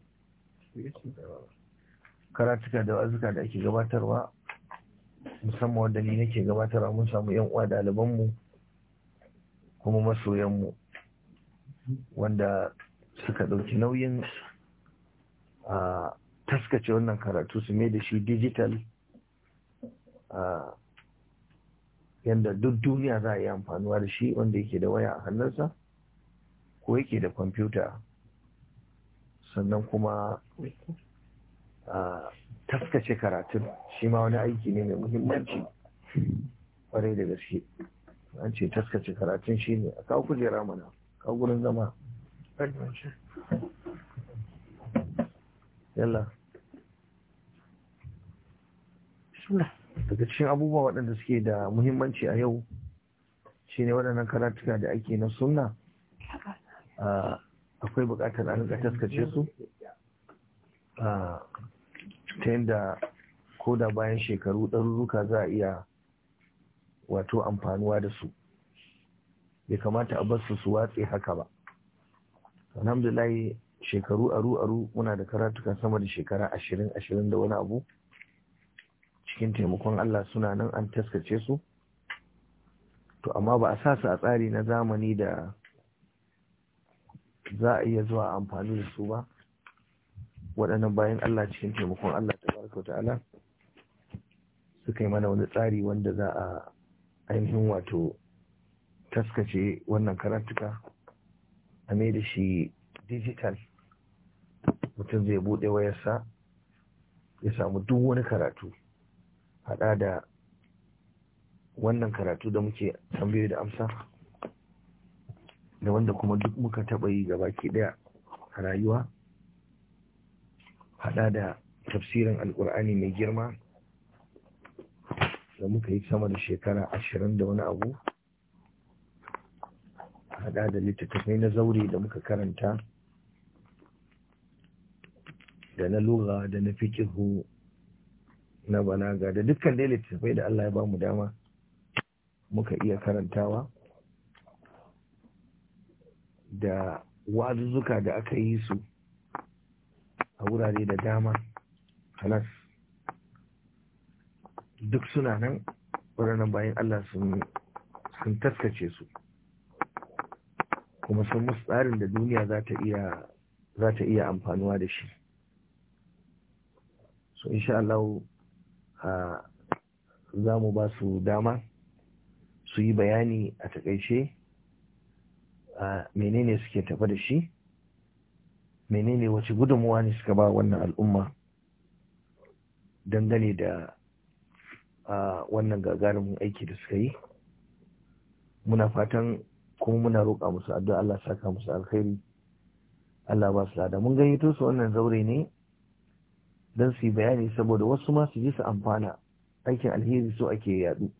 karatuka da wazuka da ake gabatarwa musamman wadda ni nake gabatarwa mun samu yan uwa ɗalibanmu kuma mu wanda suka ɗauki nauyin a taskace wannan karatu su mai da shi digital yadda duk duniya za a yi amfanuwa da shi wanda yake da waya a hannunsa ko yake da kwamfuta sannan kuma taskace karatun shi ma wani aiki ne mai muhimmanci kwarai da gaske an ce taskace karatun shi ne a kawo kujera mana kawo gurin zama yalla daga cikin abubuwa waɗanda suke da muhimmanci a yau shi ne waɗannan karatuka da ake na sunna akwai buƙatar an ga taskace su ta yadda ko da bayan shekaru ɗarurruka za a iya wato amfanuwa da su bai kamata a bar su su watse haka ba alhamdulillah shekaru aru aru muna da karatuka sama da shekara ashirin ashirin da wani abu cikin taimakon Allah suna nan an taskace su to amma ba a sa su a tsari na zamani da za a iya zuwa amfani da su ba waɗannan bayan Allah cikin taimakon Allah ta barka ta'ala suka yi mana wani tsari wanda za a ainihin wato taskace wannan karantuka a mai da shi digital mutum zai buɗe wayarsa ya samu duk wani karatu haɗa da wannan karatu da muke tambaye da amsa da wanda kuma duk muka taɓa yi gabaki ɗaya a rayuwa hada da tafsirin alkur'ani mai girma da muka yi sama da shekara ashirin da wani abu hada da littattafai na zaure da muka karanta da na lura da na fikihu na balaga da dukkan da littattafai da Allah ya ba mu dama muka iya karantawa da wazuzzuka da aka yi su a wurare da dama halas duk suna nan waɗannan bayan Allah sun taskace su kuma sun musu tsarin da duniya za ta iya amfanuwa da shi so insha Allah za mu ba su dama su yi bayani a takaice menene suke tafa da shi menene wace gudunmuwa ne suka ba wannan al'umma dangane da wannan gagarumin aiki da suka yi muna fatan kuma muna roƙa musu addu'a Allah saka musu alkhairi Allah ba su lada mun gayyato su wannan zaure ne don su yi bayani saboda wasu ma su ji su amfana aikin alheri so ake yadu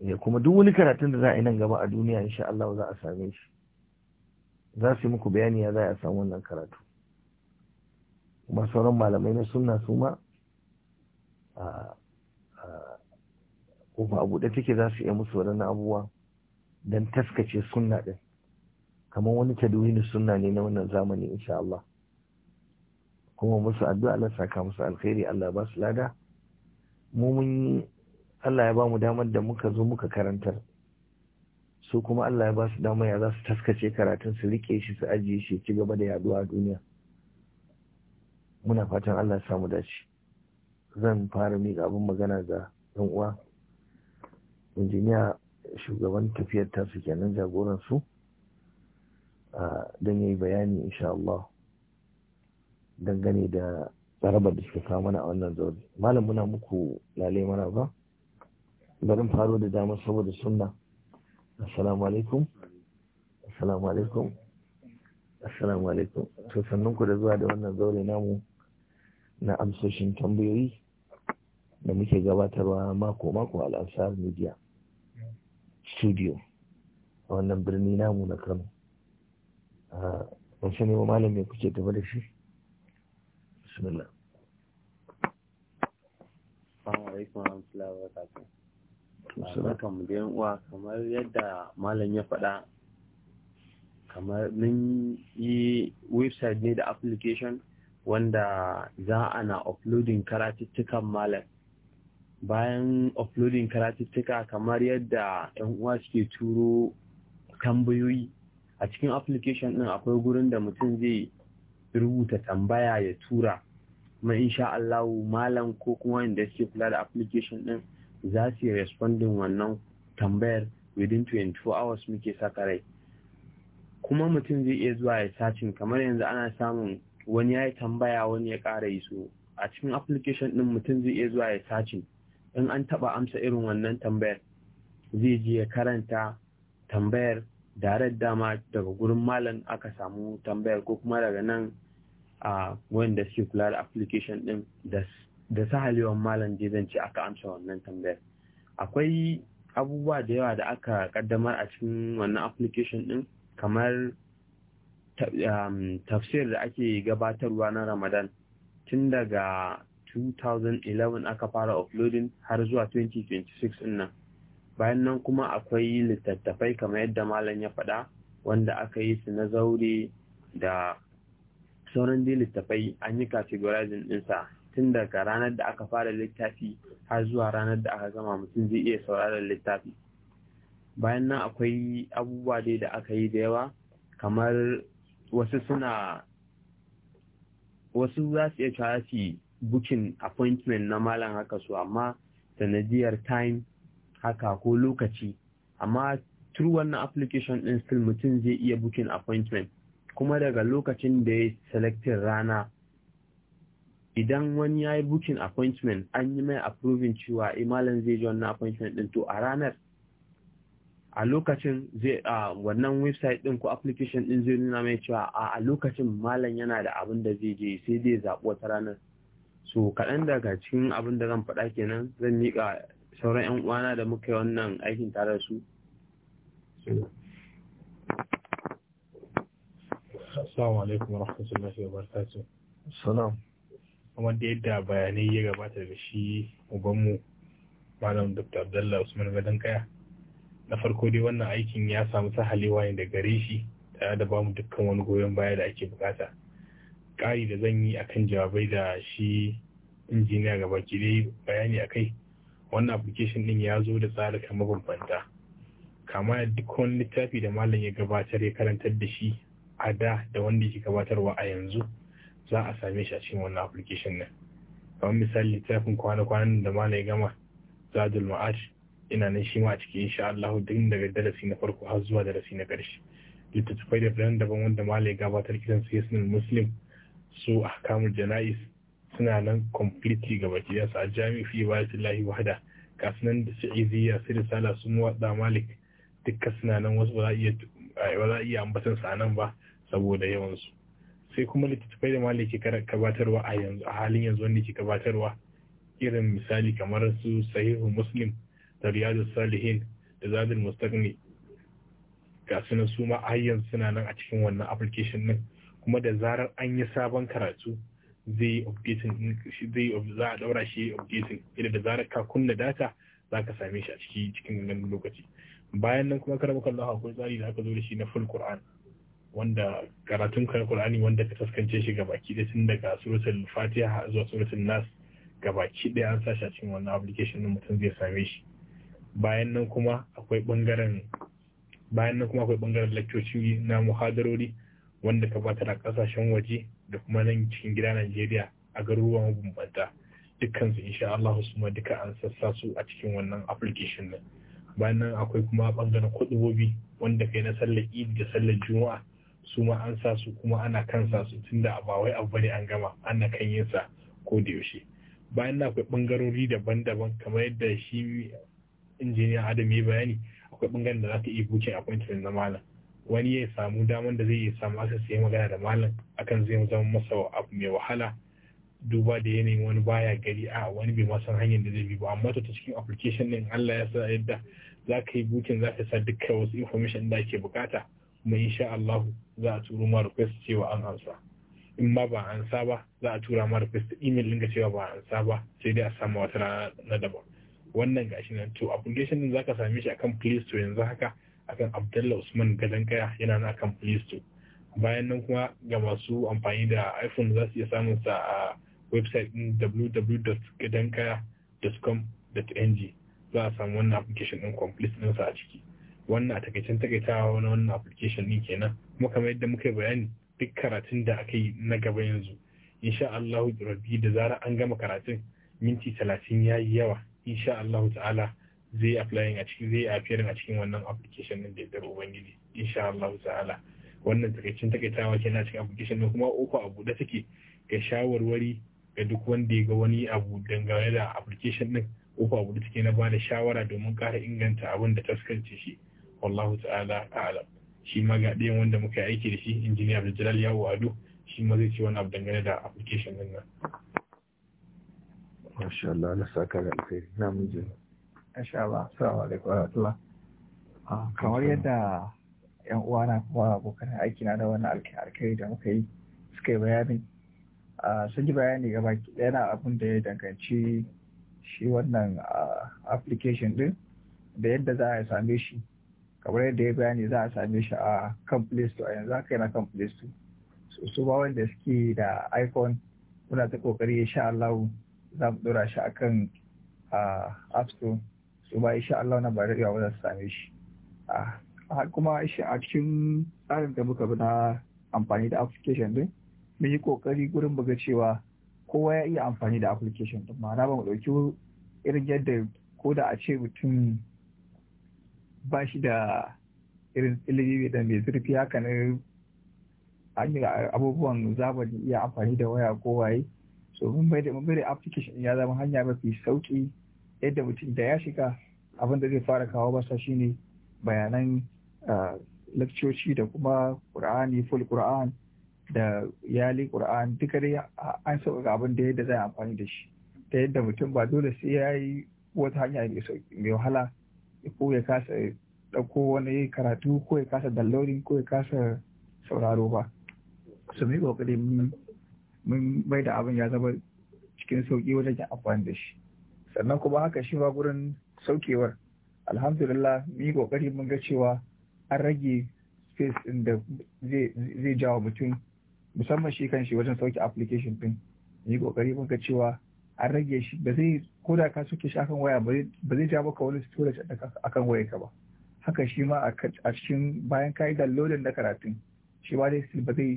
ya kuma duk wani karatun da za a yi nan gaba a duniya insha Allah za a same shi za su yi muku bayani ya za a samu wannan karatu kuma sauran malamai na suna su ma a kofa abu buɗe take za su iya musu wadannan abubuwa don taskace sunna ɗin kamar wani tadwini suna ne na wannan zamani insha Allah kuma musu addu'a Allah saka musu alkhairi Allah ba su lada mu mun Allah ya ba mu damar da muka zo muka karantar su kuma Allah ya ba su dama ya za su taskace karatun su rike shi su ajiye shi ci gaba da yaduwa a duniya muna fatan Allah ya samu dace zan fara miƙa abin magana ga 'yan uwa injiniya shugaban tafiyar suke kenan jagoran su a don yayi bayani insha Allah dangane da tsarabar da suka kawo mana a wannan zaure malam muna muku lalai mana ba bari faro da dama saboda sunna assalamu alaikum assalamu alaikum assalamu alaikum to sannan ku da zuwa da wannan zaure namu na amsoshin tambayoyi da muke gabatarwa mako mako al'amsar media studio a wannan birni namu na kano wasu ne wa malam ne kuke gaba da shi bismillah assalamu alaikum wa rahmatullahi wa barakatuh uwa kamar yadda malam ya faɗa kamar mun yi website ne da application wanda za ana uploading karatuttukan malam bayan uploading karatuttuka kamar yadda yan uwa suke turo tambayoyi a cikin application ɗin akwai gurin da mutum zai rubuta tambaya ya tura kuma insha Allah malam ko kuma inda suke kula da application ɗin. za su yi responding wannan tambayar within 24 hours muke saka rai kuma mutum zai iya zuwa ya sacin kamar yanzu ana samun wani ya yi tambaya wani ya ƙara yi so a cikin application ɗin mutum zai iya zuwa ya sacin in an taba amsa irin wannan tambayar zai je ya karanta tambayar darar dama daga gurin malam aka samu tambayar ko kuma daga nan a ah, wanda suke kula da application din da da sahalewan malam je zan aka amsa wannan tambayar akwai abubuwa da yawa da aka kaddamar a cikin wannan application din kamar um, tafsir da ake gabatarwa na ramadan tun daga 2011 aka fara uploading har zuwa 2026 nan bayan nan kuma akwai littattafai kamar yadda malam ya faɗa wanda aka yi su na zaure da sauran dai littattafai an yi categorizing ɗinsa tun daga ranar da aka fara littafi har zuwa ranar da aka gama mutum zai iya sauraron littafi bayan nan akwai abubuwa dai da aka yi da yawa kamar wasu suna wasu za su iya cewa su bukin appointment na malam haka su amma sanadiyar time haka ko lokaci amma through wannan application din still mutum zai iya bukin appointment kuma daga lokacin da ya selectin rana idan wani ya yi booking appointment an yi mai approving cewa imalan eh, zai ji wannan appointment din to a ranar a lokacin zai a wannan website din ko application din zai nuna mai cewa a lokacin malam yana da abin da zai je sai dai zaɓi wata ranar so kaɗan daga cikin abin da zan faɗa kenan zan miƙa sauran 'yan uwana da muka yi wannan aikin tare da su Assalamu alaikum wa rahmatullahi wa barakatuh. kamar da yadda bayanai ya gabata daga shi ubanmu malam dr abdullah usman gadon kaya na farko dai wannan aikin ya samu sahalewa ne da gare shi tare da bamu dukkan wani goyon baya da ake bukata ƙari da zan yi akan jawabai da shi injiniya gaba ki dai bayani kai, wannan application din ya zo da kan mabambanta kama duk wani littafi da malam ya gabatar ya karantar da shi a da da wanda yake gabatarwa a yanzu za a same shi a cikin wannan application ne kamar misali littafin kwana-kwanan da malam ya gama zadul ma'ad ina nan shi ma a cikin insha Allah duk daga darasi na farko har zuwa darasi na ƙarshe littattafai da daban daban wanda malai gabatar kiran su yasmin muslim su a kamar jana'is suna nan completely ga baki da a jami fi wahada wahda nan da su iziya su risala su muwadda malik dukkan suna nan wasu ba za a iya ambatan sa nan ba saboda yawan su sai kuma littattafai da mali ke gabatarwa a yanzu a halin yanzu wanda ke gabatarwa irin misali kamar su sahihu muslim da riyadu salihin da zadul mustaqni ga sunan su ma a yanzu suna nan a cikin wannan application din kuma da zarar an yi sabon karatu zai updating zai za a daura shi updating idan da zarar ka kunna data za ka same shi a cikin cikin lokaci bayan nan kuma karamukan Allah akwai tsari da aka zo da shi na full Qur'an wanda karatun Qur'ani wanda ka taskance shi baki ɗaya tun daga suratul Fatiha zuwa suratul Nas baki ɗaya an sa a cikin wannan application din mutum zai same shi bayan nan kuma akwai bangaren bayan nan kuma akwai bangaren na muhadarori wanda ka bata a kasashen waje da kuma nan cikin gida Najeriya a garuruwan mabambanta su insha Allah su ma duka an sassa su a cikin wannan application din bayan nan akwai kuma bangaren kudubobi wanda kai na sallar Eid da sallar Juma'a su ma an sa su kuma ana kan sa su tun da ba wai abu ne an gama ana kan yin sa ko da yaushe bayan na akwai bangarori daban-daban kamar yadda shi injiniya adam ya bayani akwai bangaren da za ka iya bukin appointment na malam wani ya samu daman da zai iya samu asa sai magana da malam akan zai zama masa abu mai wahala duba da yanayin wani baya gari a wani bai masan hanyar da zai bi ba amma ta cikin application din Allah ya sa yadda za ka yi bukin za ka sa dukkan wasu information da ake bukata na insha Allah za a turo ma request cewa an ansa in ma ba an sa ba za a tura ma request email din ga cewa ba an sa ba sai dai a samu wata na daban wannan gashi nan to application din zaka same shi akan Play Store yanzu haka akan Abdullah Usman Gadankaya yana na akan Play Store bayan nan kuma ga masu amfani da iPhone za su iya samun sa a website din www.gadankaya.com.ng za a samu wannan application din complete sa a ciki wannan a takaicen takaitawa na wannan application ɗin kenan kuma kamar yadda muka bayani duk karatun da aka yi na gaba yanzu insha Allah rabbi da zara an gama karatun minti talatin ya yi yawa insha Allah ta'ala zai applying a cikin zai appearing a cikin wannan application ɗin da yardar ubangiji insha Allah ta'ala wannan takaicin takaitawa kenan cikin application ɗin kuma uku a buɗe take ga shawarwari ga duk wanda ya ga wani abu dangane da application din uku a buɗe take na ba da shawara domin ƙara inganta abin da ta taskance shi wallahu ta'ala a'lam shi ma ga ɗayan wanda muka aiki da shi injiniya Abdul ya wadu shi ma zai ce wani abu dangane da application din nan Masha Allah na saka da alkhairi na miji Masha Allah assalamu alaikum wa rahmatullah ah, kamar yadda yan uwana kuma abokan aiki na da wani alkhairi da muka yi suka yi bayani ah, sun ji bayani gaba ɗaya yana abin da ya danganci shi wannan ah, application din da yadda za a same shi kamar yadda ya bayani za a same shi a kan play a yanzu haka yana kan play su ba wanda suke da iphone muna ta kokari sha Allah za mu dora shi akan app store su ba sha Allah na ba da za su same shi kuma a cikin tsarin da muka bi na amfani da application din mun yi kokari gurin buga cewa kowa ya iya amfani da application din ma'ana ba mu ɗauki irin yadda ko da a ce mutum ba shi da irin ilimi da mai zurfi haka ne abubuwan zamani iya amfani da waya ko waye so mun bai da application ya zama hanya mafi sauki yadda mutum da ya shiga abin da zai fara kawo masa shine bayanan lakcoci da kuma qur'ani full qur'an da yali qur'an duka dai an sauƙaƙa abin da yadda zai amfani da shi ta yadda mutum ba dole sai ya yi wata hanya mai wahala ko ya kasa ɗauko wani karatu ko ya kasa downloading ko ya kasa sauraro ba su mai kokari mun mai da abin ya zama cikin sauki wajen yin amfani da shi sannan kuma haka shi ma gurin saukewar alhamdulillah mun yi kokari mun ga cewa an rage space ɗin da zai jawo mutum musamman shi kan shi wajen sauke application ɗin mun yi kokari mun ga cewa an rage shi ba zai ko da ka suke shi akan waya ba zai jawo ka wani storage akan waya ka ba haka shi ma a cikin bayan ka yi downloading na karatun shi ba zai ba zai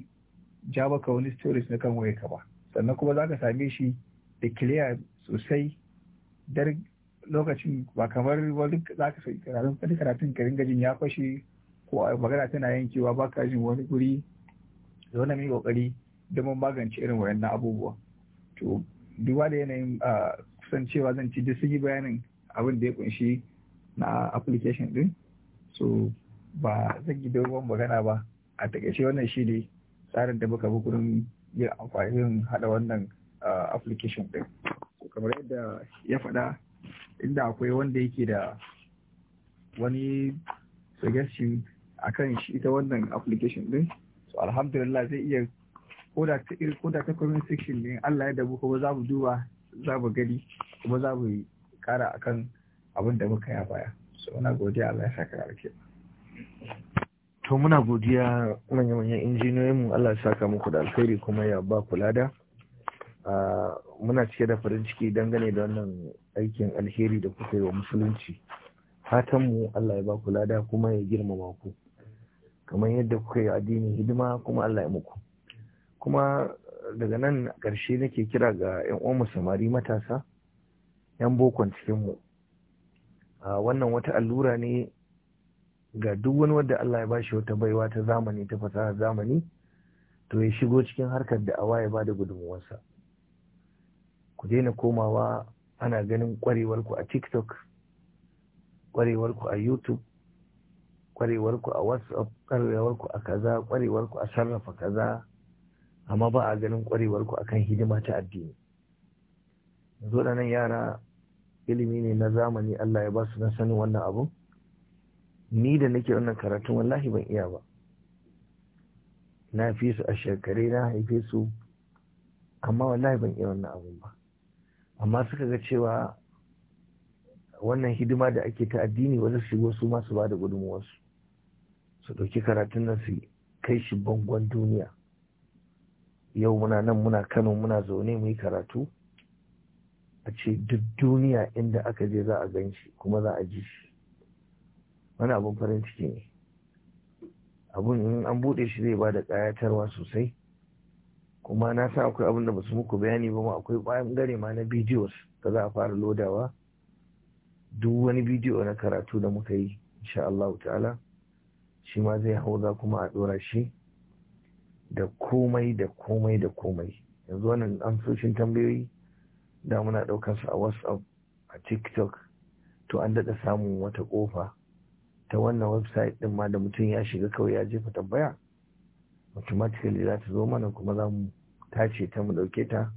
jawo ka wani storage na kan waya ka ba sannan kuma za ka same shi da clear sosai dar lokacin ba kamar wani za ka sai karatun karatun ka ringa jin ya fashe ko magana tana yankewa ba ka jin wani guri zauna mai kokari don magance irin wayannan abubuwa to duba da yanayin ah, san cewa zan ci duk sigi bayanin abin da ya kunshi na application din so ba zan yi dogon magana ba a takaice wannan shi ne tsarin da muka bi yin amfani hada wannan application din kamar yadda ya faɗa inda akwai wanda yake da wani suggestion a kan shi ita wannan application din so alhamdulillah zai iya koda ta irin section ne Allah ya dabu kuma za mu duba za mu gani kuma za mu kara akan abin da muka ya baya so muna mm. godiya Allah ya saka alke to muna godiya manya manyan injiniyoyin mu Allah ya saka muku da alkhairi kuma ya ba ku lada ah, muna cike da farin ciki dangane da wannan aikin alheri da kuka yi wa musulunci fatan mu Allah ya ba ku lada kuma ya girmama ku kamar yadda kuka yi addinin hidima kuma Allah ya muku kuma daga nan ƙarshe nake kira ga 'yan uwanmu samari matasa 'yan bokon cikinmu wannan wata allura ne ga duk wani wadda Allah ya bashi wata baiwa ta zamani ta fasaha zamani to ya shigo cikin harkar da awa ya ba da gudunmuwarsa ku daina komawa ana ganin ku a tiktok ku a youtube ku a whatsapp ku a kaza kwarewarku a sarrafa kaza amma ba a ganin kwarewar ku akan hidima ta addini yanzu waɗannan yara ilimi ne na zamani Allah ya ba su na sanin wannan abu ni da nake wannan karatun wallahi ban iya ba na fi su a shekare na haife su amma wallahi ban iya wannan abun ba amma suka ga cewa wannan hidima da ake ta addini wani su shigo su masu ba da gudunmuwarsu su ɗauki karatun nan su kai shi bangon duniya yau muna nan muna kano muna zaune mu yi karatu a ce duk duniya inda aka je za a gan shi kuma za a ji shi wani abun farin ciki ne abun in an bude shi zai bada kayatarwa sosai kuma na sa akwai abin da ba su muku bayani ba ma akwai gare ma na bidiyos da za a fara lodawa duk wani bidiyo na karatu da muka yi insha Allah ta'ala shi ma zai hau za kuma a ɗora shi da komai da komai da komai yanzu wannan amsoshin tambayoyi da muna ɗaukar su a whatsapp a tiktok to an daɗa samun wata ƙofa ta wannan website ɗin ma da mutum ya shiga kawai ya jefa tambaya automatically za ta zo mana kuma za mu tace ta mu ɗauke ta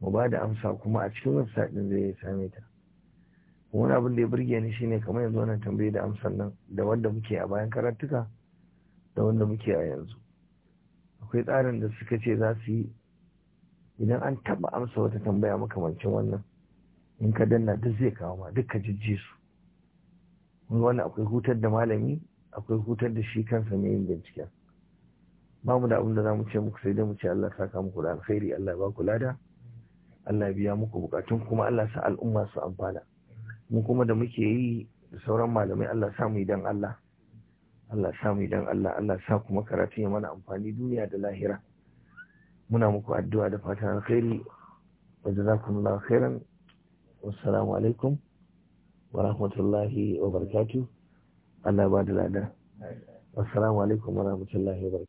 mu ba da amsa kuma a cikin website ɗin zai same ta wani abin da ya burge ni shine kamar yanzu wannan tambayi da amsar nan da wanda muke a bayan karatuka, da wanda muke a yanzu akwai tsarin da suka ce za su yi idan an taba amsa wata tambaya makamancin wannan in ka danna duk zai kawo ma duk ka jijji su wani akwai hutar da malami akwai hutar da shi kansa ne yin binciken ba mu da abin da za mu ce muku sai dai mu ce Allah saka muku da alkhairi Allah ba ku lada Allah biya muku bukatun kuma Allah sa al'umma su amfana mu kuma da muke yi da sauran malamai Allah sa mu yi dan Allah Allah sa mu idan Allah Allah sa kuma karatu ya mana amfani duniya da lahira muna muku addu'a da fatan alkhairi wa jazakumullahu khairan wassalamu alaikum wa rahmatullahi wa barakatuh Allah ba da lada wassalamu alaikum wa rahmatullahi wa